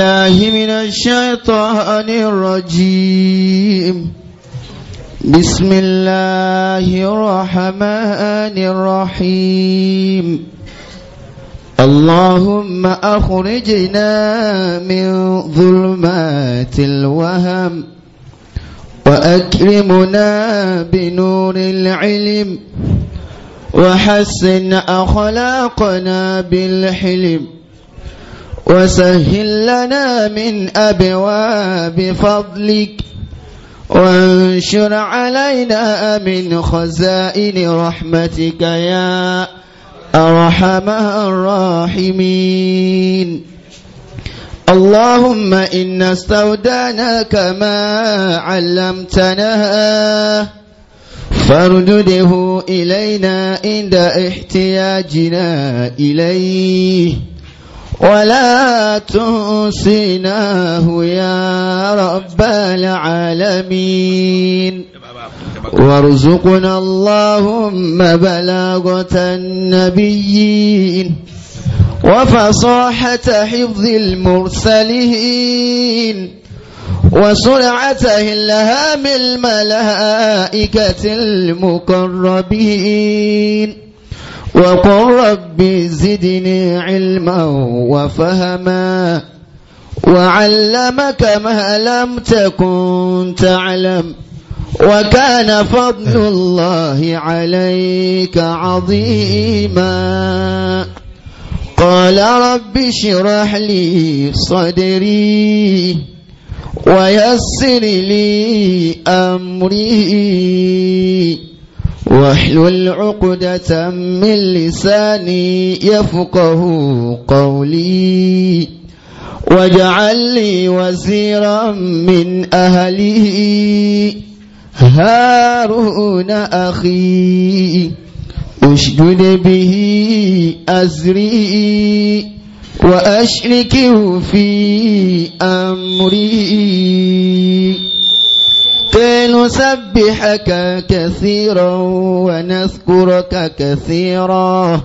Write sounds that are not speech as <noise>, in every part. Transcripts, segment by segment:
الله من الشيطان الرجيم بسم الله الرحمن الرحيم اللهم أخرجنا من ظلمات الوهم وأكرمنا بنور العلم وحسن أخلاقنا بالحلم وسهل لنا من أبواب فضلك وانشر علينا من خزائن رحمتك يا أرحم الراحمين اللهم إن استودعناك ما علمتنا فارجده إلينا عند احتياجنا إليه ولا تنسناه يا رب العالمين وارزقنا اللهم بلاغة النبيين وفصاحة حفظ المرسلين وسرعة إلهام الملائكة المقربين وقل رب زدني علما وفهما وعلمك ما لم تكن تعلم وكان فضل الله عليك عظيما قال رب اشرح لي صدري ويسر لي أمري واحلل عقدة من لساني يفقه قولي واجعل لي وزيرا من أهله هارون أخي أشدد به أزري وأشركه في أمري كي نسبحك كثيرا ونذكرك كثيرا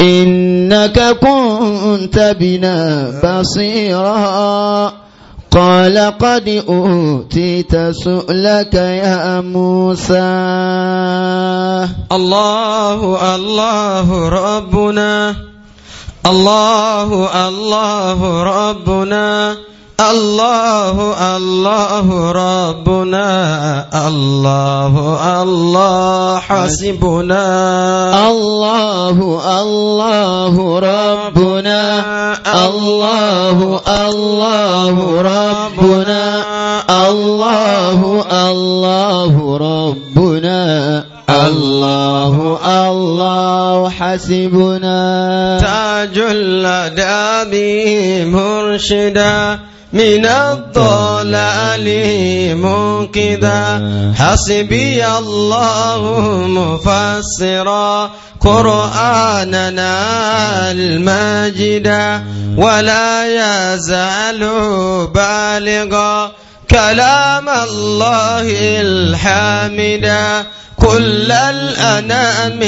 إنك كنت بنا بصيرا قال قد أوتيت سؤلك يا موسى الله الله ربنا الله الله ربنا الله الله ربنا الله الله حسبنا الله الله ربنا الله الله ربنا الله الله ربنا الله الله حسبنا تاج الأداب مرشدا من الضلال منقذا حسبي الله مفسرا قرآننا الماجدا ولا يزال بالغا كلام الله الحامدا كل الأنام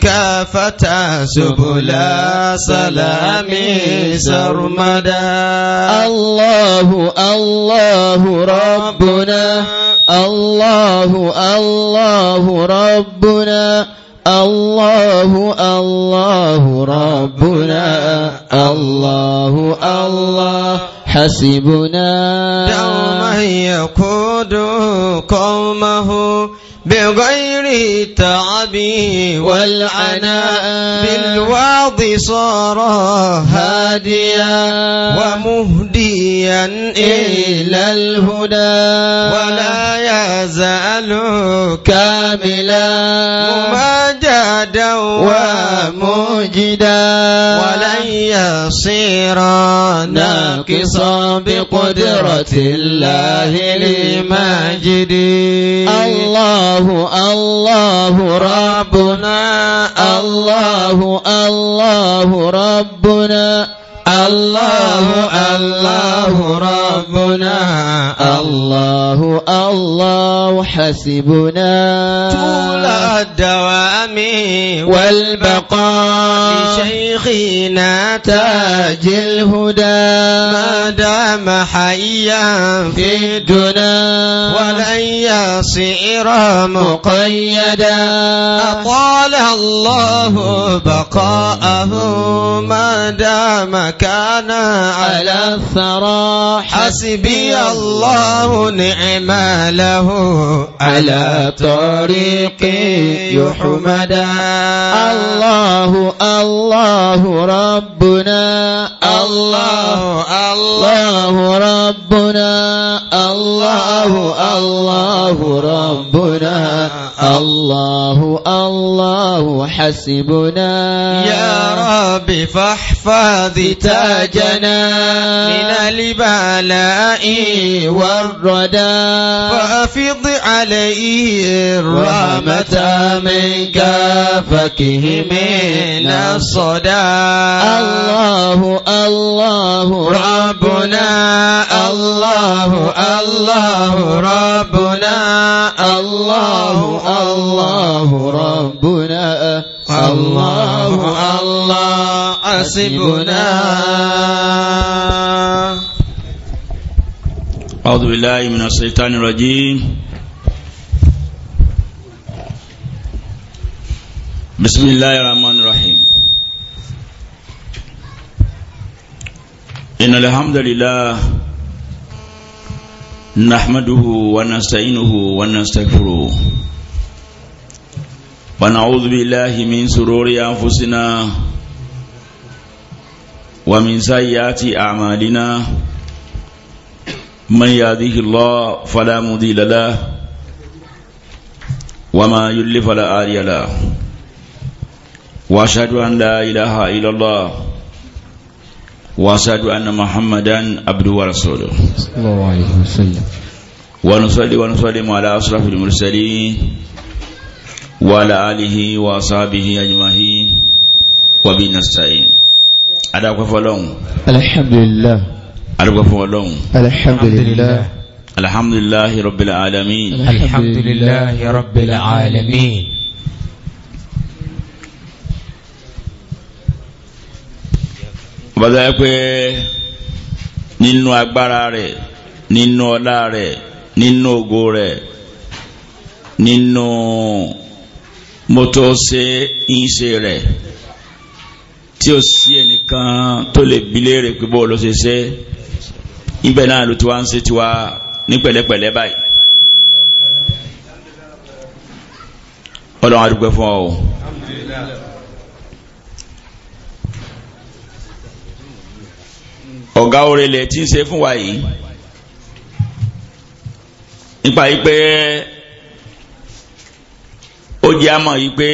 كافة سبل سلام سرمدا الله الله ربنا الله الله ربنا الله الله ربنا الله الله حسبنا دوما يقود قومه بغير تعب والعناء بالوعظ صار هاديا ومهديا إلى الهدى ولا يزال كاملا مماجدا ومجدا ولن يصير ناقصا بقدرة الله لماجد الله الله الله ربنا الله الله ربنا الله ربنا الله الله ربنا الله الله حسبنا طول الدوام والبقاء لشيخنا تاج الهدى ما دام حيا في الدنا ولن يصير مقيدا أطال الله بقاءه ما دام كان كان على الثرى حسبي الله نعم له على طريقي يحمد الله الله ربنا الله الله ربنا الله الله ربنا الله الله حسبنا يا رب فح الأكفاء تاجنا من البلاء والردى فأفض عليه الرحمة منك فكه من الصدى الله الله ربنا الله الله ربنا الله الله ربنا Allahu Allah hasibuna. A'udhu billahi minash shaitani rajim. Bismillahir rahmanir rahim. Innal hamdalillah nahmaduhu wa nasta'inuhu wa nastaghfiruh. ونعوذ بالله من سرور أنفسنا ومن سيئات أعمالنا من يهده الله فلا مضل له وما يضلل فلا هادي له وأشهد أن لا إله إلا الله وأشهد أن محمدا عبده ورسوله صلى الله عليه وسلم ونصلي ونسلم على أشرف المرسلين وعلى آله وأصحابه أجمعين وبه نستعين أدعوك فلون الحمد لله أدعوك فلون الحمد لله الحمد لله رب العالمين الحمد لله رب العالمين bàtà pé nínú agbára rẹ̀ nínú ọlá rẹ̀ nínú ògo rẹ̀ nínú mo tó ṣe ìṣe rẹ̀ tí ó sí ẹnìkan tó lè bilé rẹ̀ pé bọ́ọ̀ ló ṣe ṣe ibẹ̀ náà ló ti wá ń ṣe tiwa ní pẹ̀lẹ́pẹ̀lẹ́ báyìí. ọlọ́run adúgbò fún ọ. ọ̀gá òrèlè tí ń ṣe fún wa yìí nípa yìí pé ó jẹ́ àmọ́ yìí pé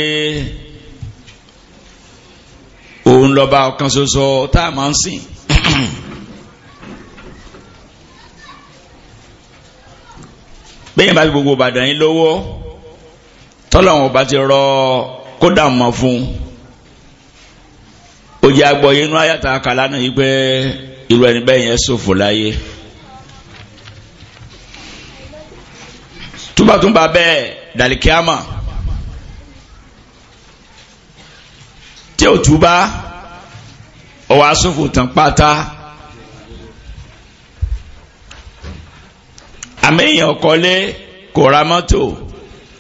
òun lọ́ba ọ̀kan ṣoṣo tá a máa ń sìn. bẹ́ẹ̀ bá ti gbogbo Ìbàdàn yín lọ́wọ́ tọ́lọ́wọ́n bá ti rọ kódà mọ̀ fún ó jẹ́ agbọ́yé inú ayàtà kàlá náà yìí pé irú ẹni bẹ́ẹ̀ yẹn ṣòfò láyé. túbàtúbà bẹ́ẹ̀ dàlíkíámà. tí ò túbá ọwọ́ asúnkù tán pátá àmẹ́yìn ọ̀kọ́lé kò ra mọ́tò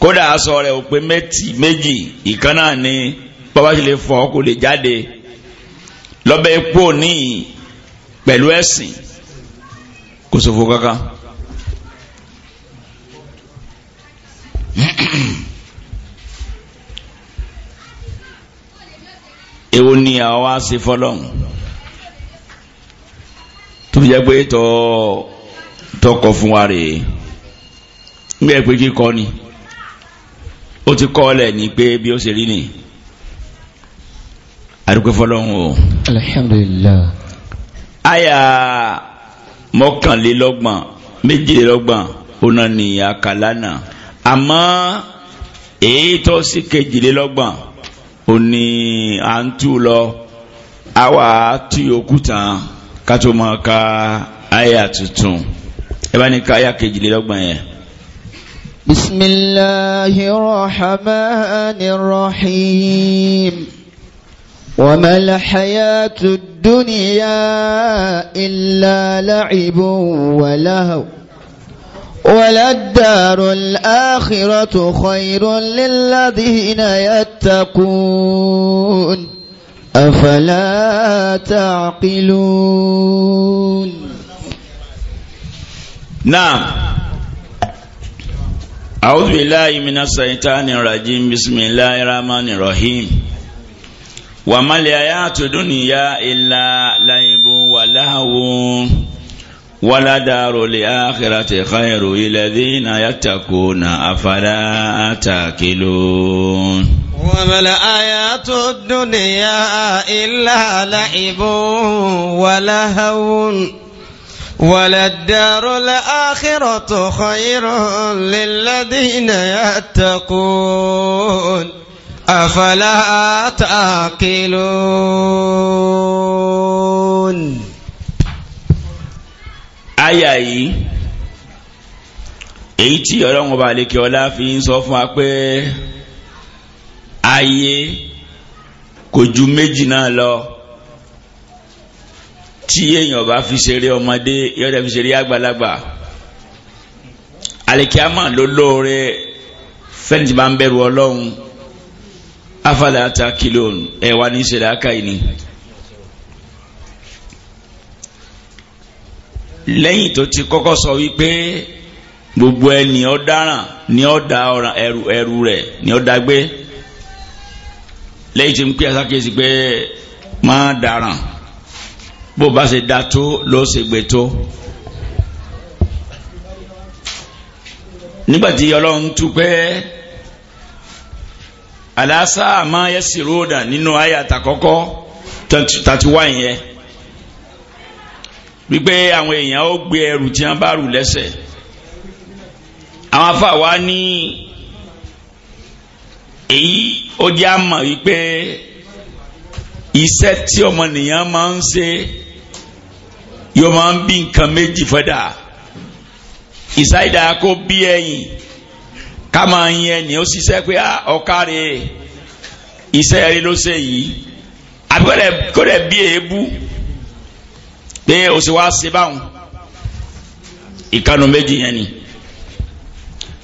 kódà aṣọ rẹ̀ ò pé mẹ́tì méjì ìkan náà ni bọ́bá ṣe fọ́ kò lè jáde lọ́bẹ̀ epo níyì pẹ̀lú ẹ̀sìn kò ṣòfò kankan. <clears throat> èwo ni àwa wá ṣe fọlọ́hún tó fi jẹ́ pé tọ́ tọkọ fún wa rèé ń pé kíkọ ni ó ti kọ́ lẹ̀ ní pé bí ó ṣe rí ni àdúgbò fọlọ́hún o. alhamdulillah. àyà mọ́kànlélọ́gbọ̀n méjìlélọ́gbọ̀n ọ̀nà ni àkàlà náà àmọ́ èyí tó sí kejìlélọ́gbọ̀n ó ní à ń tú lọ àwa tí yòókù ká tó máa ka àyà tuntun ẹ bá ní ká àyà kejìlélọ́gbọ̀n yẹn. بسم الله الرحمن الرحيم وما الحياة الدنيا إلا لعب ولهو وللدار الآخرة خير للذين يتقون أفلا تعقلون نعم أعوذ بالله من الشيطان الرجيم بسم الله الرحمن الرحيم وما الآيات الدنيا إلا لعب ولهو ولدار الآخرة خير للذين يتقون أفلا تاكلون وما الآيات الدنيا إلا لعب ولهو وللدار الآخرة خير للذين يتقون أفلا تاكلون àyà yìí èyí tí ọlọ́run ọba àlekè ọlá fi ń sọ fún wa pé ayé kò ju méjì náà lọ tí èèyàn bá fi ṣeré ọmọdé yóò dẹ̀ fi ṣeré àgbàlagbà àlekè àmọ́ ló lóore fẹ́ni tí bá ń bẹ̀rù ọlọ́run afálàtà kìlọ̀ ẹ̀ ní ìṣẹ̀lẹ̀ àkàyè ni. Afala, lẹ́yìn tó ti kọ́kọ́ sọ wípé gbogbo ẹni ọ̀daràn ni ó da ẹrù ẹrù rẹ̀ ni ó dágbé lẹ́yìn tí ń pè àsákèsí pé má daràn bó bá ṣe da tó ló ṣe gbé tó. nígbàtí ọlọ́run tú pé aláṣà máa yẹ sí ròdà nínú àyà àtàkọ́kọ́ 31 yẹn wípé àwọn èèyàn ó gbé ẹrù tí wọ́n bá rù lẹ́sẹ̀ àwọn afa wa ní èyí ó jẹ́ àmọ̀ wípé iṣẹ́ tí ọmọnìyàn máa ń ṣe yóò máa ń bí nǹkan méjì fẹ́dà ìsáyidà kó bí ẹ̀yìn ká máa ń yẹn ni ó ṣiṣẹ́ pé ah, ọ̀kárẹ̀ iṣẹ́ rẹ ló ṣe yìí àbí kó dẹ̀ bí èébú pé o sì wá ṣe báwọn ìkànnì méjì yẹn ni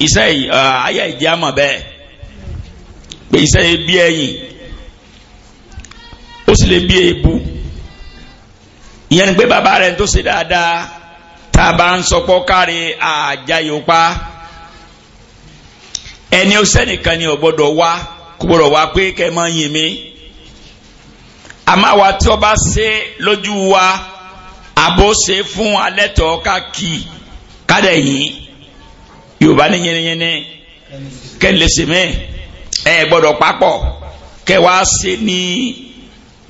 iṣẹ́ yìí ayé ìdí àmọ̀ bẹ́ẹ̀ pé iṣẹ́ yìí bí ẹ̀yìn ó sì lè bí èébú ìyẹn ni pé bàbá rẹ̀ tó ṣe dáadáa tá a bá ń sọpọ́ kárí àjà yòópa ẹni ọsẹ nìkan ni ó gbọ́dọ̀ wá kò gbọ́dọ̀ wá pé kẹ́ máa yin mi àmọ́ àwa tí ọba ṣe lójú wa àbò ṣe fún alẹ́tọ̀ ká kì í kádẹ̀ yìí yorùbá ní yẹniyẹni kẹ́lẹ́sẹ̀mẹ́ ẹ gbọ́dọ̀ papọ̀ kẹwàá ṣe ní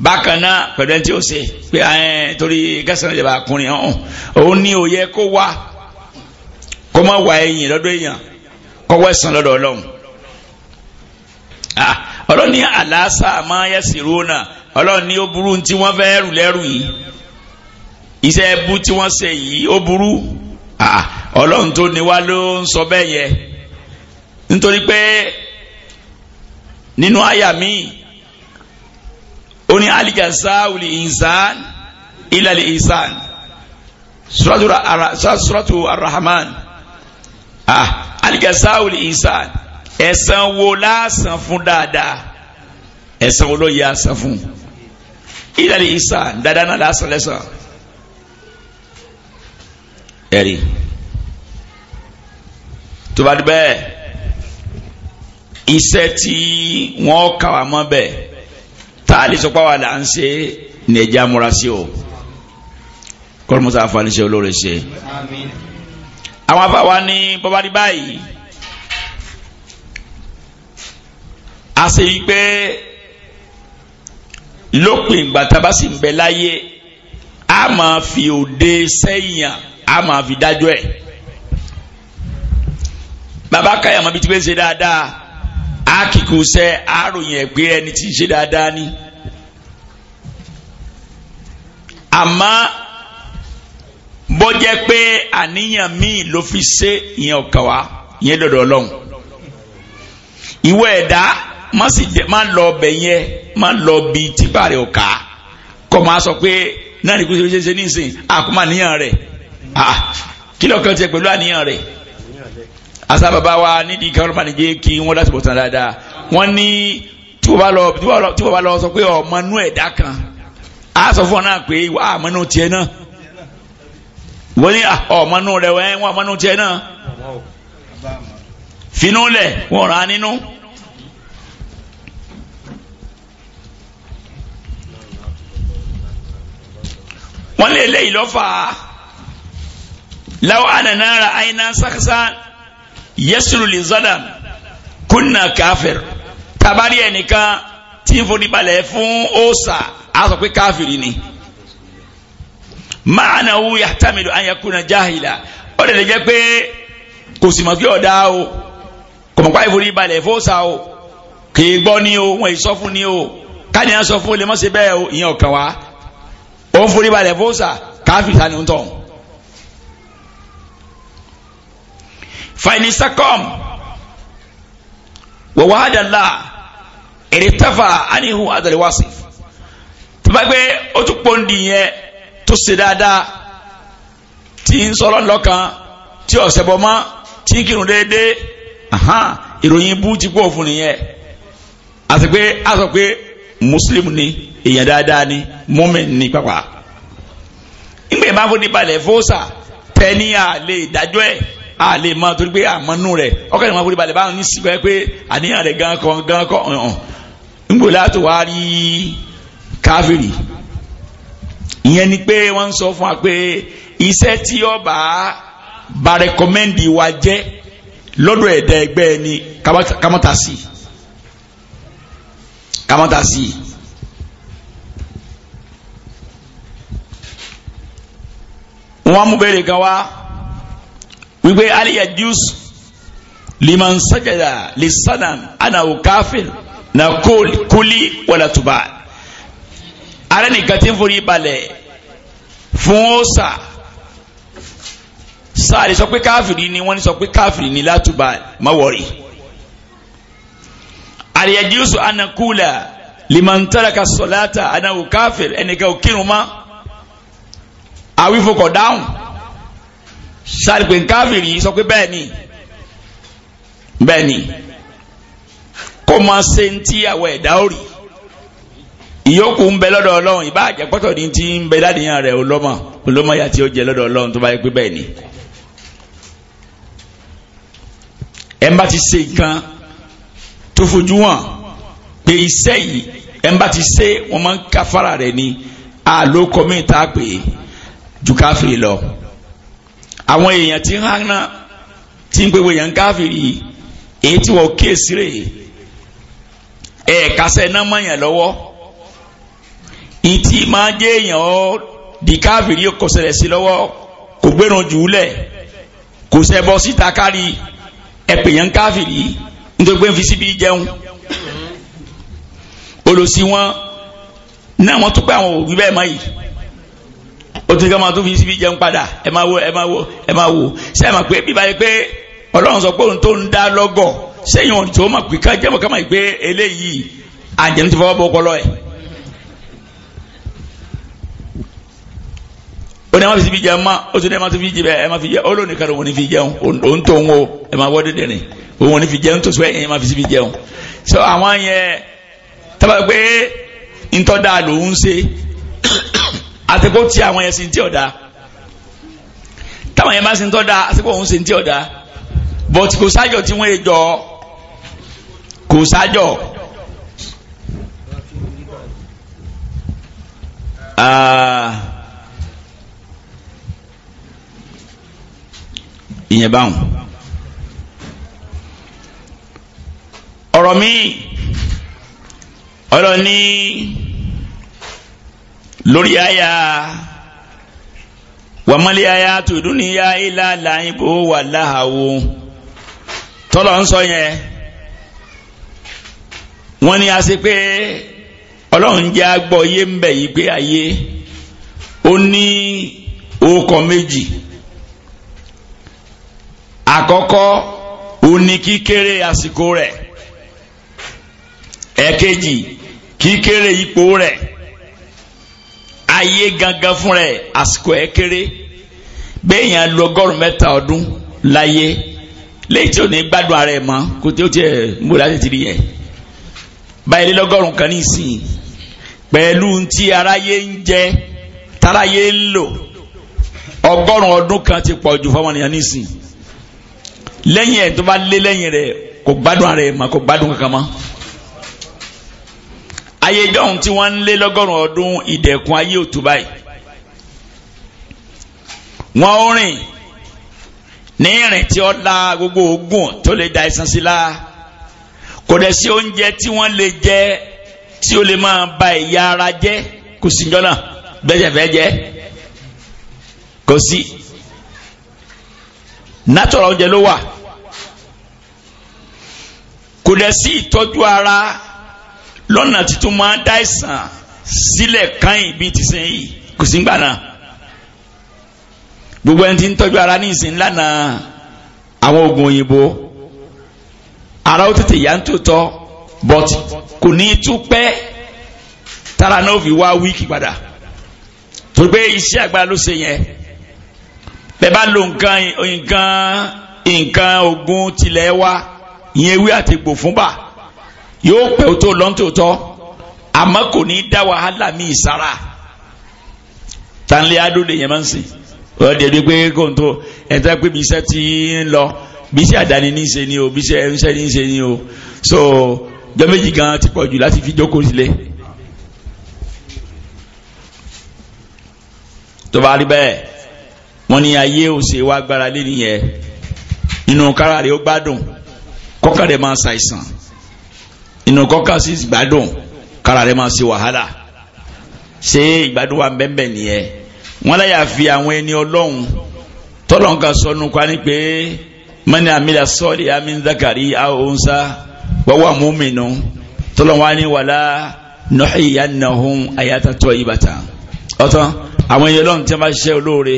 bákan náà pẹ̀lú ẹni tí ó ṣe pé ẹ torí gẹ́sàn-án ìjọba ọkùnrin ọ̀hún òun ní òye kó wá kó má wá ẹ̀yìn lọ́dọ̀ èèyàn kó wá ẹ̀san lọ́dọ̀ ọlọ́run ọlọ́run ní máa yẹ sí rúnà ó burú tí wọ́n fẹ́ rù lẹ́rù yìí iṣẹ́ ẹbú tí wọ́n ṣe yìí ó burú ah, ọlọ́run tó ní wá ló ń sọ bẹ́ẹ̀ yẹn nítorí pé nínú àyà mi ó ní alìjànsá wùlì ìnsán ìlàlì ìnsán suratu arahman alìjànsá ah, wùlì ìnsán ẹ̀san wo lásán fún dáadáa ẹ̀san wo ló yẹ àsán fún ìlàlì ìnsán dáadáa náà lásán lẹ́sàn ẹ̀rí tó bá dé bẹ́ẹ̀ iṣẹ́ tí wọ́n kà wá mọ́ bẹ́ẹ̀ tá a lè sọ páwa là ń ṣe ní ẹja múra sí o kọ́lùmọ́sá àfààní ṣe olóore ṣe àwọn afáwa ní bọ́bá dé báyìí a ṣe yí pé lópin ìgbà tá a bá sì ń bẹ láyé a máa fi òde sẹ́yìn a máa fi dájọ́ ẹ̀ bàbá káyà máa fi ti pé ṣe dáadáa a kìkù sẹ́ àròyìn ẹ̀ pé ẹni tí ń ṣe dáadáa ni àmọ́ bó jẹ́ pé àníyàn míì ló fi ṣe ìyẹn ọ̀kàn wá ìyẹn dọ̀dọ̀ ọlọ́run ìwọ ẹ̀dá má lọ ọbẹ̀ yẹn má lọ bi tíbàrẹ̀ ọ̀kà kọ́ máa sọ pé náà ní kúṣe ṣe ṣe nísìn àkó máa níyàn rẹ̀ Ah, kí lọ́kàn tiẹ̀ pẹ̀lú àníyàn rẹ̀ asa baba wa nídìí kí ọlọ́pàá nìjẹ́ kí wọ́n lásìkò tán dáadáa wọ́n ní tí wọ́n bá lọ tí wọ́n bá lọ sọ pé ọmọ inú ẹ̀dá kan á sọ fún ọ náà pé wà á mọ inú tiẹ̀ náà wọ́n ní ah, ọmọ inú rẹ̀ wọ́n mọ inú tiẹ̀ náà finú lẹ̀ wọ́n rà nínú. wọ́n lé eléyìí lọ́fà law ana nara aina sakasa yasulu li zadam kunna kafir tabari ẹnìkan tí ń forí balẹ̀ fún ọ̀sà a sọ pé káfìrí ni maana wu yahtamilu an yakuna jahila ó lè jẹ́ pé kò sì mọ̀ pé ọ̀dà o kò mọ̀ pé ìforí balẹ̀ fún ọ̀sà o kì í ni o wọ́n yìí sọ fún ni o káni à ń sọ fún olè mọ́sẹ̀ bẹ́ẹ̀ o ìyẹn ọ̀kan wa ó ń forí balẹ̀ fún ọ̀sà káfìrí ta ni ń tọ̀hún. fainisakọm wàhádàlá èrètàfà anihu adàlẹwàsì tàbágbé ó tún pọ́ǹdì yẹn tó ṣe dáadáa tí ń sọ lọ́nlọ́kan tí ọ̀sẹ̀ bọ́ mọ́ tí ń kírun déédéé ìròyìn bú ti pọ̀ fún nìyẹn àti pé a ni èèyàn dáadáa ni mọ́mìn ni pàpà nígbà yẹn bá fún nípa ilẹ̀ fọ́sà tẹ́ ní àlè a lè mọ torí pé àmọ́nú rẹ̀ ọkọ̀ ìwọ̀n àforí balẹ̀ báwọn ní sí pé àníyàn rẹ̀ gan kan gan kan ọ̀hún ńgbò láti wá rí káfírì ìyẹn ni pé wọ́n ń sọ fún wa pé iṣẹ́ tí ọba bá rẹkọmẹ́ndì wa jẹ́ lọ́dọ̀ ẹ̀dá ẹgbẹ́ ẹni kámọ́ta sí kámọ́ta sí. wọ́n mú bẹ́ẹ̀ kan wá wípé aliyadius liman sajada lisanam ana kafir na kuli wala tuba ara nìkan tí ń forí balẹ̀ fún ọ̀sà sáàlì sọ pé káfìrí ni wọ́n ní sọ pé káfìrí ni látùbà mọ́wọ́rì aliyadius anakula limantaraka sọláta anahu kafir ẹnìkan ò kírun mọ́ àwífọkọ̀ dáhùn sàrìpé káfìrí sọ pé bẹ́ẹ̀ ni bẹ́ẹ̀ ni kó máa ṣe ń tí àwọn ẹ̀dá ò rí ìyókù ń bẹ lọ́dọ̀ ọlọ́run ìbá àjẹpọ́tọ̀ ní ti ń bẹ ládìyàn rẹ̀ olómọ olómọ yà tí ó jẹ lọ́dọ̀ ọlọ́run tó bá yẹ pé bẹ́ẹ̀ ni. ẹ bá ti ṣe nǹkan tó fojú wọn pé iṣẹ́ yìí ẹ bá ti ṣe wọ́n máa ń káfárà rẹ̀ ni àlókọ́ mi ta pé ju káfìrí lọ àwọn èèyàn ti hánà tí ń pèwé èèyàn káfìrí èyí tí wọ́n kíyèsí rè é kásẹ̀ náà mọ̀ yàn lọ́wọ́ ìtì máa jẹ́ èèyàn ọ́ di káfìrí kò ṣẹlẹ̀ sí lọ́wọ́ kò gbéràn jù ú lẹ̀ kò sẹ́ bọ́ síta kárí ẹ̀pẹ̀ yẹn káfìrí nítorí pé ń fi síbi jẹun olùsí wọn náà wọ́n tún pé àwọn òbí bẹ́ẹ̀ mọ́ yìí ó tún ká máa tún fi síbi jẹun padà ẹ máa wo ẹ máa wo ẹ máa wo ṣé ẹ máa pé bíbá yẹ pé ọlọ́run sọ pé òun tó ń dá lọ́gọ̀ sẹ́yìn ohun tó máa pè ká jẹ́mọ̀ ká máa gbé eléyìí àjẹm ti fọwọ́ bọ́ ọpọlọ ẹ̀. ó ní ẹ máa fi síbi jẹun mọ́ ó tún ní ẹ máa tún fi jẹun ẹ máa fi jẹun ó lóun nìkan òun ní fi jẹun òun tó ń wo ẹ máa wọ́ dédé rìn òun ní fi jẹun tó sọ ẹ̀yìn so àwọn yẹn tábà pé ntọ́da àti kó ti àwọn ẹ̀sìn tí ọ̀dà táwọn yẹn bá sin tọ́ da àti kó òun sin tí ọ̀dà but kò sájọ tí wọ́n lè jọ kò sájọ. Ah. ìyẹn báwọn ọ̀rọ̀ mi ọ̀rọ̀ ní. lórí àyà wàmọ́lẹ́ ní ya ilá làyìnbó wà láhàwó tọ́lọ̀ ń sọ yẹn wọ́n ni a ṣe pé ọlọ́run jẹ́ agbọ́ yé ń bẹ̀ yí pé ayé ó ní okọ̀ méjì àkọ́kọ́ òní kíkéré àsìkò rẹ̀ ẹ̀kejì kíkéré ipò rẹ̀. ayé gangan fún rẹ̀ àsìkò ẹ̀ kéré béèyàn lu ọgọ́rùn mẹ́ta ọdún láyé léyìí tí ò ní gbádùn ara ẹ̀ mọ́ kò tí ó tiẹ̀ ń bò láti ti rí yẹn báyìí lọ́gọ́rùn kan ní ìsìn pẹ̀lú tí aráyé ń jẹ táráyé ń lò ọgọ́rùn ọdún kan ti pọ̀ jù fọmọnìyàn ní ìsìn lẹ́yìn ẹ̀ tó bá lé lẹ́yìn rẹ̀ kò gbádùn ara ẹ̀ mọ́ kò gbádùn kankan mọ́ ayé ìjọhún tí wọ́n ń lé lọ́gọ́rùn ọdún ìdẹ̀kùn ayé òtún báyìí wọ́n ó rìn ní ìrìn tí ó la gbogbo oògùn tó lè da ìsan sí la kò dẹ̀ sí oúnjẹ tí wọ́n lè jẹ tí ó lè máa ba ìyá ara jẹ́ kò sí njọ́ náà kò sí natural oúnjẹ ló wà kò dẹ̀ sí ìtọ́jú ara lọ́nà tuntun máa dá ìsàn sílẹ̀ káyìn bíi ti sẹ́yìn yìí kò sí gbà náà gbogbo ẹni tí ń tọ́jú ara ní ìsìn lánàá àwọn oògùn òyìnbó ara ó tètè yá ń tó tọ́ but kò ní í tún pẹ́ tára náà fi wá wíìkì padà torí pé iṣẹ́ àgbára ló ṣe yẹn bẹ́ẹ̀ bá lo nǹkan nǹkan nǹkan oògùn tilẹ̀ wa ìyẹn ewé àtẹ̀gbò fún bàá yóò pẹ́ o tó lọ́ntòótọ́ àmọ́ kò ní dá wàhálà mi sára tanlé adó lè yẹn máa ń sìn wọ́n di ẹbí pé kò ń tó ẹ̀ta pé bí iṣẹ́ ti ń lọ bí iṣẹ́ àdáni ní í ṣe ni o bí iṣẹ́ ẹ̀ńṣẹ́ ní í ṣe ni o so jọ méjì gan ti pọ̀ jù láti fi jókòó sílẹ̀. tó bá rí bẹ́ẹ̀ wọ́n ní ayé òsè wa gbára lé nìyẹn nínú kára rẹ̀ ó gbádùn kọ́kàrẹ̀ máa ṣàìsàn inú kọ́ka sí ìgbádùn kára rẹ̀ máa ṣe wàhálà ṣé ìgbádùn wa bẹ́ẹ̀ nìyẹn wọ́n láyà fi àwọn ẹni ọlọ́run tọ́lọ̀ nǹkan sọnù kwa ni pé mọ́ni àmìlà sọ́ọ̀lì amíńdàkàrí àhóńsá wọ́wọ́ àmúmìnú tọ́lọ̀ wa ni wàlá nọ́ọ̀yìyànnàhùn àyàtàtọ̀ ìbàtà ọ̀tán àwọn ẹni ọlọ́run tí wọ́n bá ṣiṣẹ́ olóore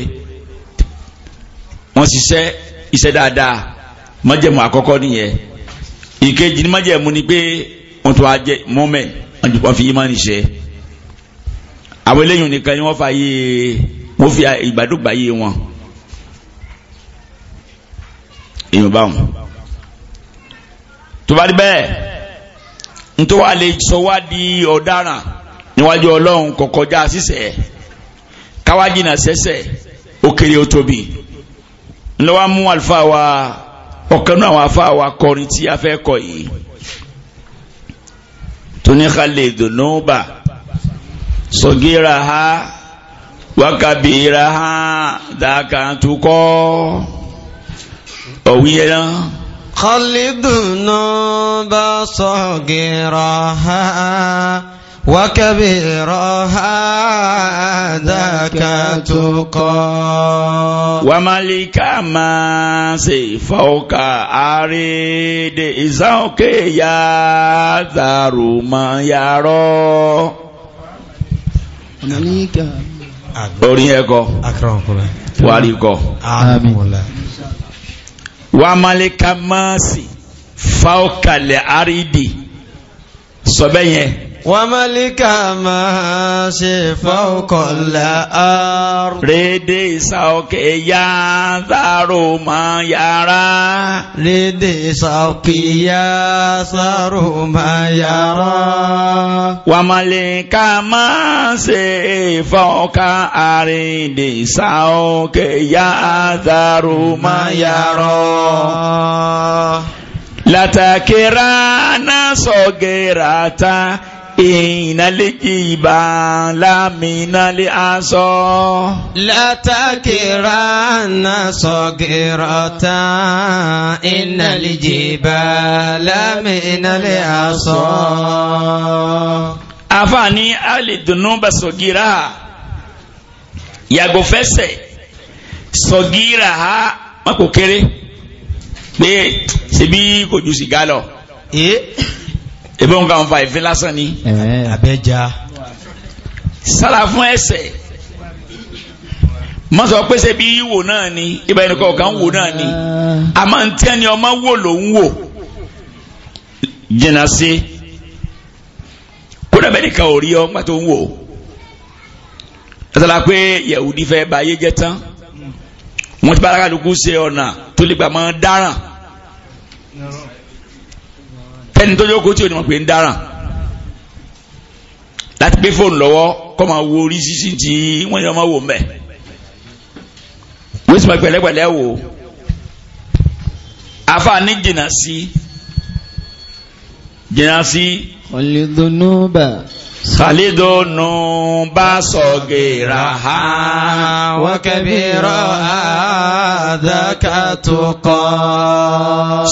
ìkejì ní májẹ̀mú ni pé wọ́n tó ajẹ mọ́mẹ́ wọ́n ti kọ́ fi yíma ní ṣe àwọn eléyìí nìkan ni wọ́n fa yé wọ́n fi ìgbàdúgba yé wọn èèyàn bá wọn tó bẹ́ẹ̀ nítorí lè sọ wá di ọ̀daràn níwájú ọlọ́run kọ̀kọ́já sísẹ̀ káwá jìnnà sẹ́sẹ̀ ó kéré ó tóbi ńlọ́wọ́ mú àlùfáà wa ọ̀kan náà àwọn afá wa kọrin tí a fẹ́ kọ yìí tóníkàlẹ̀ ìdùnnúbà sọgíra ha wákàbíra ha dákàntukọ́ ọ̀wíyẹ náà. خلدنا بصغيرها وكبيرها ذاك تقى وملك ما فوق أريد إذا يا ما يرى ملك orin ẹkọ wàrí kọ wà málẹ́ka máa sì fáwọ́kalẹ̀ àrídì sọ bẹ́yẹn وملكا ما فوق الأرض ريدي سوك يا ثارو ما يرى ريدي سوك يا ثارو ما يرى وملكا ما فوق أريد سوك يا ثارو ما يرى لتكرانا صغيرة ìnálẹ́jì ìbá lámìnálẹ́ aṣọ. látàkìrá náà sọ̀gìrọ̀ta ìnálẹ́jì ìbá lámìnálẹ́ aṣọ. àfààní alìdùnnú bá sọ̀gìrà yàgò fẹsẹ̀ sọ̀gìrà wọn kò kéré pé ṣebí kò ju sìgá lọ ebe n ka nfa ìfẹ́ lásán ni. abẹ́já. sára fún ẹsẹ̀ mọ sọ pé ṣe bí wò náà ni ibà ẹni kọ̀ọ̀kan wò náà ni àmọ́ n tẹ́ ni ọmọ wò ló ń wò jìnnà sí kódà bẹ́ẹ̀ nìkan ò rí ọ nígbà ń wò látara pé yẹ̀wùdí fẹ́ ba ayé jẹ́ tán wọ́n ti bá alákàdúkú ṣe ọ̀nà tó lè gbà máa dáràn tẹ́ni tó jókòó tí ò ní mọ̀ pé ń dáràn láti gbé fóònù lọ́wọ́ kọ́ máa wo orí sísí tí wọ́n yọ máa wò mẹ́ wọ́n sì máa pẹ̀lẹ́pẹ̀lẹ́ wò afa ní jìnnà sí jìnnà sí. ọ̀lẹ́dọ̀nùbà. khalidunuba sọ̀gẹ̀rà ha wọ́n àdàkàtúkọ̀.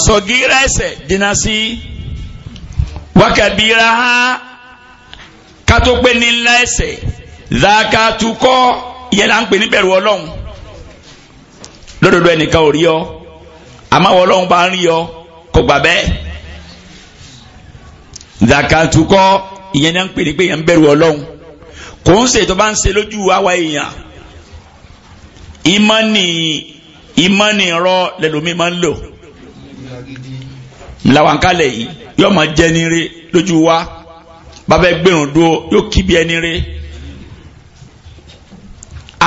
sọ̀gẹ̀rà jìnnà sí wakabira ha kátó pé ní ńlá ẹsẹ̀ zakatukọ́ yẹn là ń pè ní bẹ̀rù ọlọ́run lódodo ẹnìkan ò rí ọ àmọ́ ọlọ́run bá ń rí ọ kò gbà bẹ́ẹ̀ zakatukọ́ ìyẹn náà ń pè ní pé yẹn ń bẹ̀rù ọlọ́run kò ń ṣe tó bá ń ṣe lójú àwa èèyàn ìmọ̀ ni ìmọ̀ ni rọ lẹ́lòmí máa ń lò làwọn kalẹ̀ yìí yóò máa jẹ́ nire lójú wa bàbá ẹgbẹ́rún dúró yóò kí bí ẹni re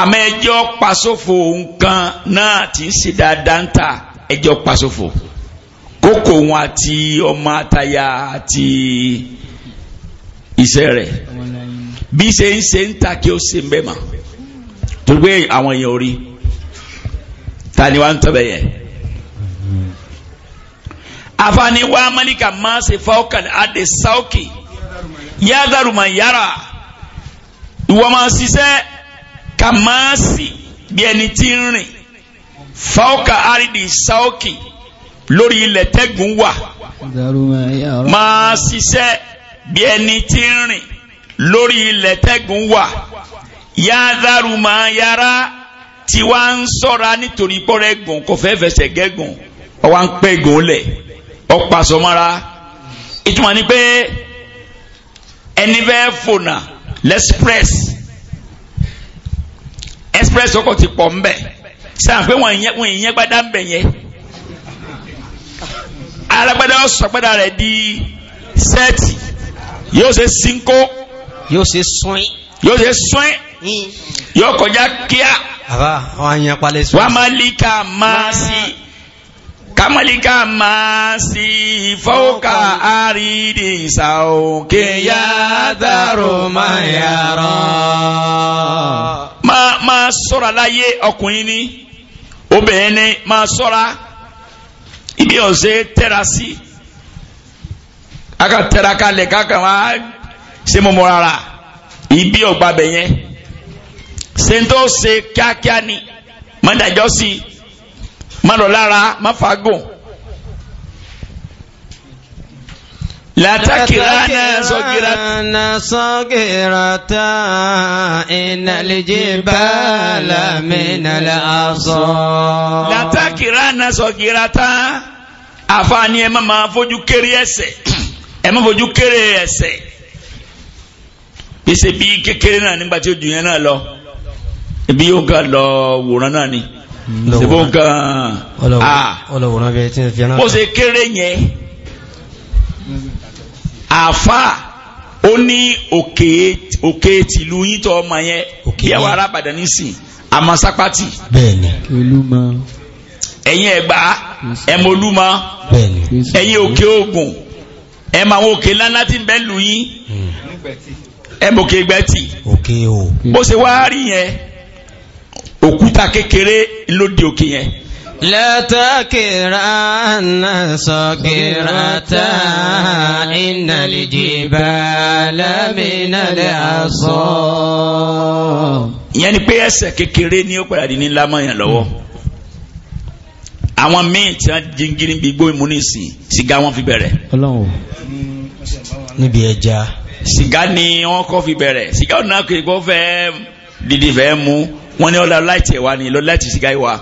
àmọ́ ẹjọ́ pasófo nǹkan náà ti ń ṣe dáadáa ń ta ẹjọ́ pasófo kókò wọn àti ọmọ àtàyà àti iṣẹ́ rẹ̀ bí ṣe ń ṣe ń ta kí ó ṣe ń bẹ́ mà torí pé àwọn èèyàn ò ta ni wàá ń tọ́ bẹ̀ yẹn afaani waa malika maase fawkal ade sawki yadaruma yara ìwọmọsíṣẹ ka maasi bí ẹni tí ń rìn fawka aridi sawki lórí ilẹ̀ tẹ́gùn wà máa ṣiṣẹ́ bí ẹni tí ń rìn lórí ilẹ̀ tẹ́gùn wà yáàdárùmá yára tí wá ń sọ́ra nítorí pọ́rẹ́gùn kò fẹ́ fẹsẹ̀ gẹ́gùn ọwá ń ọ̀pá sọmọ́ra ìtumọ̀ ni pé ẹni bẹ́ẹ̀ fònà lẹ́sprẹ́s express ọkọ̀ ti pọ̀ ńbẹ̀ sáà pé wọ́n ìyẹn wọ́n ìyẹn gbádá ńbẹ̀ yẹn alágbádá ọ̀sọ̀gbádá rẹ̀ di sẹ́ẹ̀tì yóò ṣe sínkó yóò ṣe sọ́yìn yóò ṣe sọ́yìn yóò kọjá kíá wàá máa lika máa sí kamalika maasi fawka aridi sauke ya daro ma ma ma ṣọ́ra láyé ọkùnrin ni obìnrin ni ma ṣọ́ra ibi ọ̀sẹ̀ tẹ́ra sí a ka tẹ́ra kalẹ̀ ká kàn wá ṣe mọ́mọ́ rárá ibi ọ̀gbà bẹ̀ yẹn ṣe ń tó ṣe kíákíá ni mọ́tàjọ́ sí i má lọ lára má fagùn. لتكرن صغيرة صغيرة إن الجبال من الأصل لتكرن صغيرة àfààní ẹ má máa fojú kéré ẹ̀ṣẹ̀ ẹ má fojú kéré ẹ̀ṣẹ̀ ìṣe bí kékeré náà nígbà tí yẹn náà lọ ibi yóò ga lọ wòran náà ni ṣebó gan ọlọ́wọ̀n bẹ tí ń fi ẹran bó ṣe kéré yẹn àfà ó ní òkè tìlú yín tó ọmọ yẹn bí àwọn arábàdàn nísìn àmọ́sápátì ẹ̀yin ẹ̀gbá ẹ̀mọ́lúmọ ẹ̀yin òkè ògùn ẹ̀mọ àwọn òkè ńláńlá tí ń bẹ lù yín hmm. ẹ̀mọ òkè gbẹ́tì bó ṣe wá rí yẹn òkúta kékeré lóde òkè yẹn. látàkìrà náà sọ̀kìrà tá iná lè jìbà lámìnà lè àṣọ. ìyẹn ni pé ẹsẹ̀ kékeré ni ó padà di ní lámọ̀yàn lọ́wọ́ àwọn míì tí wọ́n jíngiri bí gbóyè mú nísìn sìgá wọn fi bẹ̀rẹ̀. ọlọ́run níbi ẹja. sìgá ni wọ́n kọ́ fi bẹ̀rẹ̀ sìgá ọ̀nà kò fẹ́ dídì fẹ́ mú wọ́n ní ọ̀la láìtì ẹ̀ wá ni lọ láìtì sìgá ẹ̀ wá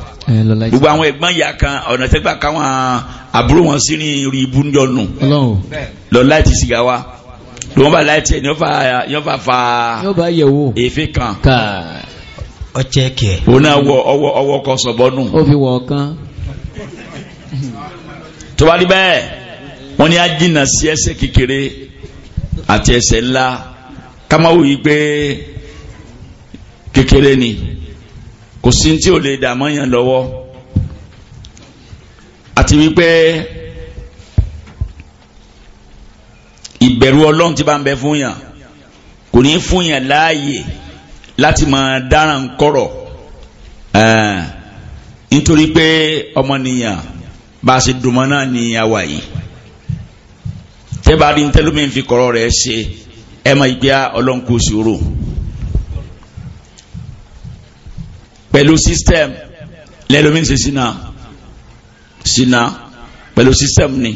gbogbo àwọn ẹ̀gbọ́n ìyá kan ọ̀nà tẹ́gbà káwọn àbúrò wọn sí ní orí ibú ń dọ̀nù lọ láìtì sìgá wá lọ́wọ́n bá láìtì ẹ̀ yọ́n fà fà èéfé kan ọ̀chẹ́ kẹ̀ òun náà wọ ọwọ́ ọwọ́ kan sọ̀bọ́nù ó fi wọ̀ ọ̀kan tó bá rí bẹ́ẹ̀ wọ́n ní á sí ẹsẹ̀ kékeré àti ẹsẹ̀ ńlá kékeré ni kò sí tí ò lè dààmú yàn lọ́wọ́ àti wípé ìbẹ̀rù ọlọ́run ti bá ń bẹ fún yàn kò ní fún yàn láàyè láti máa dáràn kọ̀rọ̀ nítorí pé ọmọnìyàn bá a ṣe dùnmọ́ náà ní àwa yìí tẹ́bàá rí ní tẹ́lómi fi kọ̀rọ̀ rẹ̀ ṣe ẹ máa gbé ọlọ́run kò sí òrò. pẹ̀lú system lẹ́lómi ṣe sínà sínà pẹ̀lú system ni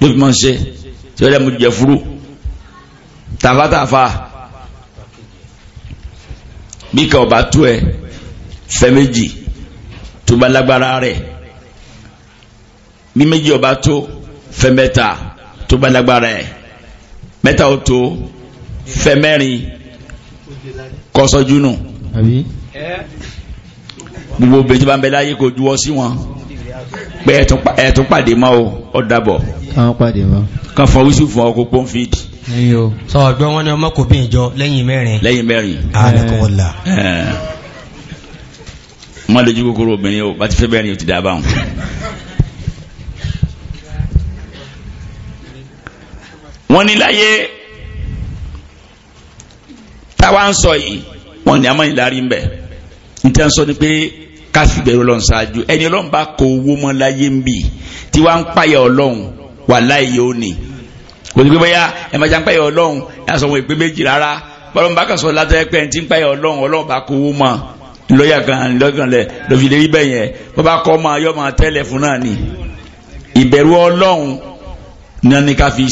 ló fi máa ń ṣe tí wọ́n lè mú jẹ furu tàfàtàfà bí kan ọba tó ẹ fẹ́ méjì tó bá lágbára rẹ̀ bí méjì ọba tó fẹ́ mẹ́ta tó bá lágbára ẹ̀ mẹ́ta ó tó fẹ́ mẹ́rin kọ́sọ́jú nù gbogbo obìnrin tí bá ń bẹ láyé kò juwọ́ sí wọn pé ẹ̀tún pàdé mọ́ o ó dàbọ̀ káwọn pàdé mọ́ kan fọ wíṣù fún ọkọ̀ pọ́nfìd sọ ọgbọ́n wọn ni ọmọ kò bí ìjọ lẹ́yìn mẹ́rin lẹ́yìn mẹ́rin ààlẹ́kọ̀ọ́lá mọ́ lójú kòkòrò obìnrin o bá ti fẹ́ bẹ́rin o ti dábàá wọn ní láyé táwa ń sọ yìí wọn ni a máa ń sọ ni pé káfí bẹ̀rù ọlọ́run ṣáájú ẹni ọlọ́run bá kó owó mọ́ láyé ń bì tí wàá ń pààyà ọlọ́run wà láì yóò ní kò sí pé bóyá ẹ máa jẹ́ ń pààyà ọlọ́run ẹ sọ wọn ìpè méjì rárá bọ́lọ́n bá kàn sọ látọ̀ pé ẹni tí ń pààyà ọlọ́run ọlọ́run bá kó owó mọ́ lọ́yà kan lọ́gàn lẹ̀ lọ́fi lè rí bẹ́ẹ̀ yẹn bọ́ bá kọ́ máa yọ́ máa tẹ́lẹ̀ fún náà ni ìbẹ̀rù ọlọ́run náà ni ká fi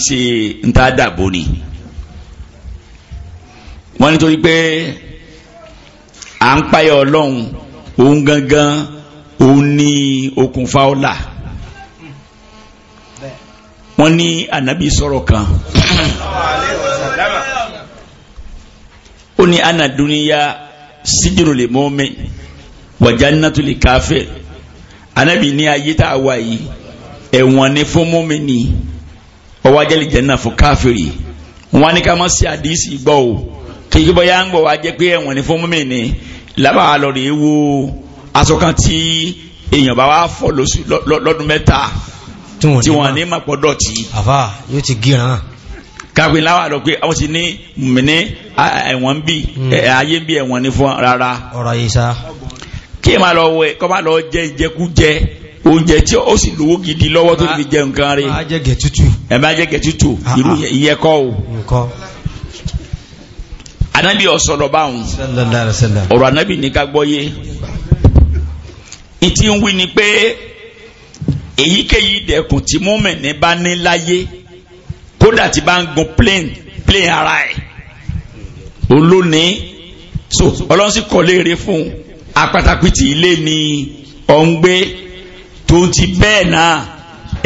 à ń pààyà ọlọ́run òun gangan òun ní okùnfà ọ̀la wọ́n ní ànábì sọ̀rọ̀ kan ó ní anaduniya sídìrúlẹ̀ mọ́mẹ́ wàjánátúlẹ̀ káfẹ́ ànábì ní ayé tá a wà yìí ẹ̀wọ̀n ní fún mọ́mẹ́ ni ọwọ́ ajẹ́lẹ̀ jẹ́nà fún káfẹ́rì wọ́n á ní ká má sí àdìsí gbọ́ o kí kí bọ́ yá ń gbọ́ wá jẹ́ pé ẹ̀wọ̀n ní fún mọ́mẹ́ ni lábàá lọ rèé wo aṣọ kan tí èèyàn bá wá fọ lọ́dún mẹ́ta tí wọ́n ní mọ̀pọ̀ dọ̀tí. àfà yóò ti gíràn. kápẹ́ láwà lọ pé àwọn ti ní mìíní ẹ̀wọ̀n ń bì hmm. ayé ń bì ẹ̀wọ̀n ní fún rárá. ọ̀rọ̀ yìí sá. kí ẹ máa lọ wẹ kọ́ máa lọ jẹ ìjẹkújẹ oúnjẹ tí ó sì lówó gidi lọ́wọ́ tó fi jẹ nǹkan rẹ̀. ẹ máa jẹ gẹ̀tútù. ẹ máa o ànábì ọ̀sọ̀rọ̀ báwọn ọ̀rọ̀ ànábì ní ká gbọ́yé ìtí ń wí ni pé èyíkéyìí dẹ̀kùn tí mọ́mẹ̀ní bá ní láyé kódà tí bá ń gun plane plane ara ẹ̀ olónìí so ọlọ́sí kọ́léèrè fún apátápìtì ilé ni ọ̀ ń gbé tó ti bẹ́ẹ̀ náà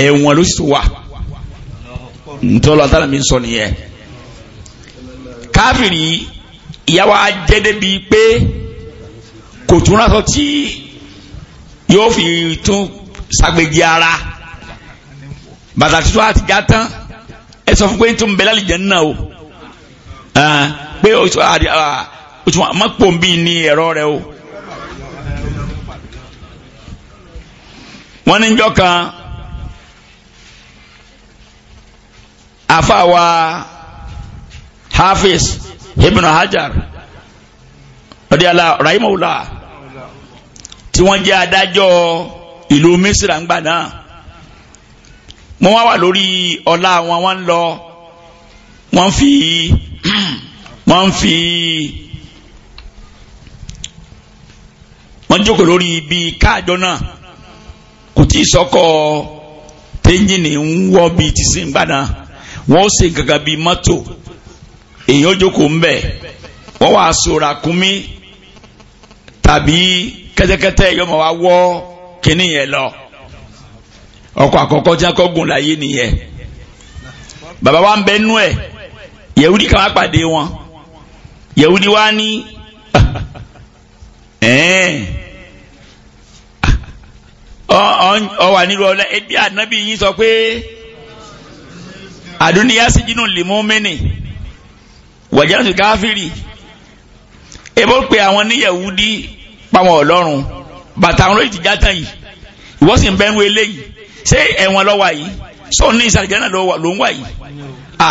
ẹ̀wọ̀n ló sì tó wà ntọ́lọ́ àtàlámí sọ nìyẹn káfìrí ìyàwó ajẹ́dẹ́ bíi pé kò tún ránṣọ tí yóò fi tún sàgbégi ara bàtà tuntun àti já tán ẹ sọ fún pé tún bẹ lálẹ́ jẹ́nu náà o pé oṣù mọ́pọ̀ bíi ní ẹ̀rọ rẹ o. wọ́n ní kan àfa wa Hafiz. Ibn Hajar ọdí ala rahimahullah tí wọ́n jẹ́ adájọ́ ìlú Misra ńgbà náà wọ́n wá wà lórí ọlá wọn wọ́n ń lọ wọ́n fi <clears throat> wọ́n fi wọ́n jókòó lórí ibi káàjọ náà kò tí ì sọ́kọ̀ téńjìnì ń wọ́ bíi tìsín gbà náà wọ́n ó ṣe gàgà bíi mọ́tò èyàn ó jókòó ńbẹ wọ́n wàá so ràkúnmí tàbí kẹ́tẹ́kẹ́tẹ́ yọmọ wa wọ́ kínní yẹn lọ ọkọ̀ àkọ́kọ́ tí wọ́n kọ́ gùn láyé nìyẹn bàbá wa ń bẹ nú ẹ̀ yẹ̀wúdí kan wá pàdé wọn yẹ̀wúdí wa ní <laughs> <laughs> ọ wà nílùú ọlẹ ebi ànábì yín sọ pé àdúnyá sí jínú lèmọ́mẹ́nì wàjáàtù káfírì èbó pe àwọn ní Yahudi pàwọn ọlọ́run bàtà àwọn olóyìn ti já tán yìí ìwọ sì ń bẹ́ ń wo eléyìí ṣé ẹ̀wọ̀n lọ́wọ́ yìí sọ ní ìsàlùjẹ́ náà ló ń wà yìí à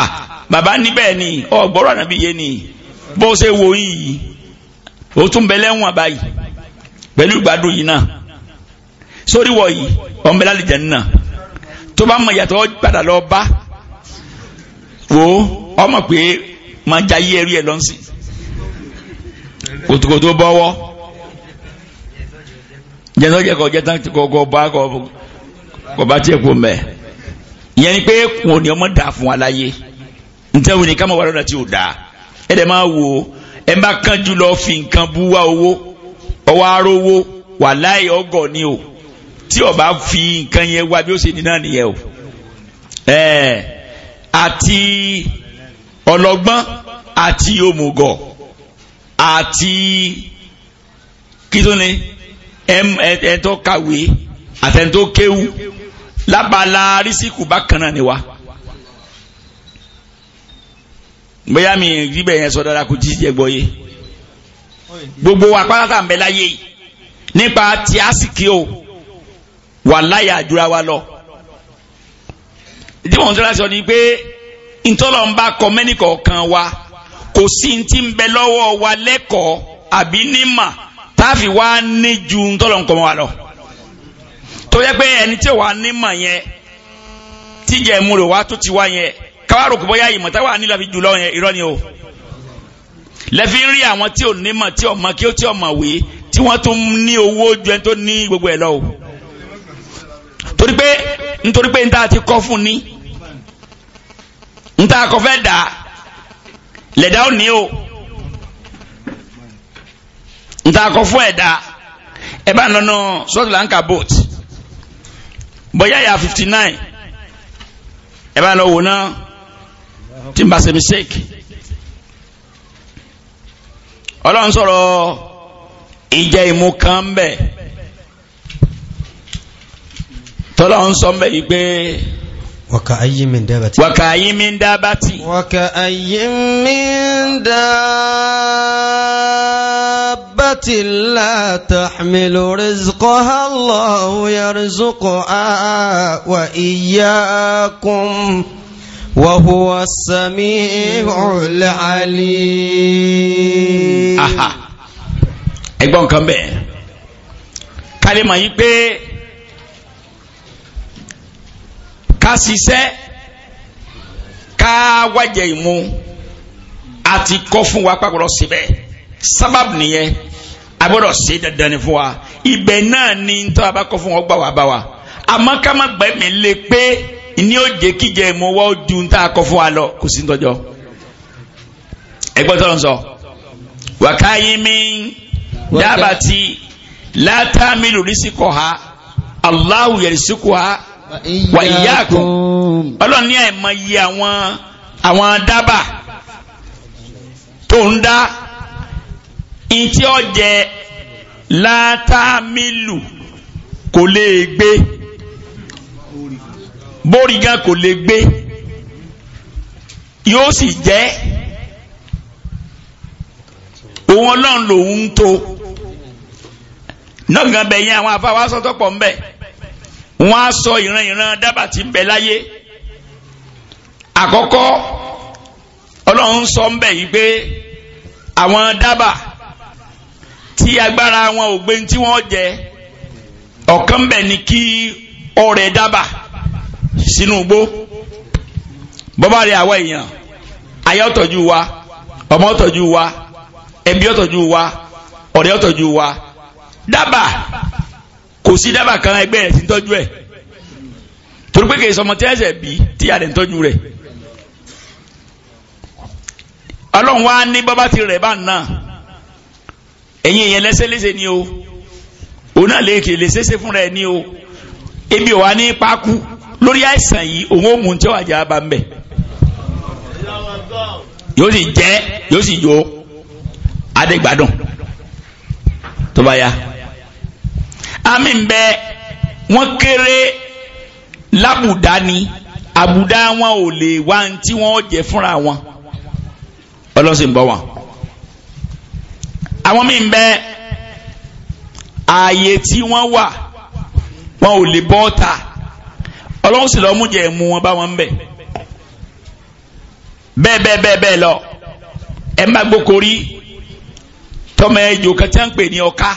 bàbá níbẹ̀ ni ọ̀gbọ́rọ̀ ànábì yé ni bó ṣe wo yìí ó tún bẹ lẹ́wọ̀n báyìí pẹ̀lú ìgbádùn yìí náà sórí wọ̀ yìí ọ̀nbẹ́lá lè jẹ́ nínà tó bá mọ̀ ìyàtọ̀ padà lọ bá wo ọmọ pé máa já yé ẹrí ẹ lọ sí kòtòkòtò bọ́wọ́ jẹ́nọ́jẹ́ kọ jẹ́ tán kọ́kọ́ bá kọ́ bá tiẹ̀ kó mẹ́ ìyẹn ni pé kò ní ọmọ dà fún aláyé ntẹ́wò ní kámọ̀ wà lọ́dọ̀ tí ò dáa ẹ dẹ̀ máa wò ẹ bá kánjú lọ fi nǹkan bú wá owó ọwọ́ aró owó wà láì ọgọ̀ ni o tí o fi nǹkan yẹn wá bí ó ṣe ní náà nìyẹn o ẹ̀ẹ́ àti ọlọ́gbọ́n àti òmùgọ̀ àti kítóni ẹ̀ẹ́dọ́ kàwé àtẹ̀ntó kéwú lábala rísíkù bákan náà ni wa. bóyá mi ríbẹ̀ yẹn sọ dára kó jíjí jẹ gbọ́ yé gbogbo wa pátá ń bẹ láyé yìí nípa tí a o wà láyà àdúrà wa lọ. ìdí mọ̀ ń sọ́ra ni pé ntọ́lọ̀ ń bá kọ mẹ́nìkọ̀ọ̀kan wa kò sí ti ń bẹ lọ́wọ́ wa lẹ́kọ̀ọ́ àbí nímà táàfì wa ní ju ntọ́lọ̀ ń kọ́ wa lọ. tó yẹ pé ẹni tí wàá nímà yẹn tíjẹ̀ mu wá tó ti wá yẹn káwárò kò bóyá ìmọ̀ táwa nílò fi jùlọ yẹn irọ́ ni o. lẹ́fi ń rí àwọn tí ò nímà tí ọmọ kí ó tí ọmọ wé tí wọ́n tún ní owó ju ẹni tó ní gbogbo ẹ̀ lọ o. torí pé nítorí pé ń tá ti kọ́ fún ni n ta da lẹ̀dá ò ní o n ta kọfọ ẹ̀dá ẹ bá nọnọ Suratul Ankabut bóyá yà fifty nine ẹ bá nọ wò ná tí n bá ṣe mistake ọlọ́run sọ̀rọ̀ ìjẹ ìmu kan bẹ̀ tọ́lọ́run sọ bẹ́ẹ̀ yìí وكأي من دابة وكأي من دابة وكأي من دابة لا تحمل رزقها الله يرزقها وإياكم وهو السميع العليم أها ẹgbọ́n kan bẹ́ẹ̀ kálí mọ̀ ká ṣiṣẹ́ ká wájẹ ìmú àti kọ́ fún wa pàpọ̀lọ́ síbẹ̀ sábàbù nìyẹn agbọ́dọ̀ ṣe dandan ni fún wa ibẹ̀ náà ni tó a bá kọ́ fún wa gbà wá bá wa àmọ́ ká má gbẹ̀mí lé pé ní òjè kíjẹ ìmú wa ó ju tá a kọ́ fún wa lọ kò sí tọ́jọ́ ẹgbẹ́ tó ń sọ wàkáyé mi dábàá ti látàmílù rísíkọ̀ ha Allahu yẹ̀rísíkọ̀ ha wà ìyáàkùn ọlọ́run ní àìmọ iye àwọn àwọn dábà tó ń dá ntí ọjẹ látàmílù kò lè gbé bórígá kò lè gbé yóò sì jẹ́ òun ọlọ́run lòun tó náà gàn bẹ̀yẹn àwọn afáwásọ́tọ̀ pọ̀ ń bẹ̀ wọ́n á sọ ìran ìran dábàá tí ń bẹ láyé àkọ́kọ́ ọlọ́run sọ ń bẹ̀ yìí pé àwọn dábàá tí agbára wọn ò gbé tí wọ́n jẹ ọ̀kan bẹ̀ ni kí ọrẹ̀ dábàá sínú igbó bọ́bá rẹ̀ àwa èèyàn aya ó wa ọmọ ó wa ẹbí ó wa ọ̀rẹ́ ó wa dábàá kò sí dábà kan ẹgbẹ́ rẹ̀ tí ń tọ́jú ẹ̀ torí pé kì í sọmọ tí ẹsẹ̀ bí tí a lè tọ́jú rẹ̀ ọlọ́run wá ní bọ́bá ti rẹ̀ bá nà ẹ̀yin èèyàn lẹ́sẹ̀ léṣe ni o òun náà lè kè lè ṣeéṣe fúnra ẹ ní o ebi ò wá ní pákú lórí àìsàn yìí òun ó mú un tí ó àjà bá ń bẹ̀ yóò sì jẹ́ yóò sì yó adégbádùn tó bá yá àmì ń bẹ wọ́n kéré lábùdá ni àbùdá wọn ò lè wá ní tí wọ́n jẹ fúnra wọn ọlọ́sìn bọ́ wọn. àwọn míì ń bẹ ààyè tí wọ́n wà wọn ò lè bọ́ ta ọlọ́run sì lọ mú jẹ mú wọn bá wọn ń bẹ̀ bẹ́ẹ̀ bẹ́ẹ̀ bẹ́ẹ̀ lọ ẹ má gbókorí tọmọ ẹjọ kan ń pè ní ọká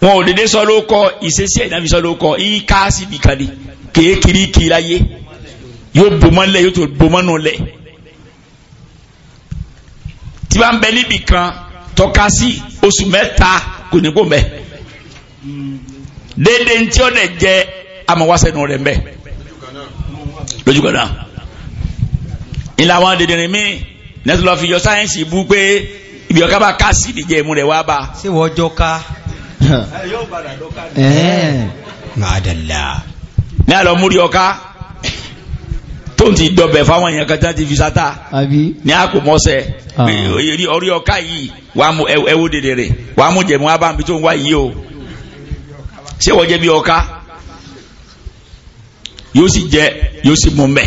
wọn ò dédé sọ ló kọ ìṣesí ẹ̀dá fi sọ ló kọ ìka síbi kan ni kèé kiri kiri ayé yóò bomọ́ lẹ̀ yóò tó bomọ́ nù lẹ̀ tí bá ń bẹ níbi kan tọ́ka sí oṣù mẹ́ta kò ní kó mẹ́ dédé ntí ó dẹ̀ jẹ́ amọ̀wásẹ́nu rẹ̀ mẹ́ lójú kan náà ìlà wọn dèdèrè mí nẹ́tí lọ́ọ́ fi yọ sáyẹ́nsì bú pé ibi ọ̀ká bá ká sí ìdíje ìmú rẹ̀ wá bá. ṣé wọ́n jọ ká. Eh. Eh. màdàlá ní àlọ́ múrí ọká tó ń ti dọ̀bẹ̀ fáwọn èèyàn kan tí wọ́n ti fi sátá ní àpò mọ́sẹ̀ ah. orí ọká yìí wàá mú ẹwú dèdè rẹ̀ wàá mú jẹ̀mú abáǹbí tó ń wá yìí o ṣé wọ́n jẹ́ bí ọká yóò sì jẹ yóò sì mú mẹ́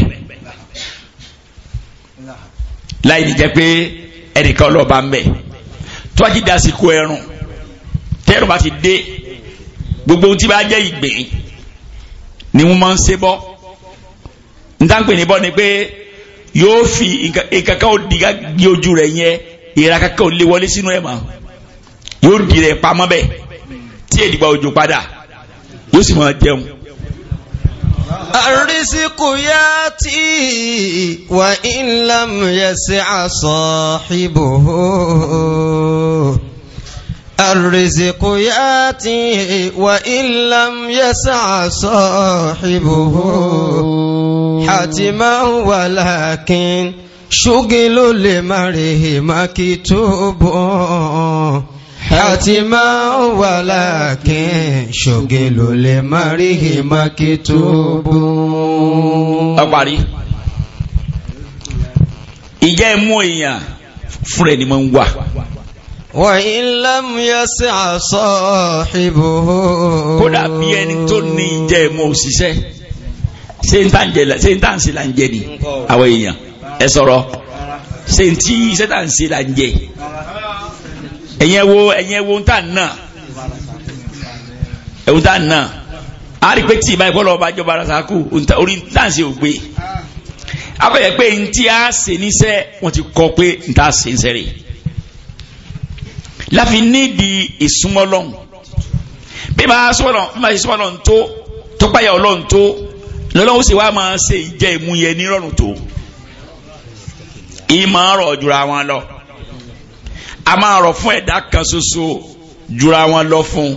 láì ní jẹ́ pé ẹnìkan lọ́ọ́ bá tó a ẹrùn tẹ́rù bá ti dé gbogbo ohun tí bá jẹ́ ìgbè ni wọ́n máa ń ṣe bọ́ ntànpẹ̀ níbọ̀ ni pé yóò fi ìkankan òdìgá gé ojú rẹ̀ yẹn ìra kankan ò lè wọlé sínú ẹ̀ mọ́ yóò di rẹ̀ pamọ́ bẹ́ẹ̀ tí èdìgbà òjò padà yóò sì máa jẹun. Àrísíkù yá tí wà ìlàmù yẹ sí àṣọ ìbò. الرزق ياتي وإن لم يسع صاحبه حتما ولكن شغل لمره مكتوب حتما ولكن شغل لمره مكتوب أباري ìjẹ́ mú èèyàn fúnra وإن لم يسع صاحبه kódà bí ẹni tó ní jẹ́ mọ́ òṣìṣẹ́ ṣé n tà ń jẹ ṣé n tà ń ṣe là ń jẹ ni àwọn èèyàn ẹ sọ̀rọ̀ ṣé n tí ṣé tà ń ṣe là ń jẹ ẹ̀yẹn wo ẹ̀yẹn wo ń tà nà ẹ̀wọ̀n tà nà á rí pé tí ìbáyìí kọ́ lọ́ọ́ bá jọba ara sàkú orí ń tà ń ṣe ògbé abẹ́yẹ a ṣe níṣẹ́ wọ́n ti kọ́ pé n tà ṣe láfi nídìí ìsúmọ́lọ́hún bí máa sọ́lọ́ bí máa sọ́lọ́ ń tó tó páyà ọlọ́run tó lọ́lọ́run sì wá máa ṣe ìjẹ́ ìmúyẹ nírọ̀rùn tó ìmọ̀ ọ̀rọ̀ jura wọn lọ a máa rọ̀ fún ẹ̀dá kan ṣoṣo jura wọn lọ fún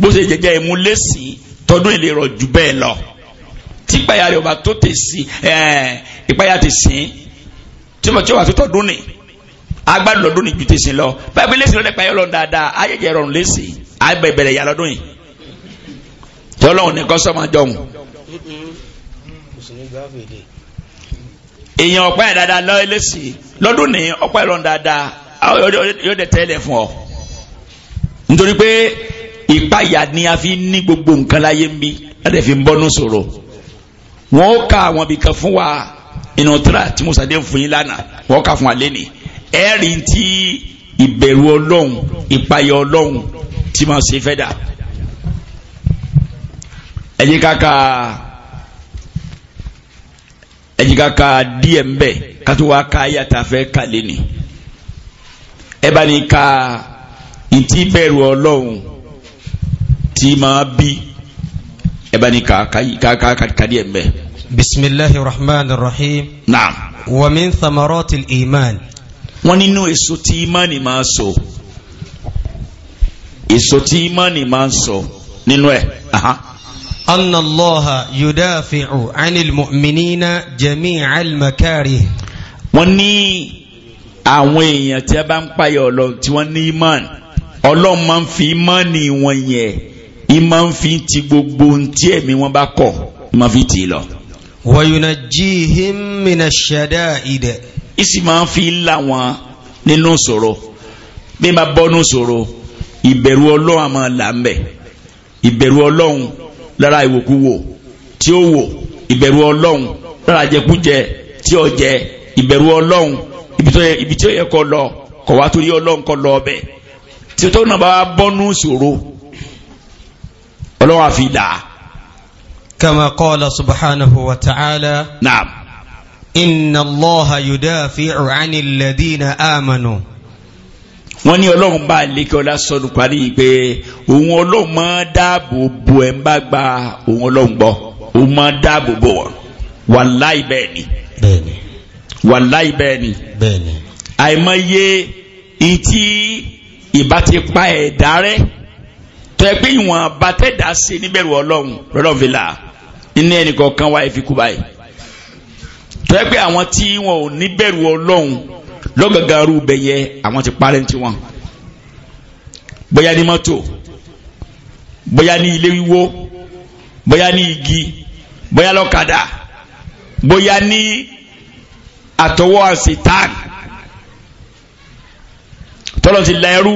bó ṣe jẹjẹ ìmúlẹ́sìn tọdún ìlérò jù bẹ́ẹ̀ lọ tí ìpayà rẹ̀ ọba tó tè sí ìpayà tè sí tí ọba tó tọdún nìí agbádùn lọ́dún ní ju tèsí lọ báyìí bí lẹ́sìn lọ́dẹ̀ pa yọ lọ dáadáa ayẹyẹ rọrùn lẹ́sìn àbẹ̀bẹ̀rẹ̀ yà lọ́dún yìí tí ọlọ́run ní kọ́sọ́mọ jọ̀hún. èèyàn ọ̀pá yẹn dáadáa lọ lẹ́sìn lọ́dún ní ọ̀pá yẹn lọ dáadáa yóò dẹ̀ tẹ́lẹ̀ fún ọ. nítorí pé ìpayà ni a fi ní gbogbo nǹkan láyé ń bí láti fi ń bọ́nú sòrò wọn ó ka àwọn ibìkan fún wa inú tíra tí musa dé fún yín lánàá wọn ó fún wa lẹ́nìí ẹ̀rí tí ìbẹ̀rù ọlọ́run ìpayọ̀ ọlọ́run tí máa ṣe fẹ́dà ẹ̀yìn kàkà ẹ̀yìn kàkà díẹ̀ ń bẹ̀ kátó wá ká yàtà fẹ́ kàlẹ́ ni ẹ bá ní ka ìtì bẹ̀rù ọlọ́run tí máa bí ẹ bá ní ka díẹ̀ ń bẹ̀. bisimilahi rahman rahim. naam. wa min thamarati al-iman wọ́n nínú èso tí imani máa ń èso tí imani máa ń nínú ẹ̀. anna allaha yudafi'u anil mu'minina wọ́n ní àwọn èèyàn tí a bá ń payọ̀ ọlọ́run tí wọ́n ní iman ọlọ́run máa ń fi imani wọn yẹn ìmọ̀ fi ti gbogbo tí ẹ̀mí wọn bá kọ̀ ìmọ̀ fi tì í lọ. wa yunajjihim minash shada'id ìsì máa ń fi là wọn nínú ṣòro bí n bá bọ́nú ìbẹ̀rù ọlọ́run àmọ́ là ń bẹ̀ ìbẹ̀rù ọlọ́run lára ìwòkúwò tí ó wò ìbẹ̀rù ọlọ́run lára jẹkújẹ tí ó jẹ ìbẹ̀rù ọlọ́run ibi tí ó yẹ kó lọ kó wá torí ọlọ́run kó lọ ọbẹ̀ tí ó tó náà bá bọ́nú ṣòro ọlọ́run àfi dà. kama qala subhanahu wa ta'ala. naam inna allaha yudafi'u 'anil ladina amanu wọ́n ní ọlọ́run bá lékè ọlá sọnù parí pé òun ọlọ́run máa dáàbò bo ẹ̀ ń bá gba òun ọlọ́run gbọ́ òun máa dáàbò bo wọn wàláì bẹ́ẹ̀ ni wàláì bẹ́ẹ̀ ni àìmọye ìtí ìbá ti pa ẹ̀dá rẹ̀ tọ́ ẹ pé ìwọ̀n bá tẹ̀dá sí níbẹ̀rù ọlọ́run lọ́dọ̀ fìlà nínú ẹnì kọ̀ọ̀kan wáyé fi kú báyìí tẹ́ pé àwọn tí wọn ò ní bẹ̀rù ọlọ́run lọ́gàgàrú bẹ̀yẹ àwọn ti parẹ́ ti wọn bóyá ní mọ́tò bóyá ní ilé wíwó bóyá ní igi bóyá lọ́kadà bóyá ní àtọwọ́ àṣetán tọ́lọ̀ ti la ẹrú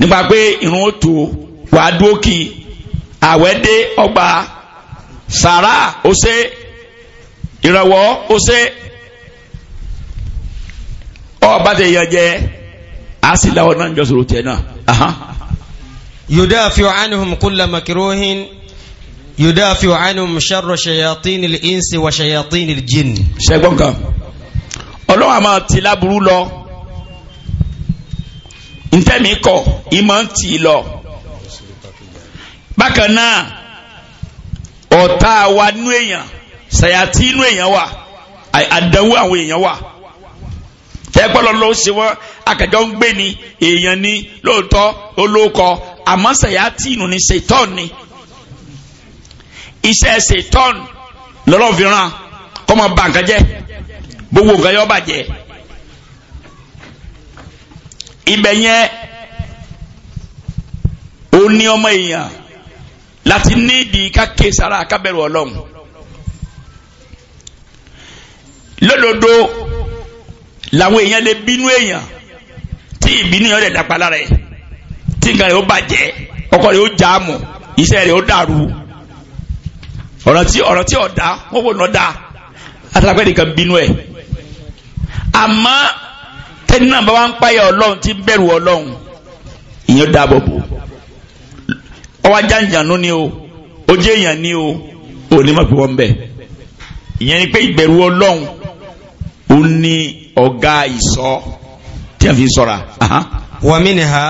nípa pé ìrun ó wàá dúó kí ọgbà sàrà ó ṣe ìrànwọ́ ó ṣe ọba tẹ yọ jẹ a sì láwọn náà jọ sọ̀rọ̀ tiẹ̀ náà. yudafi'u anhum kulla makruhin yudafi'u anhum sharra shayatinil insi wa shayatinil jinn. ṣẹ́gbọ́n kan ọlọ́run àmọ́ ti láburú lọ ntẹ́mi kọ̀ ìmọ̀ ń tì lọ. bákan náà ọ̀tá wa nú èèyàn Sayati inú èèyàn wà àdánwò àwọn èèyàn wà tẹ́gbọ́lọ́ ló ṣe wọ́n akẹ́jọ́ ń gbé ni èèyàn ni lóòótọ́ olóòkọ àmọ́ sàyàtì inú ni ṣètọ́n ni iṣẹ́ ṣètọ́n lọ́rọ̀ fìràn kọ́mọ bà nǹkan jẹ́ gbogbo nǹkan yọ bàjẹ́ ibẹ̀ yẹn ó ní ọmọ èèyàn láti ní ìdí ká ké sára ọlọ́run lódodo làwọn èèyàn lè bínú èèyàn tí ìbínú yẹn lè dàgbà lára ẹ̀ tí nǹkan rẹ̀ ó bàjẹ́ ọkọ rẹ̀ ó jáàmù iṣẹ́ rẹ̀ ó dàrú ọ̀rọ̀ tí ọ̀rọ̀ tí ọ̀dá wọ́n wò náà dá àtàlàpẹ́ nìkan bínú ẹ̀ àmọ́ tẹ́ni náà bá wá ń páyà ọlọ́run tí ń bẹ̀rù ọlọ́run ìyẹn dáàbò bò ọwọ́ ajáǹjànú ni o ojú èèyàn ni o ò ní mọ̀ pé wọ́n ń bẹ̀ ìyẹn ni pé ìbẹ̀rù ọlọ́run ó ní ọ̀gá ìsọ tí a fi ń sọ́ra. wa minha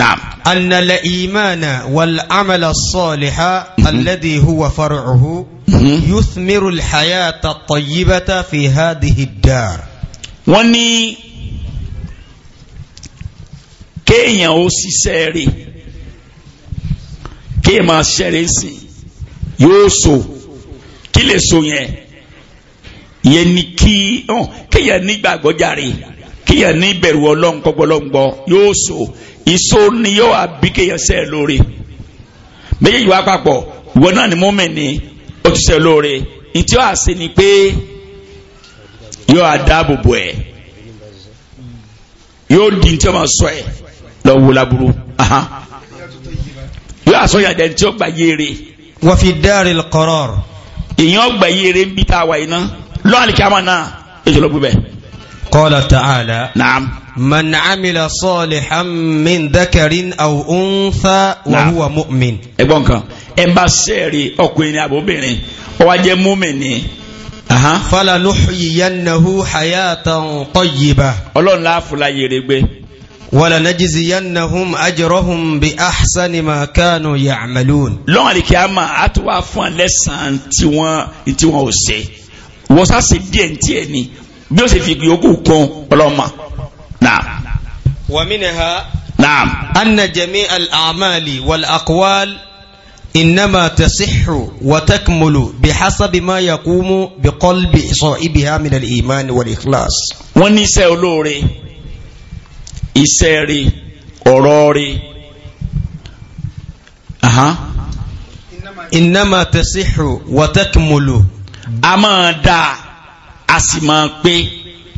naam. anna al-imana wal-amala as-saliha mhm. alladhi huwa far'uhu mhm. yuthmiru al-hayata at-tayyibata fi hadhihi ad wọ́n ní kéèyàn ó ṣiṣẹ́ rè kéèyàn máa ṣiṣẹ́ sí yóò so kí lè so yẹn ìyẹn ni kí kéèyàn nígbàgbọ́ jàre kéèyàn ní bẹ̀rù ọlọ́run kọ́gbọ́lọ́gbọ́ yóò so ìso ni yóò wá bí kéèyàn sẹ́ lóore méjèèjì wá papọ̀ ìwọ náà ni mọ́mẹ́ ni ó ti sẹ́ lóore ìtí ó àṣẹ ni pé yóò àdáàbò bò ẹ̀ yóò di tí ó máa sọ ẹ̀ lọ wo laburu yóò àṣọ yàdẹ̀ tí ó gbà yéere. wọ́n fi dáàrí lọ́kọ́rọ́. èèyàn gbà yéere ń bí tá a wà yìí náà lọ́wọ́ alikiyama náà ètò ló gbé Qala ta'ala. Naam. Man amila salihan min dhakarin aw untha wa huwa mu'min. Ẹgbọ́n kan, ẹ bá sẹ́ẹ̀rì ọkùnrin àbóbìnrin, ó wá jẹ́ mùmínì. Fala nuhyiyannahu hayatan tayyibah. Ọlọ́run láàfúlá yèrè gbé. Wala najziyannahum ajrahum bi ahsani ma kanu ya'malun. Lọ́wọ́n àlìkí àmà àtúwà fún ẹlẹ́sàn tí wọ́n ò ṣe wọ́n sá ṣe díẹ̀ ní tiẹ̀ ni bí ó ṣe fi yòókù kún ọlọ́mà náà. wa minha. naam. anna jami al-amali wal-aqwal innama tasihhu wa takmulu bi hasabi ma yaqumu bi qalbi sahibiha min al-iman wal-ikhlas. wọ́n ní iṣẹ́ olóore iṣẹ́ rí ọ̀rọ̀ rí. innama tasihhu wa takmulu a máa da a sì máa pé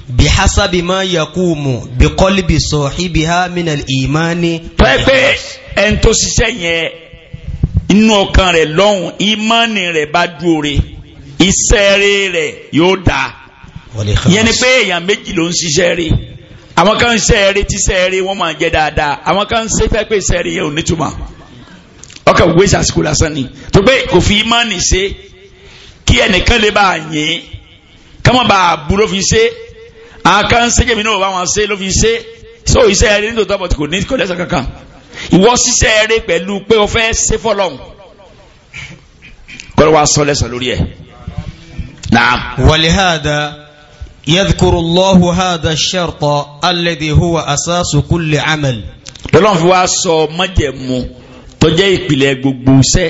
bí hasabi ma yakumu bí kọ́líbi sahibiha minal ìmáni. tó ẹ pé ẹni tó ṣiṣẹ́ yẹn inú ọkàn rẹ̀ lọ́hùn ìmáni rẹ̀ bá dúore iṣẹ́ rẹ̀ yóò dáa yẹn ni pé èèyàn méjì ló ń ṣiṣẹ́ rí àwọn kan ń ṣe eré tí ṣe eré wọ́n máa jẹ́ dáadáa àwọn kan ń ṣe fẹ́ pé ṣe eré yẹn ò nítumọ̀ ọkọ̀ wíwé ṣàṣìkò lásán ni tó pé kò fi ìmánì ṣe kí ẹnìkan lè bá a yìn kọ́mọ̀ bá a bu ló fi ṣe àkàn ṣẹ́jẹ̀ mi náà bá wọn ṣe ló fi ṣe so iṣẹ́ eré nítorí tọ́pọ̀ kò ní kò kankan ìwọ ṣiṣẹ́ eré pẹ̀lú pé o fẹ́ ṣe fọlọ́n kọ́lọ́ wa sọ lẹ́sẹ̀ lórí ẹ̀ naam. walihada yadhkuru Allahu hadha ash-sharta alladhi huwa asasu kulli amal. lọ́lọ́run fi wá sọ májẹ̀mú tó ìpìlẹ̀ gbogbo iṣẹ́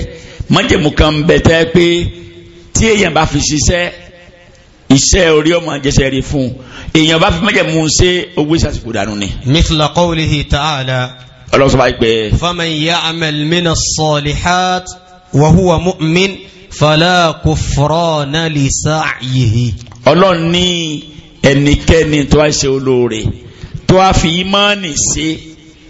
májẹ̀mú kan bẹ̀ pé tí èèyàn bá fi ṣiṣẹ́ iṣẹ́ orí ọmọ jẹsẹ̀ rí fún èèyàn bá fi mọ́jẹ̀ mú un ṣe owó ìṣàsìkò dànù ni. mithla qawlihi ta'ala. ọlọ́run sọ ma pé. faman ya'mal mina salihat wa huwa mu'min fala kufrana li sa'yihi. ọlọ́run ní ẹnikẹ́ni tó wá ṣe olóore tó wá fi ìmánì ṣe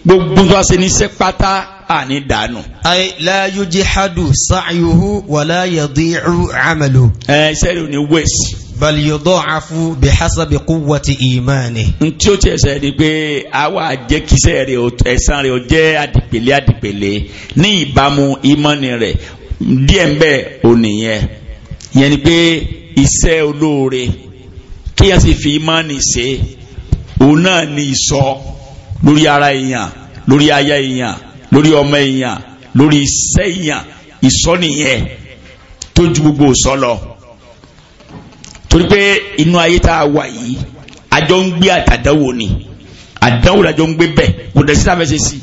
gbogbo tó wá ṣe níṣẹ́ pátá àní dànù. ay la yujhadu sa'yuhu wa la yadi'u 'amaluhu. ẹ sẹ́rì ni wẹ́ẹ̀sì. bal yudha'afu bihasabi quwwati imani. n tí ó ti ẹsẹ̀ ni pé àwa jẹ́ kíṣẹ́ rẹ̀ ẹ̀sán rẹ̀ ó jẹ́ àdìpèlé àdìpèlé ní ìbámu ìmọ̀ni rẹ̀ díẹ̀ ń bẹ̀ ò nìyẹn yẹn ni pé iṣẹ́ olóore kí a sì fi ìmọ̀ni ṣe òun náà ni ìsọ lórí ara èèyàn lórí aya èèyàn lórí ọmọ èèyàn lórí iṣẹ́ èèyàn ìsọ́nìyẹn tó ju gbogbo sọ lọ torí pé inú ayé tá a wà yìí àjọ ń gbé àtàdáwò ni àdánwò làjọ ń gbé bẹ́ẹ̀ kò dẹ̀ síta fẹsẹ̀ sí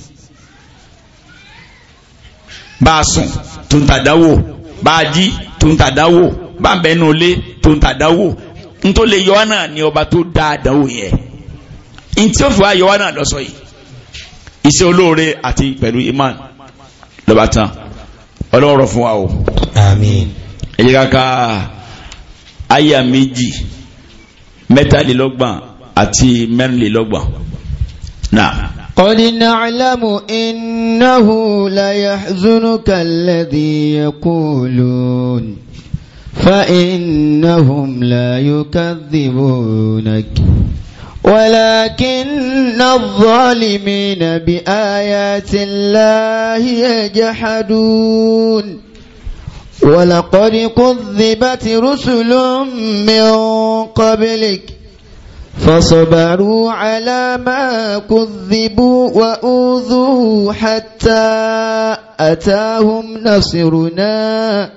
bá a sùn tó ń tàdáwò bá a jí tó ń tàdáwò bá a bẹnu ilé tó ń tàdáwò n yọ wá náà ni ọba tó dá àdánwò yẹn n ó fi wá yọ wá náà lọ sọ yìí iṣẹ́ olóore àti pẹ̀lú iman lọ́ba tán ọlọ́run rọ̀ fún wa o. àmín. ẹ jẹ́ méjì mẹ́tàlélọ́gbọ̀n àti mẹ́rìnlélọ́gbọ̀n náà. قد نعلم إنه ليحزنك الذي يقولون فإنهم لا يكذبونك ولكن الظالمين بآيات الله يجحدون ولقد كذبت رسل من قبلك فصبروا على ما كذبوا وأوذوا حتى أتاهم نصرنا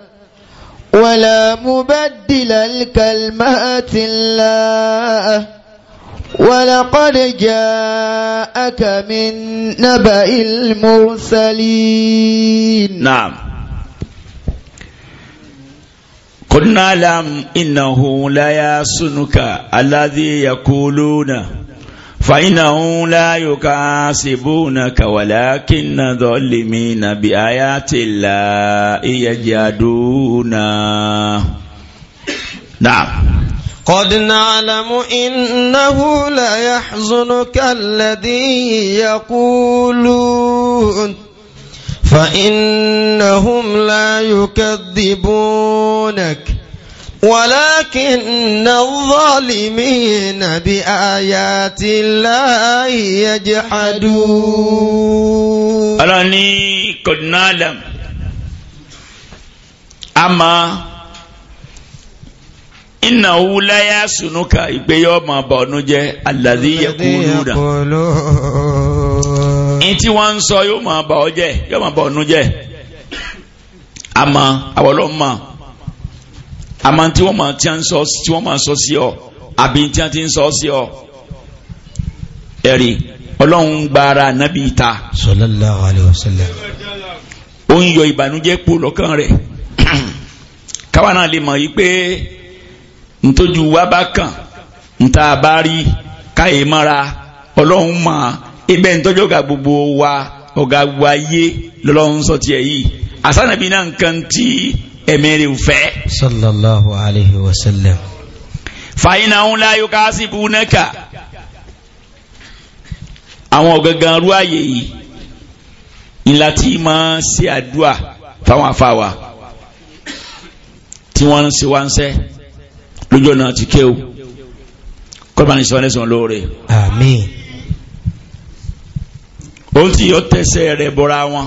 ولا مبدل الكلمات الله ولقد جاءك من نبأ المرسلين نعم قلنا نعلم إنه لا يسنك الذي يقولون فإنه لا يكاسبونك ولكن الظالمين بآيات الله يجادون نعم قد نعلم إنه يحزنك الذي يقولون فإنهم لا يكذبونك ولكن الظالمين بآيات الله يجحدون أراني قد نعلم أما iná wúláyà sùnúkà ìgbéyà ọmọ ọbọ̀nú jẹ́ àlàdí yẹkúlúdà ní tí wọ́n ń sọ ma ba bà ọ́ jẹ́ yóò máa bà ọ́ nú jẹ́ àmọ́ àwọn ọlọ́mọ àmọ́ tí wọ́n máa tí wọ́n máa sọ sí ọ àbí tí wọ́n ti ń sọ sí ọ ẹ̀rí ọlọ́run gba ara nábì ìta sallallahu alaihi wasallam ó yọ ìbànújẹ́ pò lọ́kàn rẹ̀ <clears throat> káwa náà lè mọ̀ yí ntójú wa bá kàn nta bá rí káyé mọ́ra ọlọ́run mọ̀ ibẹ̀ ntọ́jú ọ̀gá gbogbo wa ọ̀gá wa yé lọ́lọ́run sọ tiẹ̀ yìí àsánàbí náà nǹkan tí ẹ̀mí rẹ̀ fẹ́. sallallahu alayhi wa sallam. fàyínà ń la yóò ká sí bunaka àwọn ọ̀gángan rú àyè yìí ńlá tí máa ṣe àdúà fáwọn afáwa tí wọ́n ń ṣe wá lójú ọ̀nà àti kéwù kọ́ba ní sọ́wọ́n lẹ́sàn lóore. àmín. ohun tí yóò tẹ̀sẹ̀ rẹ̀ bọ́ra wọn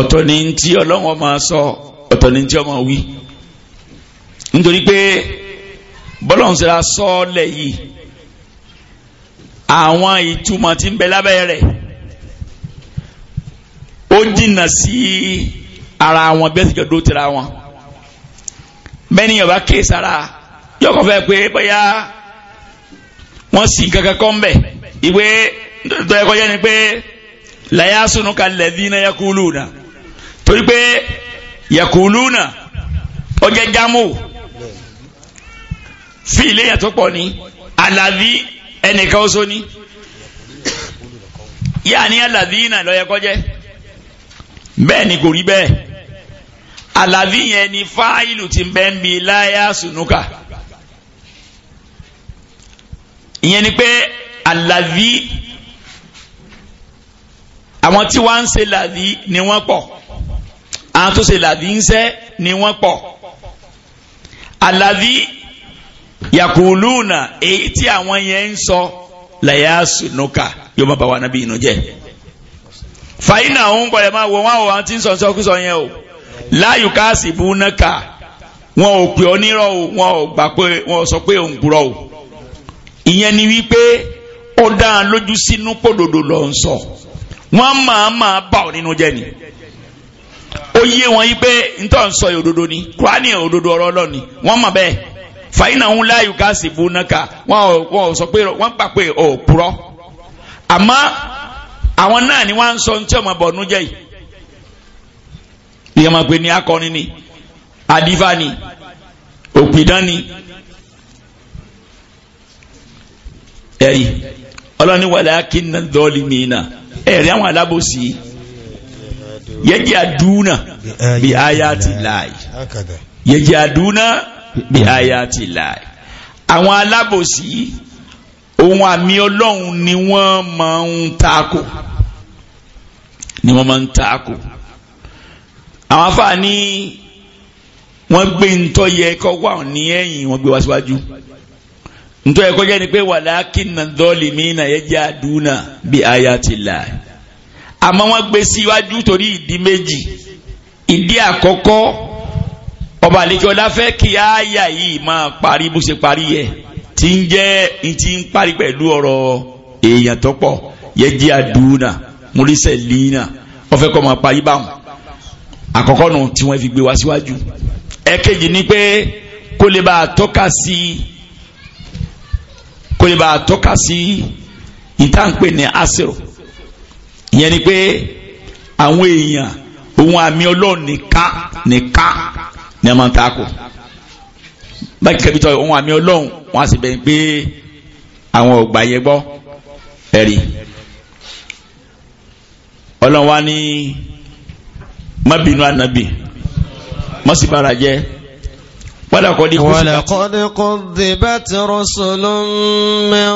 ọ̀tọ̀ ni tí ọlọ́wọ́n máa sọ ọ̀tọ̀ ni tí ọmọ wí nítorí pé bọ́lọ̀nsẹ̀ra sọ ọ́ lẹ̀ yìí àwọn ìtumọ̀ tí ń bẹ lábẹ́ rẹ̀ ó jìnnà sí ara wọn bẹ́ẹ̀ sì jọ dó tira wọn mẹ́ni ọba ké sára yọkọ̀ fẹ́ pé bóyá wọ́n sì kankan kọ́ mbẹ̀ ìwé tó yẹ kọjá ni pé làyà sunu ka lẹ́dí na yakulu na torí pé yakulu na ọjọ́ jámù fi ilé yẹn tó pọ̀ ní aladí ẹnìkan ó so ní yáà ní aladí na lọ́yẹ kọjá bẹ́ẹ̀ ni kò rí bẹ́ẹ̀ àlàbí yẹn ni fáìlù ti ń bẹ́ ń bi láyà sùnúkà ìyẹn ni pé àlàbí àwọn tí wọ́n ń ṣe làbí ni wọ́n pọ̀ àwọn tó ṣe làbí ń ṣẹ́ ni wọ́n pọ̀ àlàbí yàkùlùnà èyí tí àwọn yẹn ń sọ láyà sùnúkà yóò má bá wa nábì inú jẹ fàyínà òun kọlẹ̀ máa wọ wọn àwọn tí ń sọ sọkúsọ yẹn o. láàyò káàsì bú náka wọn ò pè ọ nírọ́ o wọn ò gbà pé wọn ò sọ pé òun kúrọ o ìyẹn ni wípé ó dá a lójú sínú pòdòdó lọ ń sọ wọn máa máa bà ọ nínú jẹ́ ni ó yé wọn yí pé ntọ́ ń sọ òdodo ni kúránì òdodo ọrọ lọ ni wọn mọ̀ bẹ́ẹ̀ fàyínà ń láàyò káàsì bú náka wọn ò wọn ò sọ pé wọn gbà pé ò kúrọ àmọ́ àwọn náà ni wọ́n á ń sọ ní tí ọmọ bọ̀ nú jẹ́ yìí. ìyẹn máa pè ní akọni ni adifa ni òpìdán ni ẹ̀rí ọlọ́ni walakinna dhalimina ẹ̀rí àwọn alábòsí yẹ́jì àdúnà bí ayati láì yẹ́jì àdúnà bí ayati láì àwọn alábòsí ohun àmì ọlọ́run ni wọ́n máa ń takò ni wọ́n máa ń takò àwọn afáà ní wọ́n gbé ntọ́ yẹ kọ́ wà ní ẹ̀yìn wọ́n gbé wá síwájú ntọ́ yẹ kọ́ jẹ́ ni pé walakinna dhalimina yajaduna bi ayatillah àmọ́ wọ́n gbé síwájú torí ìdí méjì ìdí àkọ́kọ́ ọba àlejòlá fẹ́ kí àyà yìí máa parí bó ṣe parí yẹ tí ń jẹ́ ti ń parí pẹ̀lú ọ̀rọ̀ èèyàn tó pọ̀ yajaduna mursaliina wọ́n fẹ́ kọ́ máa parí báwọn àkọ́kọ́ nu tí wọ́n fi gbé wá síwájú ẹ̀kejì ni pé kó lè bá a tọ́ka sí kó lè bá a tọ́ka sí ìtànpé ní asiro ìyẹn ni pé àwọn èèyàn ohun àmì ọlọ́run nìkan nìkan ni a máa ń ta kò báyìí kẹbi tọ́ ohun àmì ọlọ́run wọ́n á sì bẹ̀rẹ̀ pé àwọn ọgbà yẹn gbọ́ ẹ̀rí ọlọ́run wa ní má bínú ànábì má sì bára jẹ́ ولقد كذبت رسل من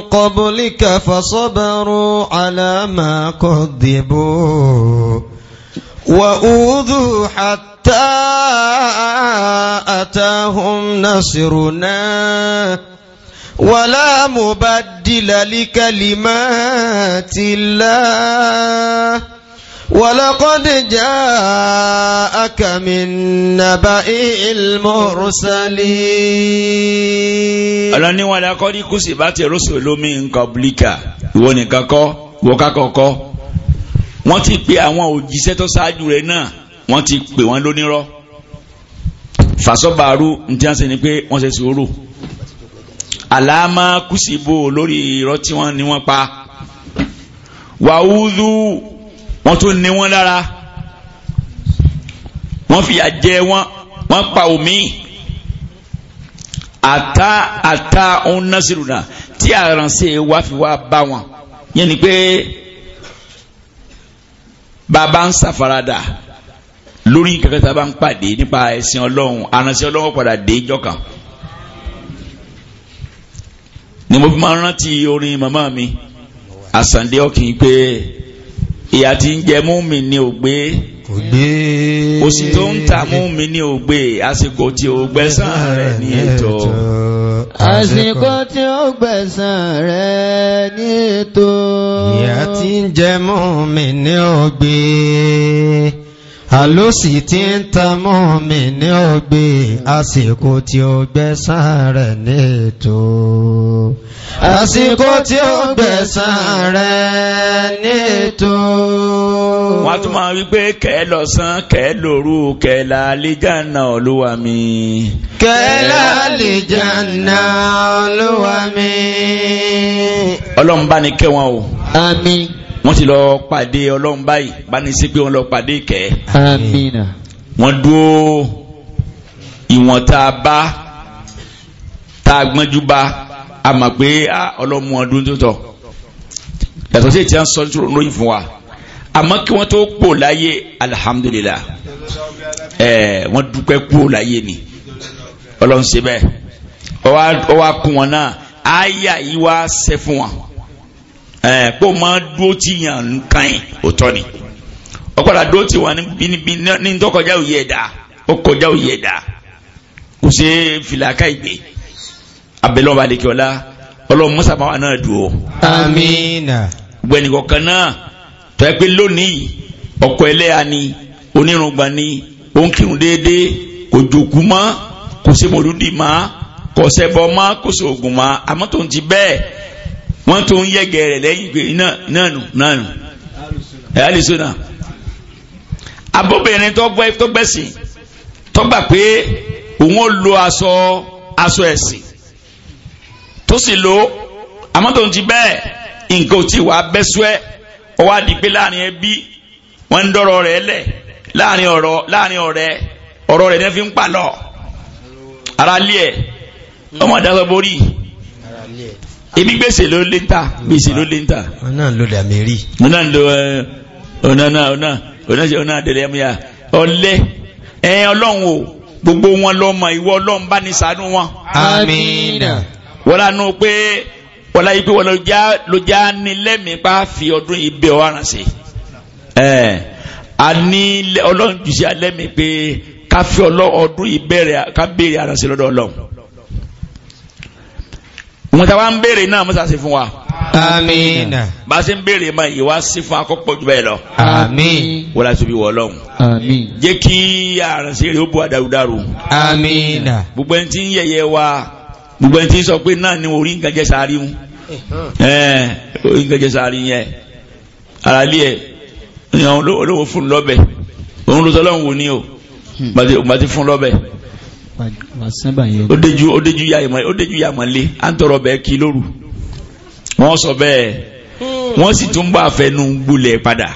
قبلك فصبروا على ما كذبوا وأوذوا حتى أتاهم نصرنا ولا مبدل لكلمات الله ولقد جاءك من نبأ المرسلين ọlọ́run ní wọn lakọ́ ní kùsì bá ti rọ́ṣọ̀ lómi nǹkan bílíkà ìwọ nìkan kọ́ ti pe àwọn òjíṣẹ́ tó ṣáájú rẹ̀ náà wọ́n ti pè wọ́n lónírọ́ fàṣọ́bàárù ní tí ṣe ni pé wọ́n ṣe sùúrù àlàámá kùsì bò lórí irọ́ tí wọ́n ní wọ́n pa wàhúdù wọ́n tún ní wọ́n lára wọ́n fìyà jẹ wọ́n wọ́n pa omi àtà àtà òun násìrò náà tí àránṣẹ́ wa fi wá bá wọn yẹn ni pé bàbá ń ṣàfaradà lórí kẹ̀kẹ́ tá bá ń pàdé nípa ẹ̀sìn ọlọ́run àránṣẹ́ ọlọ́run padà dé jọ̀kan ni mo fi máa rántí orin màmá mi àsàndé ọkìn pé ìyà tí ń jẹ múmi ní ògbé òsì tó ń ta múmi ní ògbé àsìkò tí ó gbẹ̀san rẹ̀ ní ètò àsìkò tí ó gbẹ̀san rẹ̀ ní ètò ìyà tí ń jẹ múmi ní ògbé àlóṣì tí ń tamọ́ mi ní ọgbẹ́ àsìkò tí ó gbẹ̀san rẹ̀ ní ètò àsìkò tí ó gbẹ̀san rẹ̀ ní ètò wọ́n tún máa wípé kẹ́ lọ́sán kẹ́ lòru kẹ́ lálejànà olúwa mi kẹ́ lálejànà olúwa mi ọlọ́run bá ní kẹ́ wọn o àmín wọ́n ti lọ pàdé ọlọ́run báyìí bá ní sí pé wọ́n lọ pàdé ìkẹ́. amina. wọ́n dúró ìwọ̀n tá a bá tá a gbọ́njú bá a mọ̀ pé ah, ọlọ́mú ọdún tó tọ̀ yàtọ̀ sí ètí à ń sọ lóyún fún wa àmọ́ kí wọ́n tó kú láyé alihamudulilah wọ́n dúpẹ́ kú láyé ni ọlọ́run ṣe bẹ́ẹ̀ ọwọ́ kún wọn náà àyà yìí wá ṣe fún wọn. ẹ kó máa dúró tí yàn ń kàn yín òótọ́ ni ọ̀pọ̀lọpọ̀ dúró tí wọn ní tọkọjá òye ẹ̀dá ó kọjá òye ẹ̀dá kò ṣe é fìlàkà abẹ́lẹ́ ọba àdékè ọlọ́run mọ́sá wà náà amiina. náà tọ́ ẹ pé lónìí ọkọ̀ ẹlẹ́yà ni onírùngbà ni ó ń kírun déédéé kò jòkú mọ́ kò mọ́ kò mọ́ kò wọ́n tún yẹ̀gẹ̀ rẹ̀ lẹ́yìn pé náà nù náà nù ẹ̀ alìsúnà abóbìnrin tó gbẹ̀sìn tó gbà pé òun ó lo aṣọ aṣọ ẹ̀sìn tó sì lo àmọ́ tó ń ti bẹ́ẹ̀ nǹkan ò tí wà bẹ́sùẹ́ ó wá di pé láàrin ẹbí wọ́n ń dọ́rọ̀ rẹ̀ lẹ̀ láàrin ọ̀rọ̀ láàrin ọ̀rẹ́ ọ̀rọ̀ rẹ̀ ní fi ń pàlọ́ ara lé ẹ̀ ọmọ ìdásọ́ borí ibi gbèsè ló lé ń tà gbèsè ló lé ń tà. ọ̀nà ló dà mí rí. ọ̀nà ló ọ̀nà náà ọ̀nà ọ̀nà ṣe ọ̀nà àdẹ̀lẹ̀ ẹ̀mú ya ọ̀lẹ́ ẹ̀ ọlọ́run o gbogbo wọn lọ mọ ìwọ ọlọ́run bá ní ṣàánú wọn. amiina. wọ́n lánú pé wọ́n láyé pé wọ́n ló já ní lẹ́mìí pa fi ọdún ibẹ̀ ọ̀ràn sí. ẹ̀ a ní ọlọ́run jù sí alẹ́ mi pé ká fi ọdún ìbẹ̀rẹ̀ ká béèrè àrànṣe lọ́dọ̀ ọlọ́run wọn ta wa ń béèrè náà musa sí fún wa. àmín. bá a ṣe ń béèrè ma ìwà sí fún akọ́pọ̀ jù bẹ́ẹ̀ lọ. àmín. wọlé tóbi wọlọ́hún. àmín. jẹ́ kí àrànṣe rẹ̀ ó bu àdàrúdàrú. àmín. gbogbo ẹni tí ń yẹ̀yẹ́ wa gbogbo ẹni tí ń sọ pé náà ni orí nǹkan jẹ́ sáré mu. ẹ̀ẹ́n orí nǹkan jẹ́ sáré yẹn. àràlí ẹ̀ ìyàwó fún lọ́bẹ̀ òun ló sọ wò ní o màtí hmm. fún lọ́bẹ̀. Odeju déjú ó déjú yá ìmọ̀ ó déjú yá ìmọ̀ lé à ń tọrọ bẹ́ẹ̀ kí lóru wọ́n sọ bẹ́ẹ̀ wọ́n sì tún bá àfẹnú gbulẹ̀ padà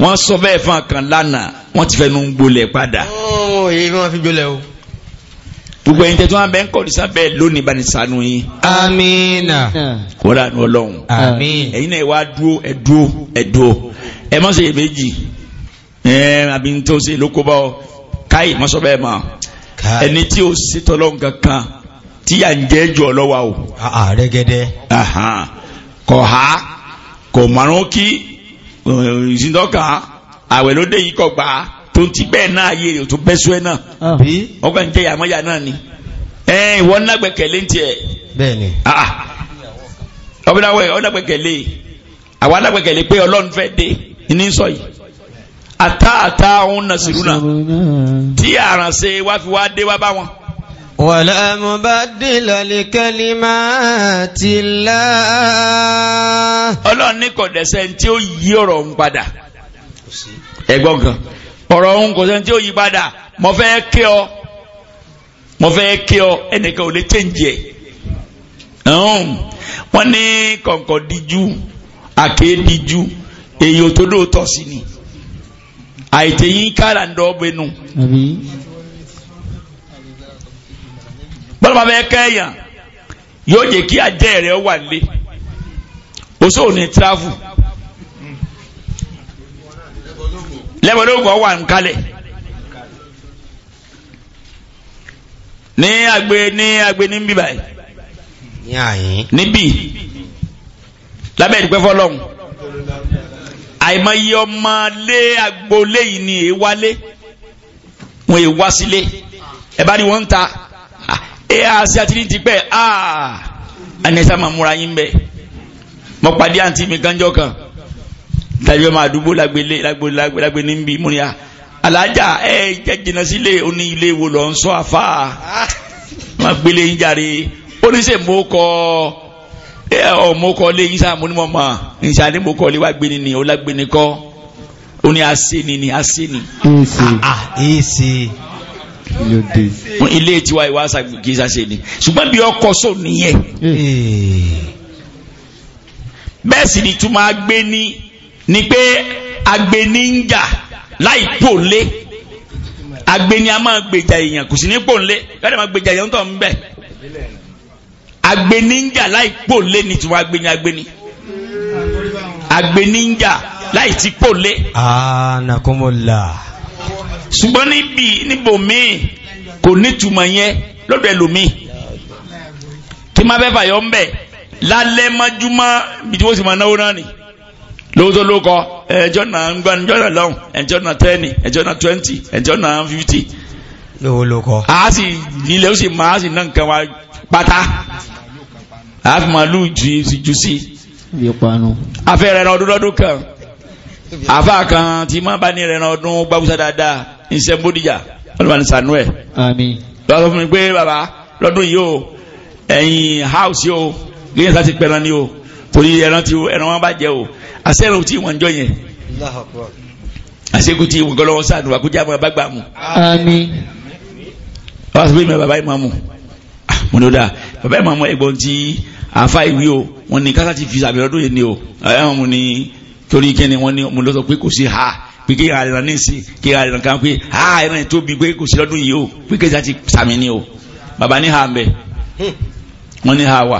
wọ́n sọ bẹ́ẹ̀ fún akàn lánàá wọ́n ti fẹnu gbolẹ̀ padà. Oh, o. gbogbo ẹ̀yin tẹ́tí wọn bẹ ń kọ́ ọ̀dísá bẹ́ẹ̀ lónìí bá ní ṣàánú yín. amiina. wọ́n rà ní ọlọ́run. àmín. ẹ̀yin náà wá dúró ẹ dúró ẹ dúró ẹ má ṣe méjì. ẹ àbí n ọ káyì mọ́sọ́ bẹ́ẹ̀ mọ́ ẹni tí ó sì tọ́lọ́ kankan tí yà ń jẹ́ jù ọ lọ́wọ́ o. àrẹ́gẹ́dẹ́. Ah, ah, kò há kò márùn kí eh, ìsìndọ́kà àwẹ̀ ló dé yìí kọ̀ gbà tó ń ti bẹ́ẹ̀ náà yé o tó bẹ́ sọ ẹ̀ náà ah. ọgbà ń jẹ́ yàmọ́yà náà ni ẹ ìwọ nágbẹ̀kẹ̀lé ń tiẹ̀. bẹ́ẹ̀ni. ọbẹ̀ náà wẹ̀ ọ nágbẹ̀kẹ̀lé àwa nágbẹ̀kẹ̀lé pé ọlọ́run fẹ́ dé ní sọ yìí ata ata òun nasiruna tí se wá fi wá dé wá bá wọn. wala mubaddila li kalimatillah. ọlọ́run ní kò dẹ̀sẹ̀ tí ó yí ọ̀rọ̀ ń padà. ẹ̀gbọ́n kan ọ̀rọ̀ òun kò sẹ́ni tí ó yí padà mo fẹ́ kí ọ mo fẹ́ kí ọ ẹnìkan ò lè tẹ̀ǹjì wọ́n ní kọ̀ǹkọ̀ díjú àkéé díjú èyí ò tó lóòótọ́ sí ni a yi ta yin kara dɔ bɛ nu bọ́lá bẹ́ẹ̀ kẹ́yàn yóò jẹ́ kí ajẹ́ rẹ̀ wà lé oṣù ní tíráfù lẹ́bọ̀lógún wà ń kalẹ̀ ní agbe ní agbe ní bíbá yìí níbí lábẹ́ ìdúpẹ́ fọlọ́hún àìmọye ọmọ lé agboolé yìí ni èé wálé wọn èé wá sílé ẹ bá ní wọn ń ta ẹ á sí àti ní tipẹ́ aa ah, anisa máa múra yín bẹ́ẹ̀ mo pàdé àǹtí mi gánjọ kan tàbí ọmọ àdúgbò lágbélé lágbé níbi múnira ah, alájà ẹ jẹ jìnnà sílé oní ilé wo lọ ń sọ àfáà wọn ah. gbélé ń jàre oníṣègbè kọ́ ọ. <laughs> ọmọkọlé isa múnimọ̀mọ́ ìṣàdé mọ̀kọlé wa gbéni ni ó lágbéni kọ́ ó ní aséni ni aséni. èsì ah, ah, ilé tiwa ìwà kìí sase ni ṣùgbọ́n bí ọkọ̀ sọ nìyẹn eh. bẹ́ẹ̀ sì ni túmọ̀ agbéni ni pé agbéni ń jà láì pòlé agbéni a máa gbèjà èèyàn kò sí ní pòlé lọ́dọ̀ máa gbèjà èèyàn tó ń bẹ̀ agbeninja láì pòlé ni tiwọn agbeni agbeni agbeninja láì ti pòlé. anakumola. ṣùgbọ́n níbi níbòmíì kò nítumọ̀ yẹn lọ́dọ̀ ẹlòmíì kí má bẹ́ẹ̀ fàyọ̀ ń bẹ̀ lálẹ́ mọ́júmọ́ bí tí wọ́n sì máa náwó náà nì lóòótọ́ ló kọ ẹjọ́ náà ń gbani ẹjọ́ náà lọ́hùn ẹjọ́ náà tẹ́ẹ̀nì ẹjọ́ náà twenty ẹjọ́ náà fifty yóò ló kọ. a sì nílẹ̀ ó sì máa sì náà nǹkan wa pátá a fi máa lù jù sí. afẹ́ rẹ̀ ọdún lọ́dún kan àfa kan tí máa bá ní rẹ̀ ọdún gbàgbọ́sá dáadáa ní sẹ́ńbódìjà ọlọ́mọ ní ẹ̀. àmín. fún mi pé bàbá lọ́dún yìí o ẹ̀yin house yìí o gẹ́gẹ́ sá ti pẹ̀ràn ni o torí ẹran tí ẹran wọn bá jẹ o àṣẹ́rùn tí wọ́n ń jọ yẹn àṣekùtì ìwọ̀n gọlọ́wọ́ sáà nùwà kó jáàmù abágbàmù. àmín wọ́n sọ pé mi bàbá ìmọ̀mù ah, mo ní o dáa bàbá ìmọ̀mù ẹ̀gbọ́n ti àfa ìwé o wọn ni kásá ti fi sàbí ọdún yìí ni o ẹ̀wọ̀n mo ní torí kíni wọn ni mo sọ pé kò sí ha pé kí àrìnà ní sí kí àrìnà kan pé ha ẹ̀rọ yìí tóbi pé kò sí lọ́dún yìí o pé kẹsà ti sàmì ni o bàbá ní ha ń bẹ wọn ní ha wà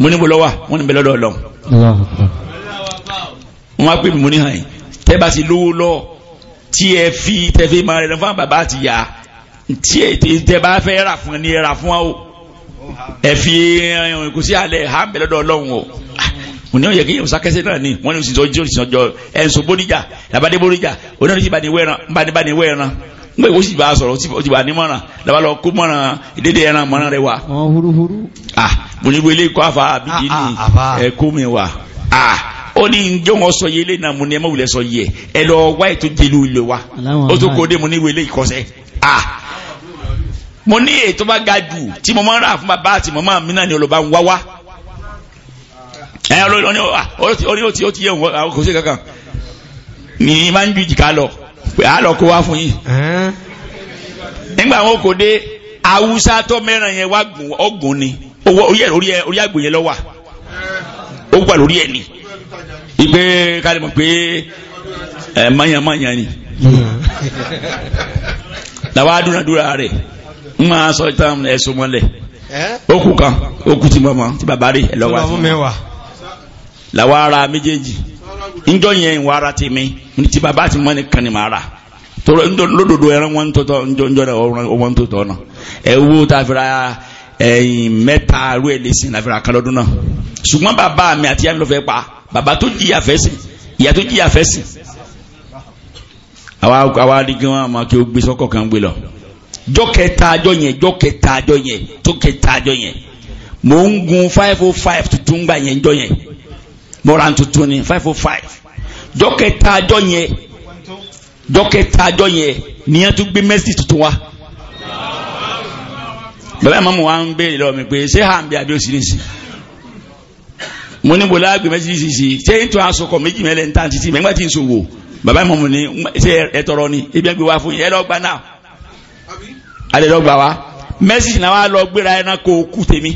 mo ní mo lọ wà ní bẹ tí ètè bá fẹ́ rà fún ni rà fún wa o ẹ fi ẹ̀yàn kò sí alẹ́ ha ń bẹ̀rẹ̀ lọ́dọ̀ ọlọ́run o mo ah, ní ó yẹ kí yẹn sákẹ́sẹ́ náà ni wọ́n ní oṣù tọ́jú oṣù tọ́jú ẹ̀ǹsọ bóníjà labadé bóníjà onídàájú ti bá ní wẹ́ran bá ní bá ní wẹ́ran n gbé oṣù bá sọ̀rọ̀ oṣù bá ní mọ̀ràn laba lọ kó mọ̀ràn ìdédé ẹran mọ̀ràn rẹ wa. wọn huruhuru. ah mo ní wele kó afa abidi ah, ni ah, ẹ kó mi wa ah ó ní njẹ́ wọn sọ yé lẹ́yìn náà mo ní ẹ má wulẹ̀ sọ yé ẹ lọ wáyé tó jẹ́lu ilé wa ó tó kó dé mo ní wele ìkọsẹ́ ah mo ní èyí tó bá ga jù tí mo máa ń rà fún bàbá àti màmá mi nwa ni olùbá ń wá wá ẹ orí ah, ó ti ó ti yẹ òun àwọn kò sí kankan ni máa ń ju lọ pé a lọ kó wá fún yìí nígbà wọn kò dé ni orí àgbò yẹn lọ wà ó ni pé n máa sọ ìtàn ẹ̀sùn mọ́lẹ̀ okùn kan okùn ti mọ́mọ́ tí bàbá rí ẹ̀ lọ́wọ́ àti mọ́ làwọn ara méjèèjì njọ yẹn ìwà ara ti mi ti bàbá àti mọ́ ni kàn ní màá rà toro lódodo ẹran wọn tó tọ njọ njọ rẹ wọn tó tọ náà ẹ wo tá a fira ẹyin mẹ́ta arú ẹ lè sin náà fira kálọ́dún náà ṣùgbọ́n bàbá mi àti yàmi ló fẹ́ pa bàbá tó jìyà fẹ́ sìn ìyá tó jìyà fẹ́ sìn àwa àwa adigun àmọ́ kí o gbé sọ́kọ̀ kan gbé lọ jọ́ kẹta àjọ yẹn jọ́ kẹta àjọ yẹn tó kẹta àjọ yẹn mò ń gun five oh five tuntun gbà yẹn jọ́ yẹn mo ra tuntun ni five oh five jọ́ kẹta àjọ yẹn jọ́ kẹta àjọ yẹn nìyẹn tún gbé mẹ́sì tuntun wa bàbá ìmọ̀mù wa ń béèrè lọ́wọ́ mi pé ṣé hàn bí abíọ́sí ní sí mo ní bò láàgbé mẹ́sì sí sí ṣé n tún asokọ̀ méjì mẹ́lẹ̀ ń tàn títí mẹ́gbà tí n sòwò bàbá ìmọ̀mù ni ṣé ẹ tọrọ ni ebi ẹgbẹ́ wa fún yẹn ẹ lọ gbà náà. alẹ́ wa mẹ́sìsì náà wà lọ gbéra ẹranko kú tèmi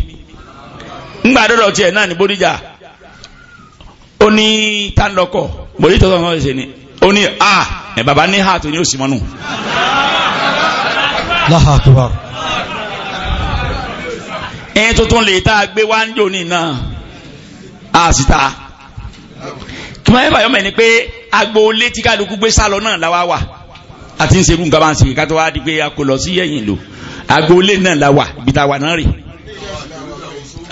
ńgbà dọ́dọ̀ tiẹ̀ náà ní bódìjà ó ní tánlọ́kọ̀ bòdì tó sọ̀rọ̀ ṣe ni ó ní a ẹ̀ bàbá ní hà tó ní òsì mọ́nù. ẹ̀yìn tuntun lè tá gbé wá ń jò ní náà a sì ta àti ń serú nǹkan bá ń se ká tó wá di pé a kò sí ẹ̀yìn lò agboolé náà la wà ibi tá a wà náà rè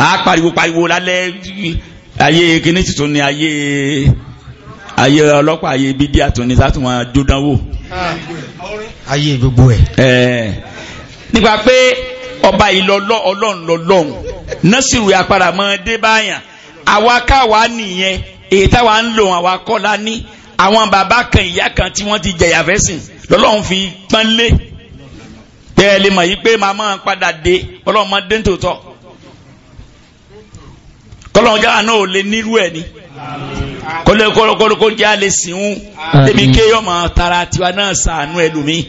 a pariwo pariwo lálẹ́ ayé kíní tuntun ni ayé ayé ọlọ́pàá ayé bídí àtúnni sátúmọ̀ jódánwò. ayé gbogbo ẹ̀. ẹ̀ẹ́ nípa pé ọba ìlọ ọlọ́run lọ́lọ́run násìrò apáramọ́ dé àwa káwa nìyẹn èyí táwa ń lò àwa kọ́ la ní àwọn bàbá kan ìyá kan tí wọ́n ti jẹ̀yà fẹ́sìn lọ́lọ́run fi pánlé bẹ́ẹ̀ lè mọ̀ yìí pé màá máa padà dé ọlọ́run máa dé ní tòótọ́ kọ́lọ́run jáwà náà ò lè nírú ẹ̀ ni kọ́lọ́kọ́lọ́kọ́ jẹ́ àlè sìnwó débi kéèyàn máa tara tiwa náà sàánú ẹlòmíì.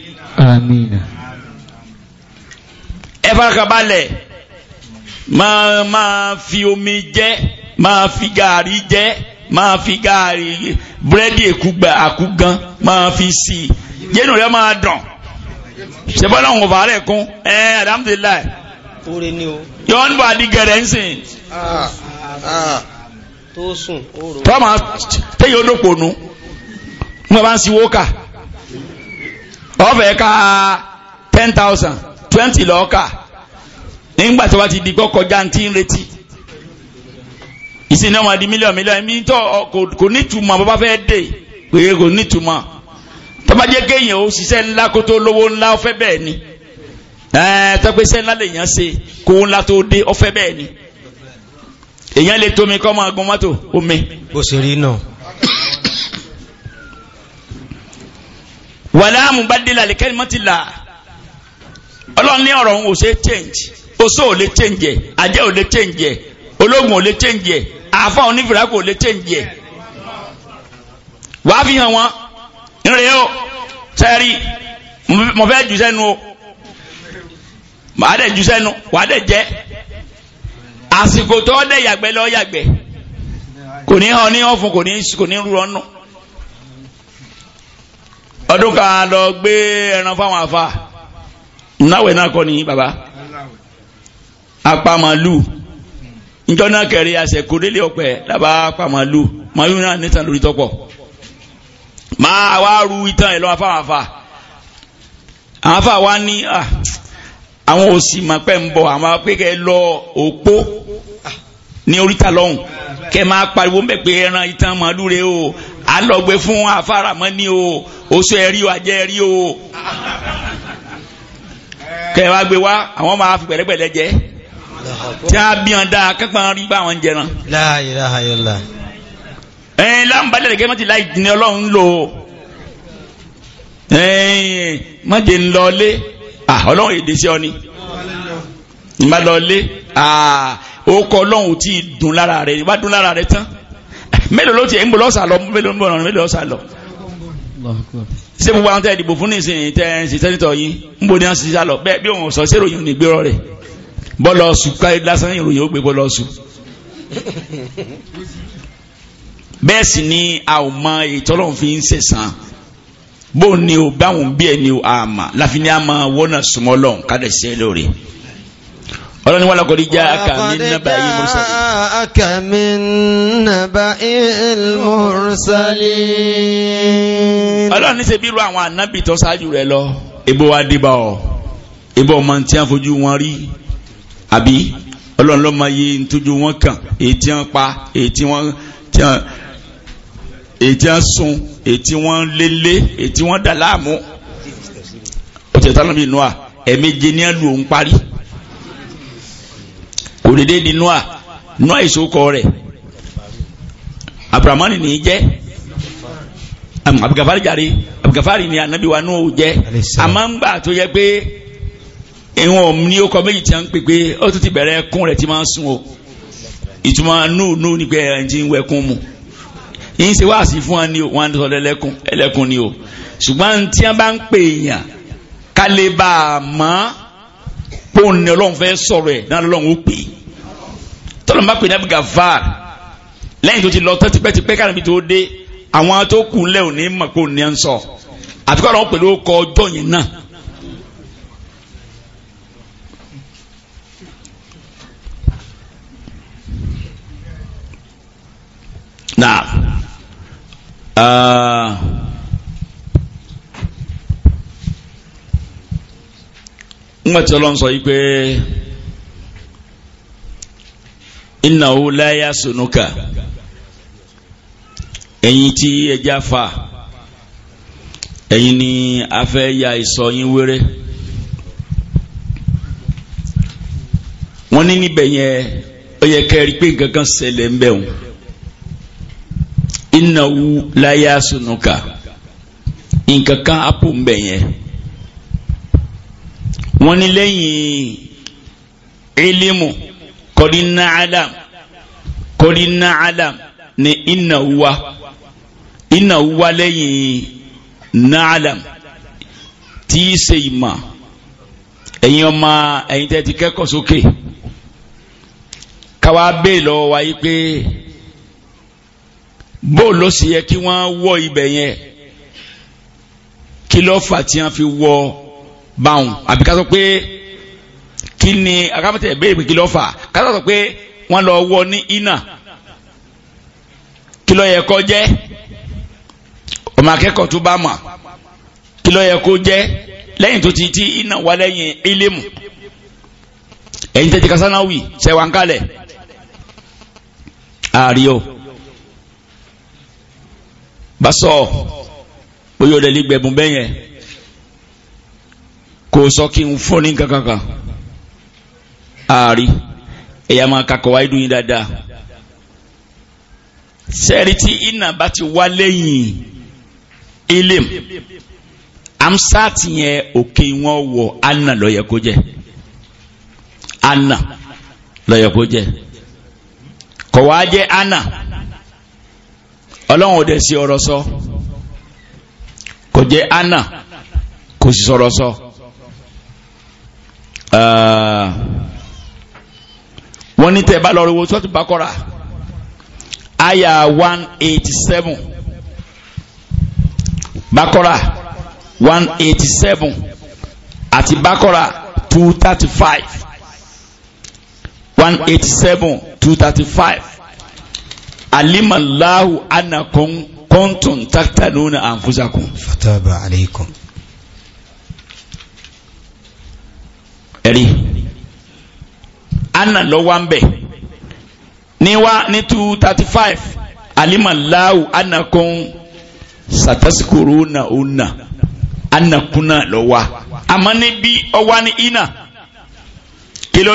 ẹ farabalẹ̀ máa fi omi jẹ́ máa fi gàrí jẹ́ Ma fi gaari búrẹ́dì èkúgbà àkúgan máa fi sí i jẹ́nu rẹ̀ máa dàn ṣẹ́fọ́n náà wọ́n fà á rẹ̀ kún ẹ̀ alhamdulilayi oore ni o. yọ̀ọ́ ń sìn. Ah, ah. tó tẹ́yẹ olóko nu wọ́n bá ń siwó kà ọ̀fẹ́ ká ten thousand twenty lọ́ọ́ kà nígbà tí wọ́n ti di kọ́kọ́ já retí ìsìn náà máa di mílíọ̀nù mílíọ̀nù ẹ̀mí tó kò ní ìtumọ̀ bàbá fẹ́ dé pé kò ní ìtumọ̀ tọ́bajẹ́ kéèyàn ó ṣiṣẹ́ ńlá kó tó lówó ńlá ọ̀fẹ́ bẹ́ẹ̀ ni tọ́pẹ́sẹ́ ńlá lèèyàn ṣe kó ńlá tó dé ọ̀fẹ́ bẹ́ẹ̀ ni èèyàn lè tómi kọ́ máa gun mọ́tò omi. bó ṣe rí náà. wàlá àmúbádélà lè kẹ́rin mọ́tì là ọlọ́run ní ọ̀rọ̀ òun ò ṣe change oṣó ò lè change ẹ̀ ajẹ́ ò lè change ẹ̀ ológun ò lè change ẹ̀ àfọ̀ onífìrà kò lè chẹ́ǹjì ẹ̀ wàá fi hàn wọn nírè o sẹ́ẹ̀rì mo fẹ́ jù sẹ́nu o màá dẹ̀ jù sẹ́nu wàá dẹ̀ jẹ́ àsìkò tó dẹ̀ yàgbẹ́ lọ́ yàgbẹ́ kò ní hàn ní ọ̀fun kò ní kò ní rú ọ̀nù ọdún kan lọ gbé ẹran fáwọn afa náwẹ̀ náà kọ́ ni bàbá apá màálù njọ́ náà kẹrì àṣẹkù délé ọ̀pẹ lábàá pàmòlù mayuna náà nítan lórí tọ́pọ̀ máa wá ru itan ẹ̀ lọ́wọ́ fáwọn afa àwọn afa wa ní àwọn òsì màpẹ́ ń bọ̀ àwọn apẹ́kẹ́ lọ òpó ní oríta lọ́hùn kẹ́ máa pariwo mbẹ́ pé ẹran itan màálù rẹ o alọ́gbẹ́ fún afáramọ́ni o oṣù ẹ̀rí o àjẹ́ ẹ̀rí o kẹ́ wá gbé wá àwọn máa fi pẹ̀lẹ́pẹ̀lẹ́ jẹ́ tí a bí wọn dáa kápá rí bá wọn jẹran. La ilaha illallah. ẹ̀ẹ́n láǹbalẹ̀ gẹ́gẹ́ mọ́tì láì ní ọlọ́run lò ó ẹ̀ẹ́n mọ́tì ń lọ lé ọlọ́run èdè sí ọ ni ìmá lọ lé ó kọ ọlọ́run ò tí ì dùn lára rẹ̀ ìbá dùn lára rẹ̀ tán mélòó ló ti ẹ̀ ń bọ̀ lọ́sà lọ mélòó ń bọ̀ lọ́sà lọ. ṣé gbogbo àwọn tẹ́ ìdìbò fún nísìnyí tẹ́ ẹ̀ ń ṣe sẹ́nitọ̀ ń bo ní à ń ṣiṣẹ́ lọ bẹ́ẹ̀ bí òun sọ séròyìn ò ní gbérọ̀ rẹ̀ bọ́lọ̀ sùn káyé lásán ìròyìn ó gbé bọ́lọ̀ bẹ́ẹ̀ sì ni a ò mọ ètò ọlọ́run fi ń sẹ̀sán bó ni o báwọn bí ẹni o àmà láfi ni a máa wọ́nà súnmọ́ lọ́hùn ká lè ṣe lóore ọlọ́ni wọ́n lọ́kọ̀ọ́ díjá akàmì nàbà ìmùsàlì ọlọ́ni ṣe bírú àwọn ànábì tó ṣáájú lọ ebo wa dìbà ọ ebo ọmọ tí a wọn rí àbí ọlọ́run ló máa yé ntójú wọn kàn èyí tí wọ́n pa èyí tí wọ́n èyí tí wọ́n sun èyí tí wọ́n lélé èyí tí wọ́n dà láàmú ọ̀sẹ̀ tánà bíi noa ẹ̀ẹ̀méje ní àlù òun parí kò dédé di noa noa ìsokọ rẹ̀ abrahamani ní í jẹ́ abugafari jàre abugafari ní anabiwa nù jẹ́ àmọ́ ń gbà tó yẹ pé ìwọ̀n ní ó kọ méjì tí a ń pè pé ó tún ti bẹ̀rẹ̀ ẹkún rẹ̀ ti máa ń sun o ìtumọ̀ núùnú ni pé ẹ̀rìn ti ń wẹkún mu yìí ṣe wáàsí fún wa ní o wọn á sọ ẹlẹ́kún ẹlẹ́kún ni o ṣùgbọ́n tí a bá ń pè èèyàn ká bá a mọ́ póun ní ọlọ́run fẹ́ sọ̀rọ̀ ẹ̀ náà lọ́run ó pè é tọ́lọ́ bá pè ní abiga var lẹ́yìn tó ti lọ tán káàdì نعم آه nígbà tí ọlọ́run sọ yìí pé ìnáwó láyà sùnúkà ẹ̀yin tí ẹja fa ẹ̀yìn ni a fẹ́ ya ìsọ yín wéré wọ́n ní níbẹ̀ yẹn ó yẹ kẹ́rí pé nǹkan kan ṣẹlẹ̀ ń bẹ̀ wọ́n. innahu la yasunuka nǹkan kan apò ń bẹ̀ yẹn wọ́n ní lẹ́yìn ilimu kọ́dínà alam kọ́dínà alam ni innahu wa innahu wa lẹ́yìn na'alam tí í ṣe ìmọ̀ ẹ̀yin ọmọ ẹ̀yin tẹ́ ti kẹ́kọ̀ọ́ sókè káwa bẹ́ẹ̀ lọ́wọ́ wáyé pé bó ló sì yẹ kí wọ́n wọ ibẹ̀ yẹn kí ló fà tí wọ́n fi wọ báwọn àbí ká sọ pé kí ni akámọ̀tẹ̀ béèrè pé kí ló fà ká sọ pé wọ́n lọ wọ ní iná kí ló yẹ kó jẹ́ ọmọ akẹ́kọ̀ọ́ tó bá mọ̀ kí ló yẹ kó jẹ́ lẹ́yìn tó ti ti iná wà lẹ́yìn ilé-mù ẹ̀yin tẹ́tí kásánáwì ṣẹ̀wá ń ààrí o. bá sọ oyè ọ̀dẹ̀ lè gbẹ̀bùn bẹ́yẹn kò sọ kí n fún ní kankankan ààrí ẹ̀yà máa kakọ̀ wáyé dùn yín dáadáa sẹ́ẹ̀rí tí iná bá ti wá lẹ́yìn yẹn òkè wọn wọ anna lọ́yẹ kó jẹ anna lọ́yẹ kó ọlọ́run ò dẹ̀ sí ọ̀rọ̀ sọ kò jẹ́ anna kò sì sọ̀rọ̀ sọ. wọ́n ní tẹ́ bá lọ rẹwọ́ sọ́tún bá aya one eighty seven bákọ́ra one eighty seven àti bákọ́ra two thirty five one eighty seven two thirty five alimallahu anakun kuntum taktanuna anfusakum. fataba aleikum. Eri. anna lọ wá ń ni ní wá ní two thirty five alimallahu anakun satasikuruna una anakuna lọ wá àmọ́ níbi ọwá ní ina kí ló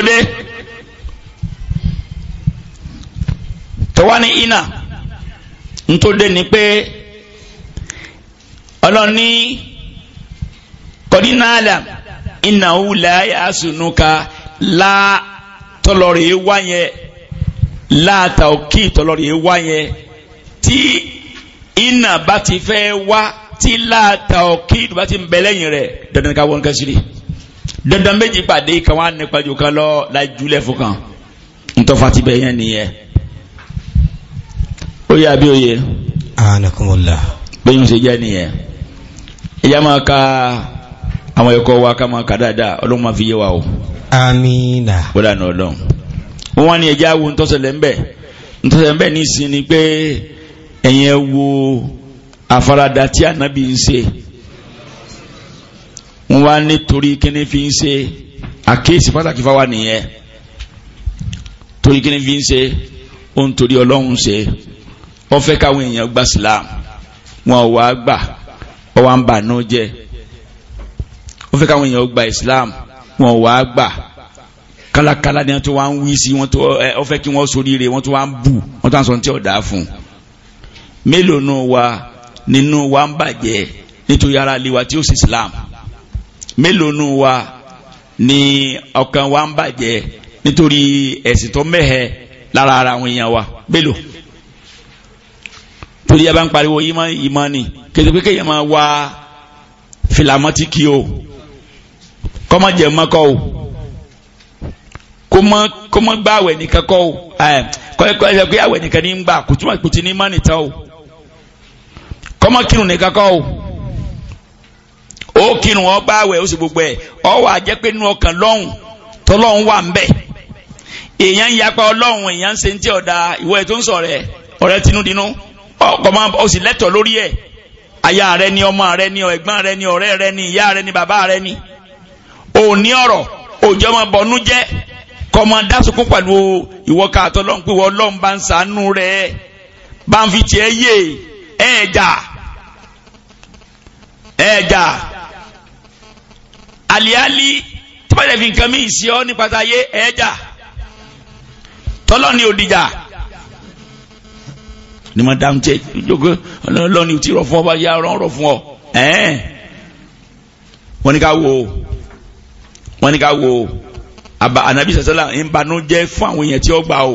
tọ́wá ní iná ntòdé ni pé ọlọ́ni kọ́dínàlà iná wùlá àsùnúka lá tọlọ́rì wá yẹn láàtà òkè tọlọ́rì wá yẹn tí iná bá ti fẹ́ wá tí láàtà òkè bá ti ń bẹ lẹ́yìn rẹ̀ dandan ká wọ́n kẹ́sì rí dandan méjì pàdé kan wá nípa jù kan lọ lájúlẹ̀ fún kan ntọ́fà ti bẹ̀ yẹn nìyẹn oyè àbí oyè anakumula bẹ́yìn ṣe jẹ́ nìyẹn ìyá máa ka àwọn ẹ̀kọ́ wa ká máa kà dáadáa ọlọ́run máa fi yé wa o amina ó dànù ọlọ́run wọ́n wá ní ẹja wo ntọ́sẹ̀lẹ̀ ń bẹ̀ ntọ́sẹ̀lẹ̀ ń bẹ̀ ní ìsìn ni pé ẹ̀yin ẹ wo àfaradà tí ànábì ń ṣe wọ́n wá nítorí kíní fi ń ṣe àkéèsí pàtàkì fáwa nìyẹn torí kíní fi ń ṣe ó ń torí ọlọ́run ṣe ó fẹ́ káwọn èèyàn gba islam wọn ò wá gbà ó wá ń bà náà jẹ́ ó fẹ́ káwọn èèyàn gba islam wọn ò wá gbà kálákálá ni wọ́n tó wá ń wí sí wọ́n tó ó fẹ́ kí wọ́n ṣoríire wọ́n tó wá ń bù wọ́n tó ń sọ ní tí ò fún mélòó nù wa nínú wa ń bàjẹ́ nítorí ara lè wa tí ó sì islam mélòó nù wa ni ọkàn wa ń bàjẹ́ nítorí ẹ̀sìn tó mẹ́hẹ lára ara àwọn èèyàn wa mélòó. torí ẹ ń pariwo imani ìmọ̀ ni ma wá filamọ́tíkì o kọ́mọ̀jẹ̀ mọ́kọ́ o kó mọ́ gbá nìkan kọ́ o kọ́ ẹ pé àwẹ̀ nìkan ní ń gbà kùtùmọ̀ kùtù ní o kírun nìkan o ó ọ bá àwẹ̀ ó sì gbogbo ọ wà jẹ́ pé inú ọkàn lọ́hùn tọ́lọ́hùn wà ń bẹ̀ èèyàn ń yapa ọlọ́hùn èèyàn ń ọmọ o sì lẹ́tọ̀ lórí ẹ̀ aya rẹ ni ọmọ rẹ ni ẹ̀gbọ́n rẹ ni ọ̀rẹ́ rẹ ni ìyá rẹ ni bàbá rẹ ni ò ní ọ̀rọ̀ òjò ọmọ bọ̀nú jẹ́ kọmọ dásùnkún pẹ̀lú ìwọ káàtọ́ lọ́n pé wọ́n lọ́n bá ń sàánú rẹ bá ń fi tiẹ̀ yé ẹ̀ẹ́dà ẹ̀ẹ́dà àlìálì tí wọ́n lè fi nǹkan mí ìsìn ọ́ nípa ta yé ẹ̀ẹ́dà tọ́lọ́ ni òdìjà ni mo dáhùn tiẹ̀ jókòó lọ́ni tí rọ̀ fún ọ bá yá ọ̀rọ̀ fún ọ ẹ̀ẹ́n wọ́n ní ká wo wọ́n ní ká wo àbá ànábì sàṣẹ́là ń banú jẹ́ fún àwọn èèyàn tí ó gbà o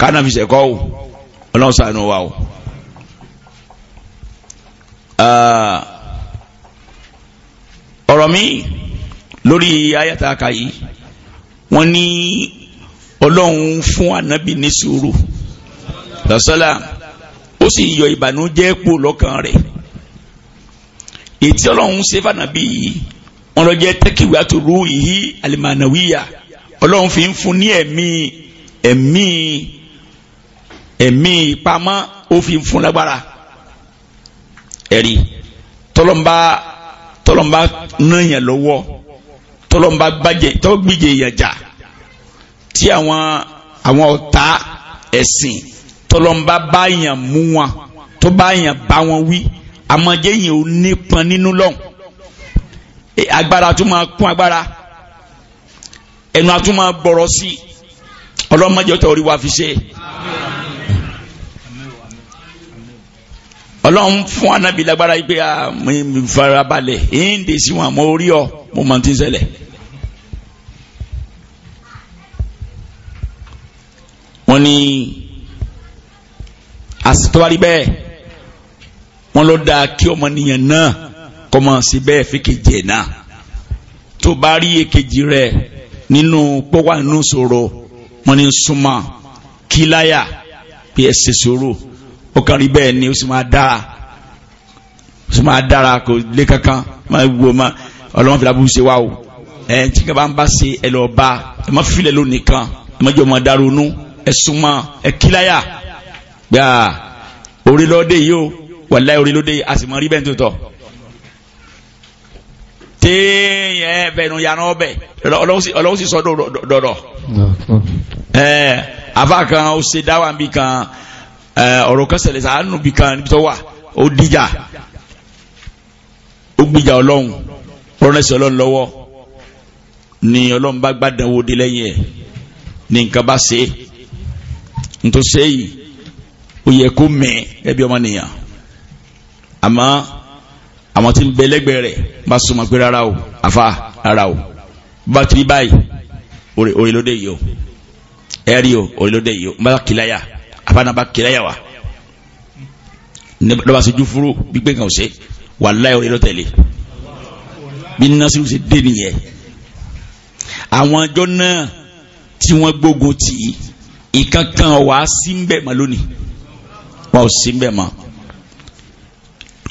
kánà fi ṣẹ̀kọ́ o ọlọ́run ṣàánú wa o. ọ̀rọ̀ mi lórí ayataka yìí wọ́n ní ọlọ́run fún ànábì ní sùúrù sọ́sọ́là ó sì yọ ìbànújẹ́ pò lọ́kàn rẹ̀ ètí ọlọ́run ṣe fànàbí yìí wọn lọ jẹ́ tẹ́kìwé àtòrú ìhí àlìmánàwíyà ọlọ́run fi ń fún ní ẹ̀mí ẹ̀mí ẹ̀mí ìpamọ́ ó fi ń fún lágbára ẹ̀rí tọ́lọ́mbà tọ́lọ́mbà náyàn lọ́wọ́ tọ́lọ́mbà gbàjẹ́ tọ́gbìjẹ́ ìyàjà tí àwọn àwọn ọ̀tá ẹ̀sìn tọlọmba bá yàn mú wọn tó bá yàn bá wọn wí àmọjẹ yẹn ò nípọn nínú lọhùn e, agbára tó máa kún agbára ẹnu a tún máa gbọrọ sí ọlọmọdé ọtọ orí wa fi ṣe ọlọ́run fún anabi lágbára yìí pé a ah, farabalẹ̀ èyí ń dè sí wọn àmọ́ orí ọ mo máa ti ń ṣẹlẹ̀. ní àsìtọ́wárí bẹ́ẹ̀ wọ́n ló dáa kí ọmọnìyàn náà kọ́ mọ̀ sí bẹ́ẹ̀ fi kejì ẹ̀ náà tó bá rí èkejì rẹ̀ nínú pọ́wá nínú ṣòro wọ́n ní súnmọ́ kí láyà bí ẹ ṣe ṣòro ó kàn rí bẹ́ẹ̀ ni ó sì máa dáa ó sì máa dára kò lé kankan máa wo ma ọlọ́wọ́n fi lábúrú ṣe wá o ẹ̀ tí kí n bá ń bá ṣe ẹ lọ́ọ́ bá ẹ má filẹ̀ lónìí kan ẹ má jọ ọmọ dàrú nú ẹ súnmọ́ ẹ kí láyà gbà orí lọ́dẹ yìí o wàláhí orí lọ́dẹ yìí a sì mọ rí bẹ́ẹ̀ tó tọ̀ téèyàn bẹnu yanu ọbẹ ọlọ́wọ́ sì sọ dọ̀dọ̀ ẹ̀ afa kan ó ṣe dáwà bí kan ọ̀rọ̀ kan ṣẹlẹ̀ sàánù bí kan níbi tó wà ó dìjà ó gbìjà ọlọ́run rọ́nẹ́sì ọlọ́run lọ́wọ́ ni ọlọ́run bá gbàdánwò dé lẹ́yìn ẹ̀ ní nǹkan bá ṣe nítòsí èyí ó yẹ kó mẹ́ ẹbí ọmọ nìyàn àmọ́ àwọn tí ń bẹ lẹ́gbẹ̀ẹ́ rẹ̀ bá súnmọ́ pé rárá o àfa rárá o bá ti rí báyìí orílódé yìí o ẹ̀rí o orílódé yìí o bá kìláyà àfànàbà kìláyà wa lọ́ba sí júfúrú gbígbé kan ṣe wà láì orí lọ́tẹ̀lé bí násìrò ṣe dé nìyẹn àwọn ọjọ́ náà tí wọ́n gbógun tì í ìkankan wàá sí ń bẹ̀ mọ́ lónìí wọn ò sí bẹ́ẹ̀ mọ́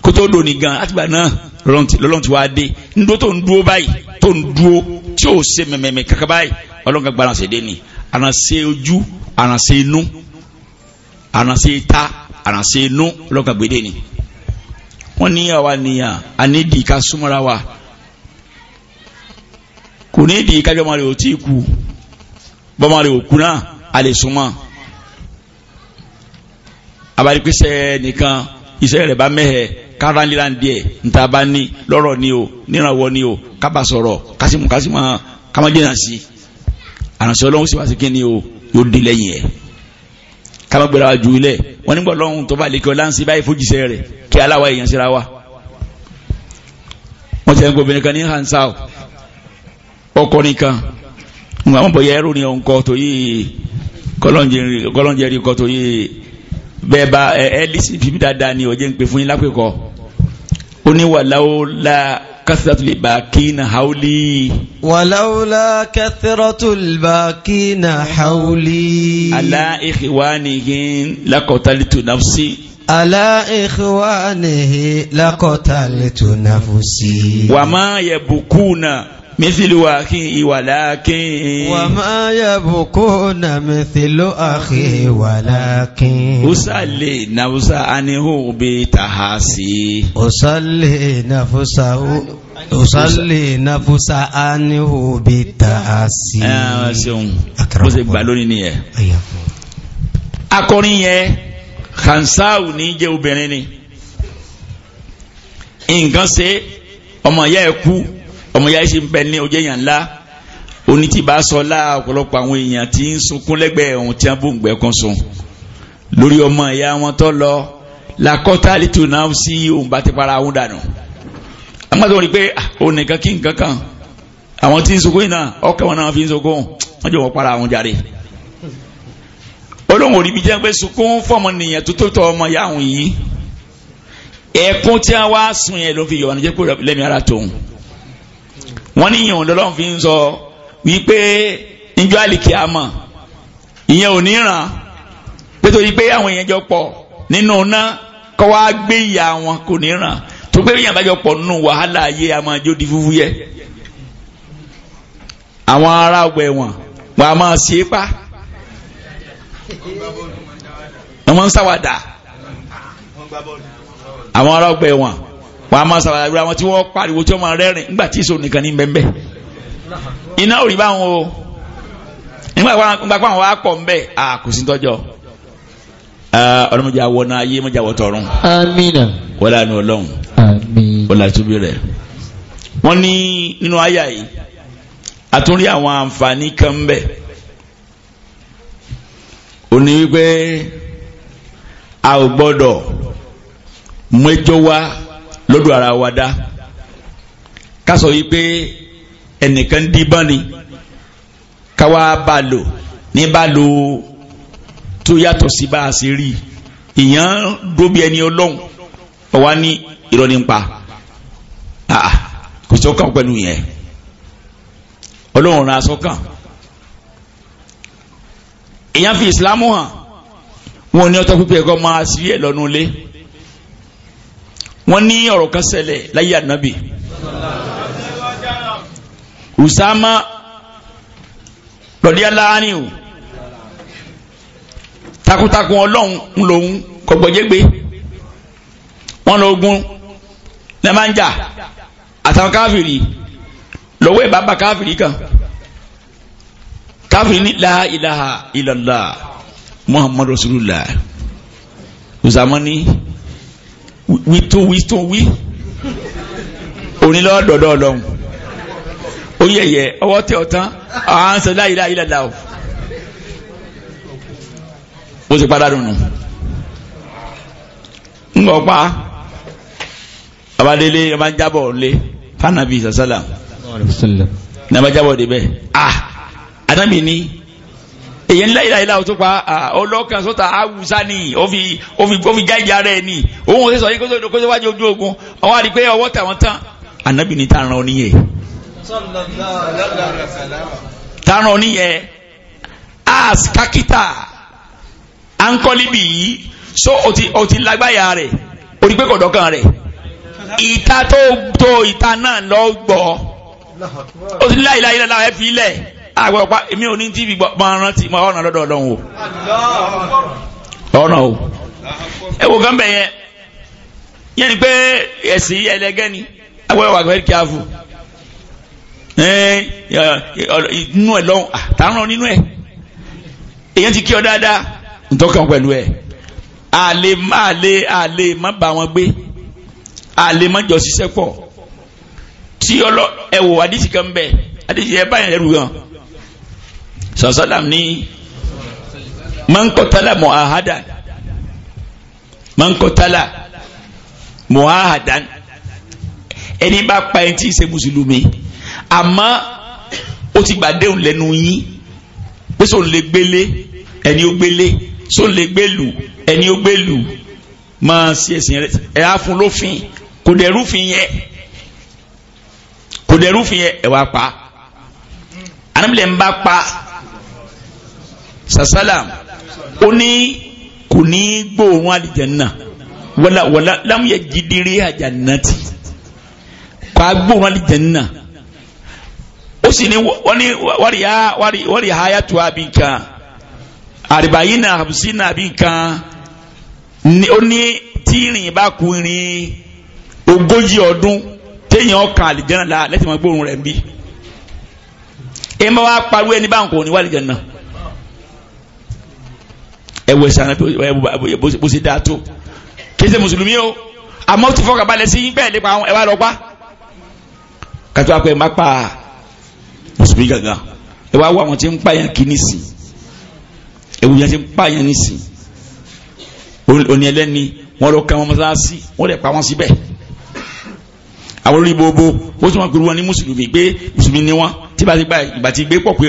kótó lónìí gan àtìgbà náà lọ́lọ́run ti wá dé ndó tó ń dúó báyìí tó ń dúó tí ò ṣe mẹ̀mẹ̀mẹ̀ kankan báyìí ọlọ́run kan gba àrànṣe dé ni àrànṣe ojú àrànṣe inú àrànṣe ta àrànṣe inú ọlọ́run kan gbédè ni. wọ́n ní àwa nìyàn ànídìí ká súnmọ́ra wa kò ní ìdí kájọ́ máa rè ó tí ì kú bọ́ máa rè ó kú náà a lè súnmọ́. abarikisẹ nìkan iṣẹ́ rẹ̀ ba mẹ́hẹ̀ káránlélá díẹ̀ níta bá ni lọ́rọ̀ ni o nírànwọ́ ni o kábà sọ̀rọ̀ kásìmù kásìmù na sí àránṣẹ́ ọlọ́run si wá sí kíni o y'o di lẹ́yìn ẹ̀ kábà gbéra wa ju ilẹ̀ wa. ti ń kan ní hansa ọkùnrin kan àwọn bọ̀yẹ̀ ẹ̀rù ni òun tó yí kọ́lọ́njẹ̀rì bẹ́ẹ̀ bá ẹ ẹ lísì fífi dáadáa ni ọ̀jẹ̀ ń pè fún yín lápẹ̀kọ́ ó ní wàláwo la kásìrọ̀tùlẹ̀ bá kí na haúlí. wàláwo la kí na haúlí. alá ikhwanihin lakọtalitu nafsi. alá ikhwanihin lakọtalitu nafsi. wàmá yẹ bukú na. مثل أخي ولكن وما يبكون مثل أخي ولكن أصلي نفسه عنه بتحاسي أصلي نفسه أصلي نفسه عنه بتحاسي bó ṣe gbà lónìí nìyẹn akọrin yẹn khansau ní jẹ́ obìnrin ni nǹkan ṣe ọmọ ìyá ẹ̀ kú ọmọ yáyé sì ń bẹ ní ojú èèyàn ńlá onítìbá sọlá ọ̀pọ̀lọpọ̀ àwọn èèyàn tí ń sunkún lẹ́gbẹ̀ẹ́ ohun tí wọ́n bò ń gbẹ kan sùn lórí ọmọ ìyá wọn tó lọ làkọ́tà lítò náà sí òun bá ti para òun dànù àwọn tó rí pé òun nìkan kí nǹkan kan àwọn tí ń sunkún yìí náà ọkàn wọn náà fi ń sunkún wọn jọ wọn para òun jàre olóhùn òrí bí jẹ́ pé sunkún fọmọ nìyẹn tó tó tọ ọmọ ìyá òun yìí ẹ̀kún tí wọ́n wá sun yẹn ló fi yọ̀ ọ́n jẹ́ kó lẹ́mìí ara tòun wọ́n ní ìyẹn òǹdọ́lọ́ fi ń sọ wípé níjọ́ àlìkí àmọ́ ìyẹn ò ní ràn nítorí pé àwọn èèyàn jọ pọ̀ nínú iná kọ́ wá gbé ìyá wọn kò ní ràn tó pé èèyàn bá pọ̀ nínú wàhálà ayé a máa di fúfú yẹ àwọn ará ọgbà ẹ̀wọ̀n wọn a máa ṣe é pa wọn máa ń ṣàwàdà àwọn ará ọgbà ẹ̀wọ̀n wọn a máa sàlàyé wíra wọn tí wọ́n pariwo tí wọ́n máa rẹ́rìn nígbà tí èso nìkan ní bẹ́ẹ̀ iná ò rí báwọn o nígbà pàwọn wa kọ̀ ń bẹ́ẹ̀ à kò sí tọ́jọ́ ọlọ́mọdé àwọn náà ayé mọ́jà wọ́n tọrùn amina wọ́n lànà ọlọ́run wọ́n làtú bí rẹ̀ wọ́n ní nínú àyà yìí àtúndì àwọn àǹfààní kan ń bẹ́ẹ̀ ní wípé a ò gbọ́dọ̀ mú wá lọ́dọ̀ ara wa dá ká sọ wípé ẹnìkan díbọ́n ni káwa bá lò ní bá lò tó yàtọ̀ sí bá a ṣe rí ìyẹn dóbi ẹni ọlọ́run ọ̀wá ní irọ́ ní pa kò sọ́kàn pẹ̀lú yẹn ọlọ́run ra sọ́kàn èèyàn fi ìsìlámù hàn wọn ò ọtọ́ pípẹ́ ẹ̀kọ́ máa sí ẹ̀ lọ́nu ilé wọ́n ní ọ̀rọ̀ kan ṣẹlẹ̀ láyé ànábì usama lọ́dí aláàánì o takuntakun ọlọ́run lòun kọ̀gbọ̀jẹ́gbé wọ́n lọ ogun lẹ́mánjà àtàwọn káfìrí lọ́wọ́ ẹ̀ bàbá káfìrí kan káfìrí ní la ilaha illallah muhammadu rasulullah usama ní wí tó wí tó wí onílọ́dọ̀dọ̀ ọlọ́run ó yẹ̀yẹ̀ ọwọ́ tẹ ọ̀tán àwọn sọ láyé láyé lẹ́la o ó sì padà dùnú ńgbọ́ pa abadélé ọba ń jábọ̀ lé fanabi sàsálà ní abájábọ̀ débẹ̀ ah adámi ni èyí ńlá ìlàìlà ò tó pa ọlọ́kan sọ́ta awùsá ni ó fi ara ẹ̀ ni òun ò sì sọ yí kó tó wájú ojú ogun àwọn àdìpé ọwọ́ tàwọn tán ànábì ní oníyẹ. tààràn oníyẹ as kakita ankolibi yìí so o ti lágbáyà rẹ̀ o ti pé kò dọ́kàn rẹ̀ ìta tó ìta náà lọ gbọ́ o ti láìláìlà fi lẹ̀ àgbọ̀pá èmi ò ní tí ibi máa rántí máa ọ̀nà lọ́dọ̀ ọ̀dọ̀ o ọ̀nà o ẹ wò gán bẹ̀ yẹn yẹn ni pé ẹ̀sìn ẹlẹgẹ́ ni àwọn ẹwà very careful inú ẹ lọ́hùn àtàrán nínú ẹ èyàn ti kí ọ dáadáa ntọ́kàn pẹ̀lú ẹ àlè àlè àlè má bá wọn gbé àlè má jọ ṣiṣẹ́ pọ̀ tí ọlọ ẹwò àdìsí kan bẹ àdìsí ẹ báyìí ẹrù gan sọ̀sọ́làm ní mọ́ńkọ́tálà mọ́àhádà mọ́ńkọ́tálà mọ́àhádà ẹni bá pa ẹni tí ì ṣe mùsùlùmí àmọ́ ó ti gbàdéhùn lẹ́nu yín pé sóun lè gbélé ẹni ó gbélé sóun lè gbélù ẹni ó gbélù máa ṣe ẹ̀sìn ẹ̀ fún lófin kò dẹ̀ rúfin yẹ kò dẹ̀ rúfin yẹ ẹ̀ pa anamílẹ̀ ń bá pa sàsálàm ó ní kò ní gbóòórùn àlìjànnà wàlà wàlà lámúyẹ jìdírí àjànnàtì kà á gbóòórùn àlìjànnà ó sì ní wọ́n ní wọ́n rí háyà tó àbí nǹkan àrìbáyé náà àbùsí náà àbí nǹkan ó ní tí ìrìn bá kú ìrìn ogójì ọdún téèyàn kan àlìjànnà lẹ́tìmọ̀ gbóòórùn rẹ̀ bí ẹ máa wá pariwo ẹni báwọn kò ní wà ẹwọ ẹsẹ àná bó ṣe dáa tó kì í ṣe mùsùlùmí o àmọ́ ti fọkàn balẹ̀ sí bẹ́ẹ̀ nípa àwọn ẹwà lọ́pá kátó apẹ má pa mùsùlùmí gangan ẹ wá wọ àwọn ń pààyàn kì í nìsín ewu yẹn ti ń pààyàn nìsín oní ẹlẹ́ni wọn lọ kàn wọn mọ́sálásí wọn lè pa wọn síbẹ̀ àwọn olórí gbogbo ó tún wọn pè wọn ní mùsùlùmí pé mùsùlùmí ni wọn tí bá ti gbà ìgbà tí gbé pọ̀ pé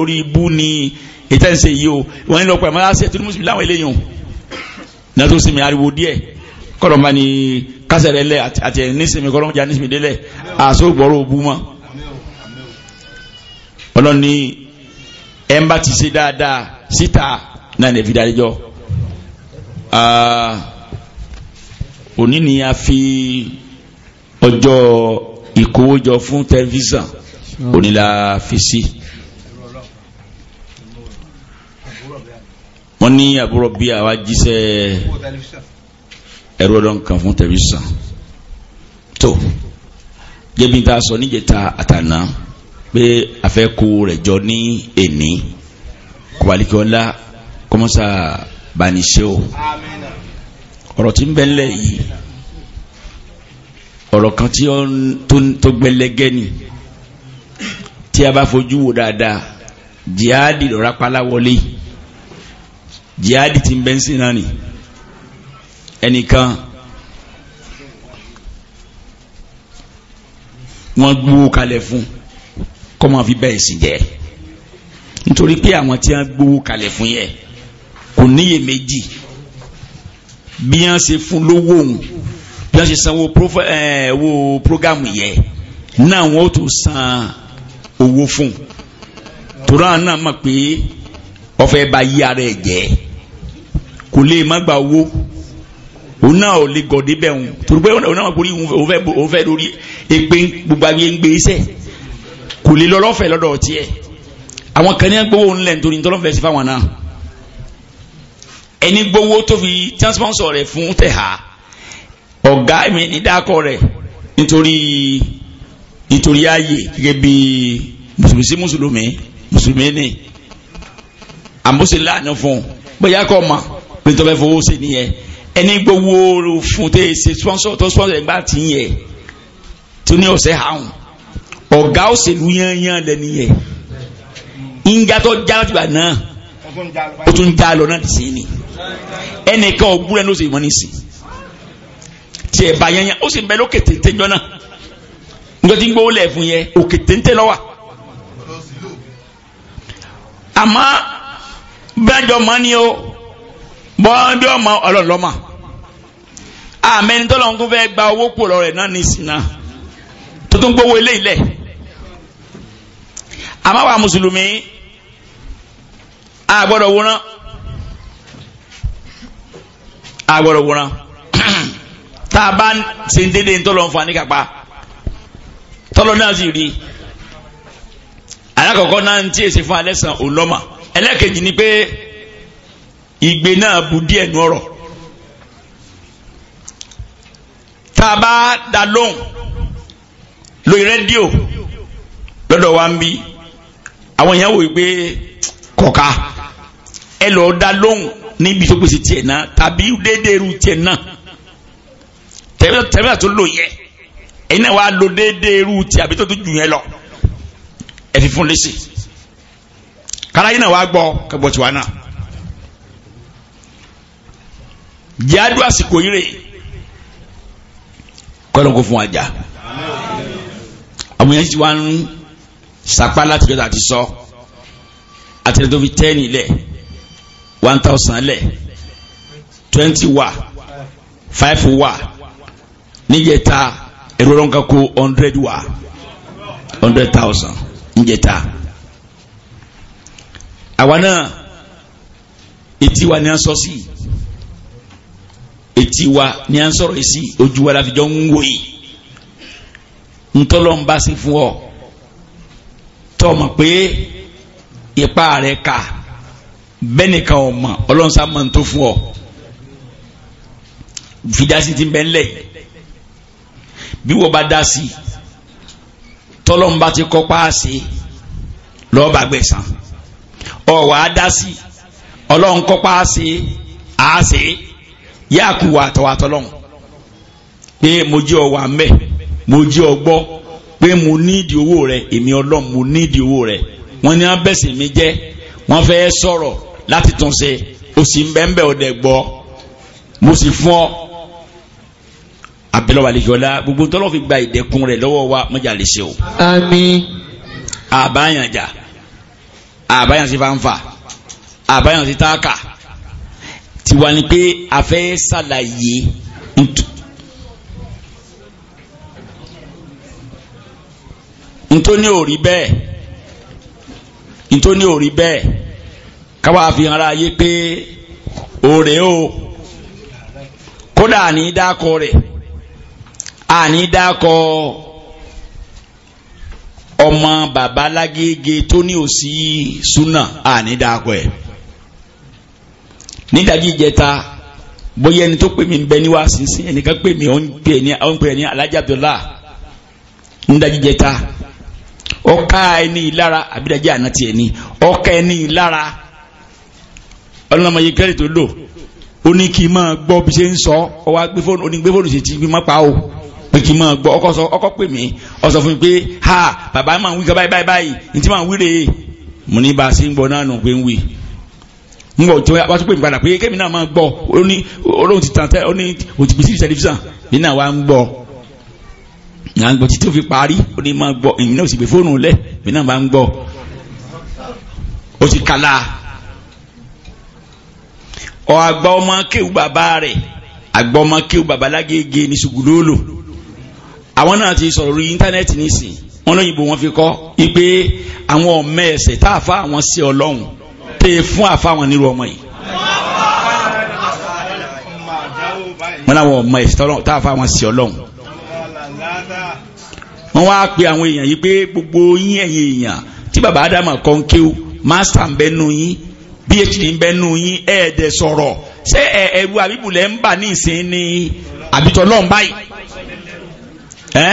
orí ibú ni ìtẹ́nse yìí o wọ́n ní lọ́pọ̀ ẹ̀ máa ṣe tìlú mùsùlùmí láwọn eléyìí o náà tó sinmi ariwo díẹ̀ kọ́dọ̀ máa ní kásẹ̀rẹ̀ lẹ̀ àti ẹ̀ nísìmí kọ́dọ̀ jà nísìmí délẹ̀ àṣọ gbọ́rọ̀ òbu mọ́ ọlọ́ni ẹ̀ ń bá ti ṣe dáadáa síta náà ní ẹ̀fídà àdéjọ́ òní ni a fi ọjọ́ ìkówójọ fún tẹlifíṣàn òní la fi sí. Si wọ́n ní àbúrò bí àwa jíṣẹ́ ẹ̀rọ ọdún kan fún tẹlifíṣàn tó jẹ́bi tá a sọ níjẹta àtàná pé àfẹ́kù rẹ̀ jọ ní èní kọ̀wálíkọ́lá kọ́mọ́sà baniṣẹ́ o ọ̀rọ̀ tí ń bẹ ńlẹ̀ yìí ọ̀rọ̀ kan tí ó gbẹlẹ́gẹ́ ni tí a bá fojú wo dáadáa jihadi lọ́ra pálá wọlé yìí jihadi ti ń bẹ́ ń sìn náà ni ẹnìkan wọ́n gbówó kalẹ̀ fún kọ́ máa fi bẹ́ẹ̀ sìn jẹ́ nítorí pé àwọn tí wọ́n gbówó kalẹ̀ fún yẹ kò níye méjì bí wọ́n ṣe fún lówó òun bí wọ́n ṣe sanwó owó programu yẹ náà wọ́n tún san owó fún tòrán náà mọ̀ pé ọ̀fẹ́ bá yí ara ẹ̀ jẹ́ kò lè má gba owó òun náà ò lè gọ̀dé bẹ́ẹ̀ òun torí pé òun náà kò rí òun fẹ́ lórí ègbé gbogbo ayé ń gbé iṣẹ́ kò lè lọ lọ́fẹ̀ẹ́ lọ́dọ̀ tiẹ̀ àwọn kan ní gbowó ńlẹ̀ nítorí tọ́lọ́fẹ̀ẹ́ sí fáwọn náà ẹni gbowó tó fi transponsor rẹ̀ fún tẹ̀há ọ̀gá mi ní dákọ̀ rẹ̀ nítorí nítorí ààyè gẹ́gẹ́ bí mùsùlùmí sí mùsùlùmí mùsùlùmí ni àmúṣe láàánú fún bóyá kọ́ ọ pé tó bẹ́ fowó ṣe nìyẹn ẹni gbowó fún tẹ́ ṣe sponsor tó sponsor ẹgbà tí ń yẹ tó ní ọ̀sẹ̀ hàn ọ̀gá òṣèlú yanyan lẹ́ni yẹ ìjà tó já láti gbà náà ó tún já lọ náà sí ni ẹnìkan ọ̀gbúrẹ́ ló ṣe ìmọ̀ ní sí tí ẹ̀ bá yanyan ó sì bẹ lókè téńté jọ náà nígbà tí ń gbowó lẹ̀ yẹ òkè téńté lọ́wà àmọ́ bẹ́ẹ̀ jọ mọ́ ni o bọ́n bí ọmọ ọlọ́run lọ́mà àmẹ́ni tó lọ́n tún fẹ́ gba owó kù lọ́rẹ̀ náà ní ìsìnà tó tún gbówó ilé ilẹ̀ àmáwá mùsùlùmí àgbọ̀dọ̀ wòran àgbọ̀dọ̀ wòran <clears throat> tá a bá ṣe ń dédé tó lọ́n fún tọ́lọ́ náà sì rí alákọ̀ọ́kọ́ náà ń tíyèsí fún alẹ́ sàn òun lọ́mà ni pé ìgbé náà bu díẹ̀ nu ọ̀rọ̀ tá a bá da lóhùn lórí rédíò lọ́dọ̀ wa ń bí àwọn èèyàn wò wípé kọ̀ka ẹ lọ́ọ́ da lóhùn níbi tó pèsè tiẹ̀ náà tàbí déédéé irú tiẹ̀ náà tẹ̀wé tó lò yẹ ẹ̀yin náà wàá lo déédéé tiẹ̀ àbí tó tún jù yẹn lọ ẹ fún léṣe kára yín náà wàá gbọ́ kẹgbọ́ tiwa náà. jáde àsìkò yìí rè kọ́lọ́n kó fún wa jà àwọn yẹn ti wá ń sapá láti jọ́ta àti sọ àtẹ̀lẹ́ tó fi tẹ́ẹ̀nì lẹ̀ one thousand lẹ̀ twenty wa, five wa, níjẹta ẹ̀rọ lọ́nkà kó hundred wa, hundred thousand níjẹta àwa náà etí wa ní asọ́sí. Si etí wa ní à ń sọ̀rọ̀ yìí sí ojú wa láfi jọ ń wò yìí ntọ́lọ́ ń bá sí fún ọ tọ́ ọ mọ̀ pé ipa rẹ̀ kà bẹ́ẹ̀ nìkan ọ̀ mọ̀ ọlọ́run sá mọ̀ tó fún ọ fìdásí ti bẹ́ẹ̀ lẹ̀ bí wọ́n bá dá sí tọ́lọ́ ń bá ti kọ́ páàsì lọ́ọ́ bá gbẹ̀sán ọ̀ wàá dá sí ọlọ́run kọ́ páàsì àá sí yá kú wa àtọwà àtọlọ́hún pé mo jẹ́ ọ wà mẹ́ mo jẹ́ ọ gbọ́ pé mo nídìí owó rẹ èmi ọlọ́run mo nídìí owó rẹ wọ́n ní abẹ́sẹ̀ mi jẹ́ wọ́n fẹ́ sọ̀rọ̀ láti tún ṣe o sì ń bẹ́ ń bẹ́ ọ̀dẹ̀ gbọ́ mo sì fún ọ abẹ́lẹ́wà lẹ́yọ̀ọ́lá gbogbo tọ́lọ́ fi gba ìdẹ̀kùn rẹ̀ lọ́wọ́ wa mọ́jà lè ṣe o. àmín. àbáyànjà àbáyànjì fanfa àbáyànjì táàkà tiwa ni pé a fẹ́ ṣàlàyé ntóní ò rí bẹ́ẹ̀ ntóní ò rí bẹ́ẹ̀ káwa fi hàn ara yé pé òrè o kódà àní dákọ rẹ̀ àní dákọ ọmọ bàbá lágége òsì súnà àní dákọ ẹ̀. nídàjí ìjẹta bóyá ẹni tó pè mí bẹ ní wá sínsìn ẹnìkan pè mí ọ ń pè ní alájà ẹni lára àbídájí àná tiẹ̀ ni ẹni lára ọlọ́mọye tó lò ó ní kí n máa bí ṣe ń sọ ọ wá gbé fóònù fóònù ti gbé má o pé kí n máa gbọ́ ọkọ sọ ọkọ pè ọ sọ fún mi pé ha bàbá máa ń wí ká báyìí báyìí báyìí ní ti máa ń wí rèé mo ní bá a ṣe ń ngbọ jọ wa tó pè mí padà pé kémi náà máa gbọ́ ó ní olóhùn ti tàn tẹ ó ní òtí bísí tẹlifíṣàn yìí náà wà ń gbọ́ à ń gbọ́ títí ó fi parí ó ní máa gbọ́ èmi náà ò sì gbé fóònù lẹ èmi náà máa ń gbọ́ ó ti kàlà ọ àgbà ọmọ kéwù bàbá rẹ àgbà ọmọ kéwù bàbá lágége ní sùgùlóòlò àwọn náà ti sọ̀rọ̀ lórí íńtánẹ́ẹ̀tì nísìnyí wọn lóyìnbó wọn fi kọ́ ipe àwọn ọmọ ẹsẹ̀ tá fa àwọn sí ọlọ́run ṣe fún àfáwọn nírú ọmọ yìí wọn làwọn ọmọ ẹ̀sìn tọ́lọ́ tá a fa wọn sí ọlọ́run wọn wá pe àwọn èèyàn yìí pé gbogbo yín ẹ̀yin èèyàn tí baba adama kan kéwú mástà ń bẹ nù yín phd ń bẹ nù yín ẹ̀ẹ́dẹ̀ sọ̀rọ̀ ṣé ẹ ẹrú àbíbùlẹ̀ ń bà ní ìsìn ní àbítọ̀ lọ́n báyìí ẹ́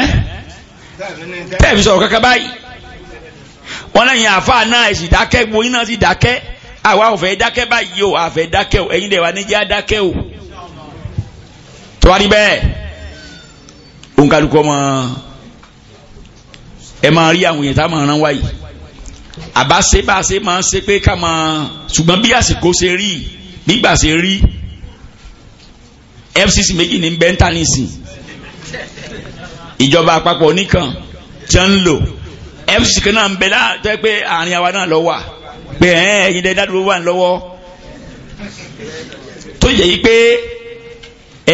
tẹ́ẹ̀fì sọ̀rọ̀ kankan báyìí wọn lẹ́yìn àfa náà ẹ̀sìn dákẹ́ gbogbo náà sì dákẹ́ àwa ò fẹ́ dákẹ́ báyìí o àfẹ́ dákẹ́ o ẹ̀yin dẹ̀ wá níjẹ́ dákẹ́ o tọ́wárí bẹ́ẹ̀ òǹkàlùkọ́ ọmọ ẹ máa rí àwọn èèyàn tá a máa rán wáyìí àbá ṣe bá a ṣe máa ń ṣe pé ká máa ṣùgbọ́n bí àsìkò ṣe rí nígbà ṣe rí FCC méjì ní bẹ́ńtà ìjọba àpapọ̀ nìkan tí wọ́n ń lò FCC kan náà ń bẹ láàtọ́ àwa náà lọ wà pé ẹ̀ ẹ̀yin dẹ́ dádúró wà lọ́wọ́ tó yẹ yí pé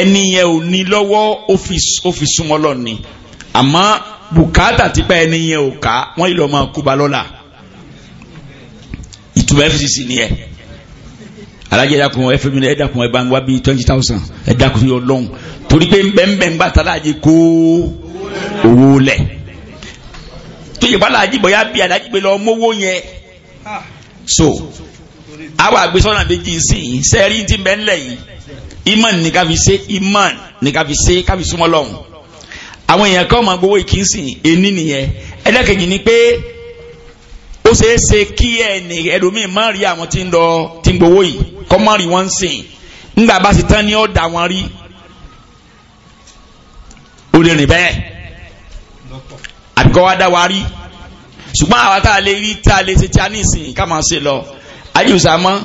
ẹni yẹn ò ní lọ́wọ́ ó fi súnmọ́ lọ ni àmọ́ bùkátà ti pa ẹni yẹn ò ká wọ́n yìí lọ́ máa kú ba lọ́la ìtumọ̀ fcc ni ẹ̀ alájẹ ẹdàkùn ẹfẹmi ẹdàkùn ẹbá ń wá bíi twenty thousand ẹdàkùn yóò lọ́hùn torí pé nbẹ̀nbẹ̀ ńgbà tá láàjì kó owó lẹ̀ tó yẹ bá láàjì bọ̀ yá bí alájì pé lọ mówó yẹn so àwọn àgbésọ́nà méjì ń sìn yìí sẹ́ẹ̀rí ti bẹ́ẹ̀ ńlẹ̀ yìí iman ní ká fi ṣe iman ní ká fi ṣe ká fi súnmọ́ lọ́hùn àwọn èèyàn kan máa gbowó ìkí ń sìn ẹni nìyẹn ẹlẹ́kẹ̀jì ni pé ó ṣeé ṣe kí ẹnì ẹlòmíín má rí àwọn tí ń lọ tí ń gbowó yìí kọ́ má rí wọ́n ń sìn ńgbà bá ti tán ni ó dà wọ́n rí ó rìn bẹ́ẹ̀ àbíkọ́ wa dá wa rí ṣùgbọ́n àwa tá a lè rí tá a lè ṣe tí a ní ìsìn ká máa ṣe lọ ayé òsà mọ́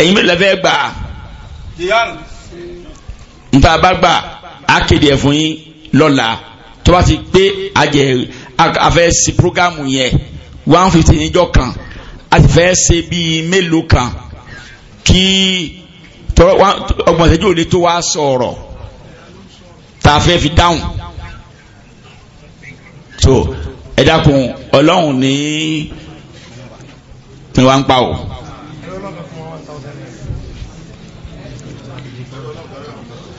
ẹ̀yin mélòó lẹ́fẹ̀ẹ́ gbà á. nta bá gbà á kéde ẹ̀ fún yín lọ́la tó bá ti pé àjẹ àfẹ́ sí programu yẹn one fifty níjọ́ kan a ti fẹ́ ṣe bíi mélòó kan kí ọgbọ̀n ìṣẹ́jú òde tó wá sọ̀rọ̀ tá a fẹ́ fi dáhùn ẹ dákun ọlọ́run ní pin ń pa o.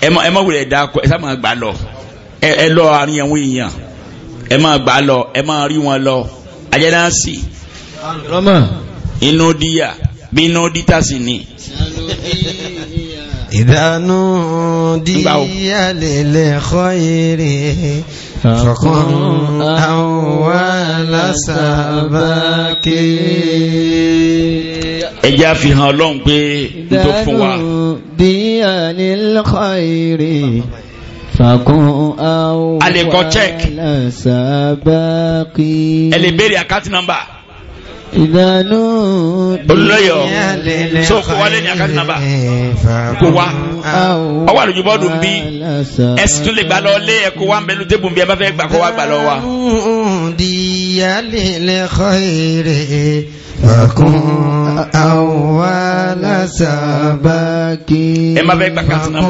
ẹ mọ ẹ mọ wulẹ̀ da kọ ẹ sá máa gbà lọ ẹ ẹ lọ àárín ẹ̀wọ̀n èèyàn ẹ máa gbà lọ ẹ máa rí wọn lọ ajẹ́ inú díyà bí inú díta sì ni. ìdánù díyà lè lè kọ́ èrè. فكن أول سباكين ẹjá fi hàn ọlọ́run pé n tó fún wa. díẹ̀ nílò kọ́ìrì fàkún àwọn alẹ́kọ̀ọ́ check. ẹ lè béèrè àkáǹtì nọ́mbà ìdánú olóyọ̀ tó kó wálé ní àkáǹtì nàbà kó wá ọwọ́ àlùjù bọ́ọ̀dù ń bí ẹ̀sìn tó lè gbà lọ lé ẹ̀kọ́ wa ń bẹ̀lú tébù ń bí ẹ bá fẹ́ gbà kó wá gbà lọ wa. ìdíyàlè lè èrè. فكن أول سباك فكن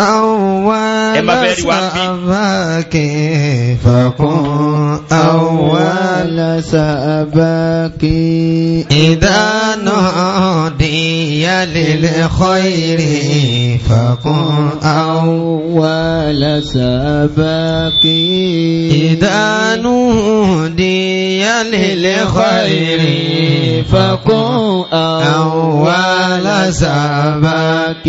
أول سباك فكن أول سباك إذا نهدي للخير فكن أول سباك إذا نهدي للخير فكن أول سباك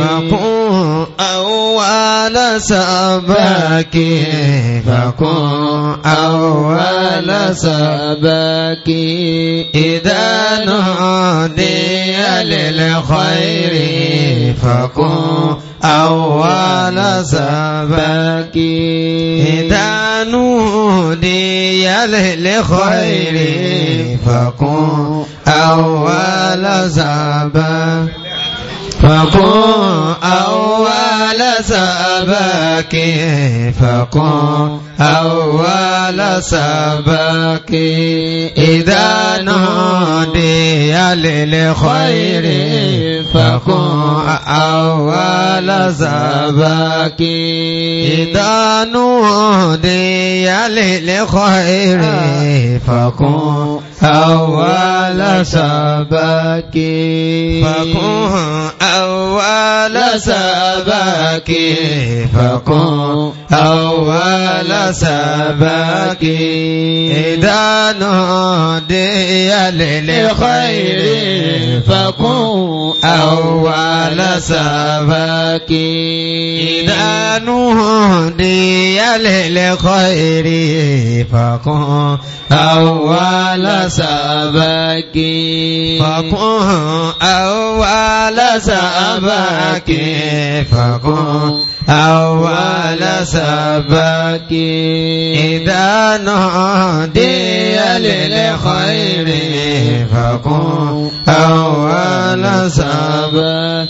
فكن أول سباك فكن أول سباك إذا نهدي للخير فكن أول سبك إذا نودي للخير فكن أول سبك فكن أول سبك فكن أول سبك إذا نودي ربي للخير فكن أول سباك إذا نودي للخير فكن أول سباك فكن أول سباك فكن أول سباك إذا نودي للخير فكن أول سباك إذا نودي للخير فكن أول سباك فكن أول سباك فكن أول سبك إذا نادي للخير فقوم أول سبك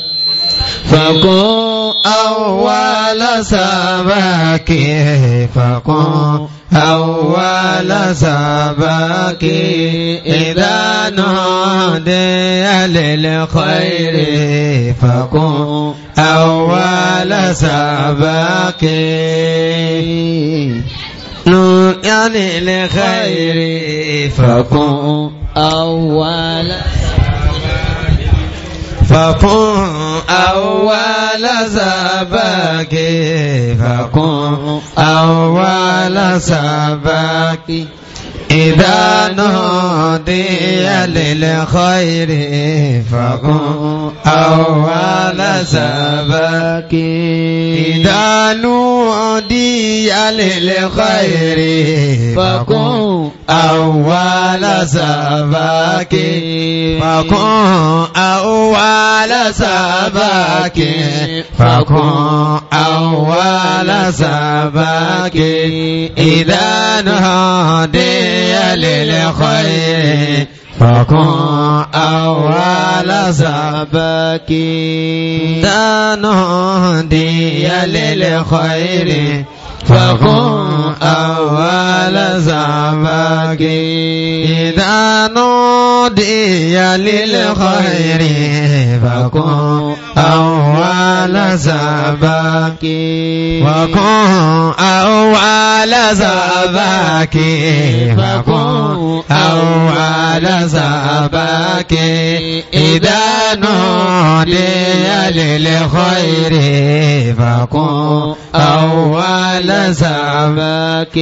فقوم أول سباك فقم أول سباك إذا نهدي للخير فقم أول سباك نهدي للخير فقم أول سباك فكن أول سباك فكن أول سباك إذا نهدي للخير فكن أول سباك إذا نهدي للخير فكن أول سباك فكن أول سباك فكن أول سباك إذا نهدي للخير فكن أول سباك تنهدي للخير فكن أول سبق إذا نودي للخير فكن أول سبق وكن أول سبق فكن أول سبق إذا نودي للخير فكن أول سعبك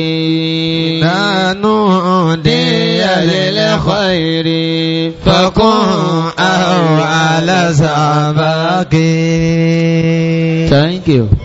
ننودي للخير فكن أول سعبك Thank you.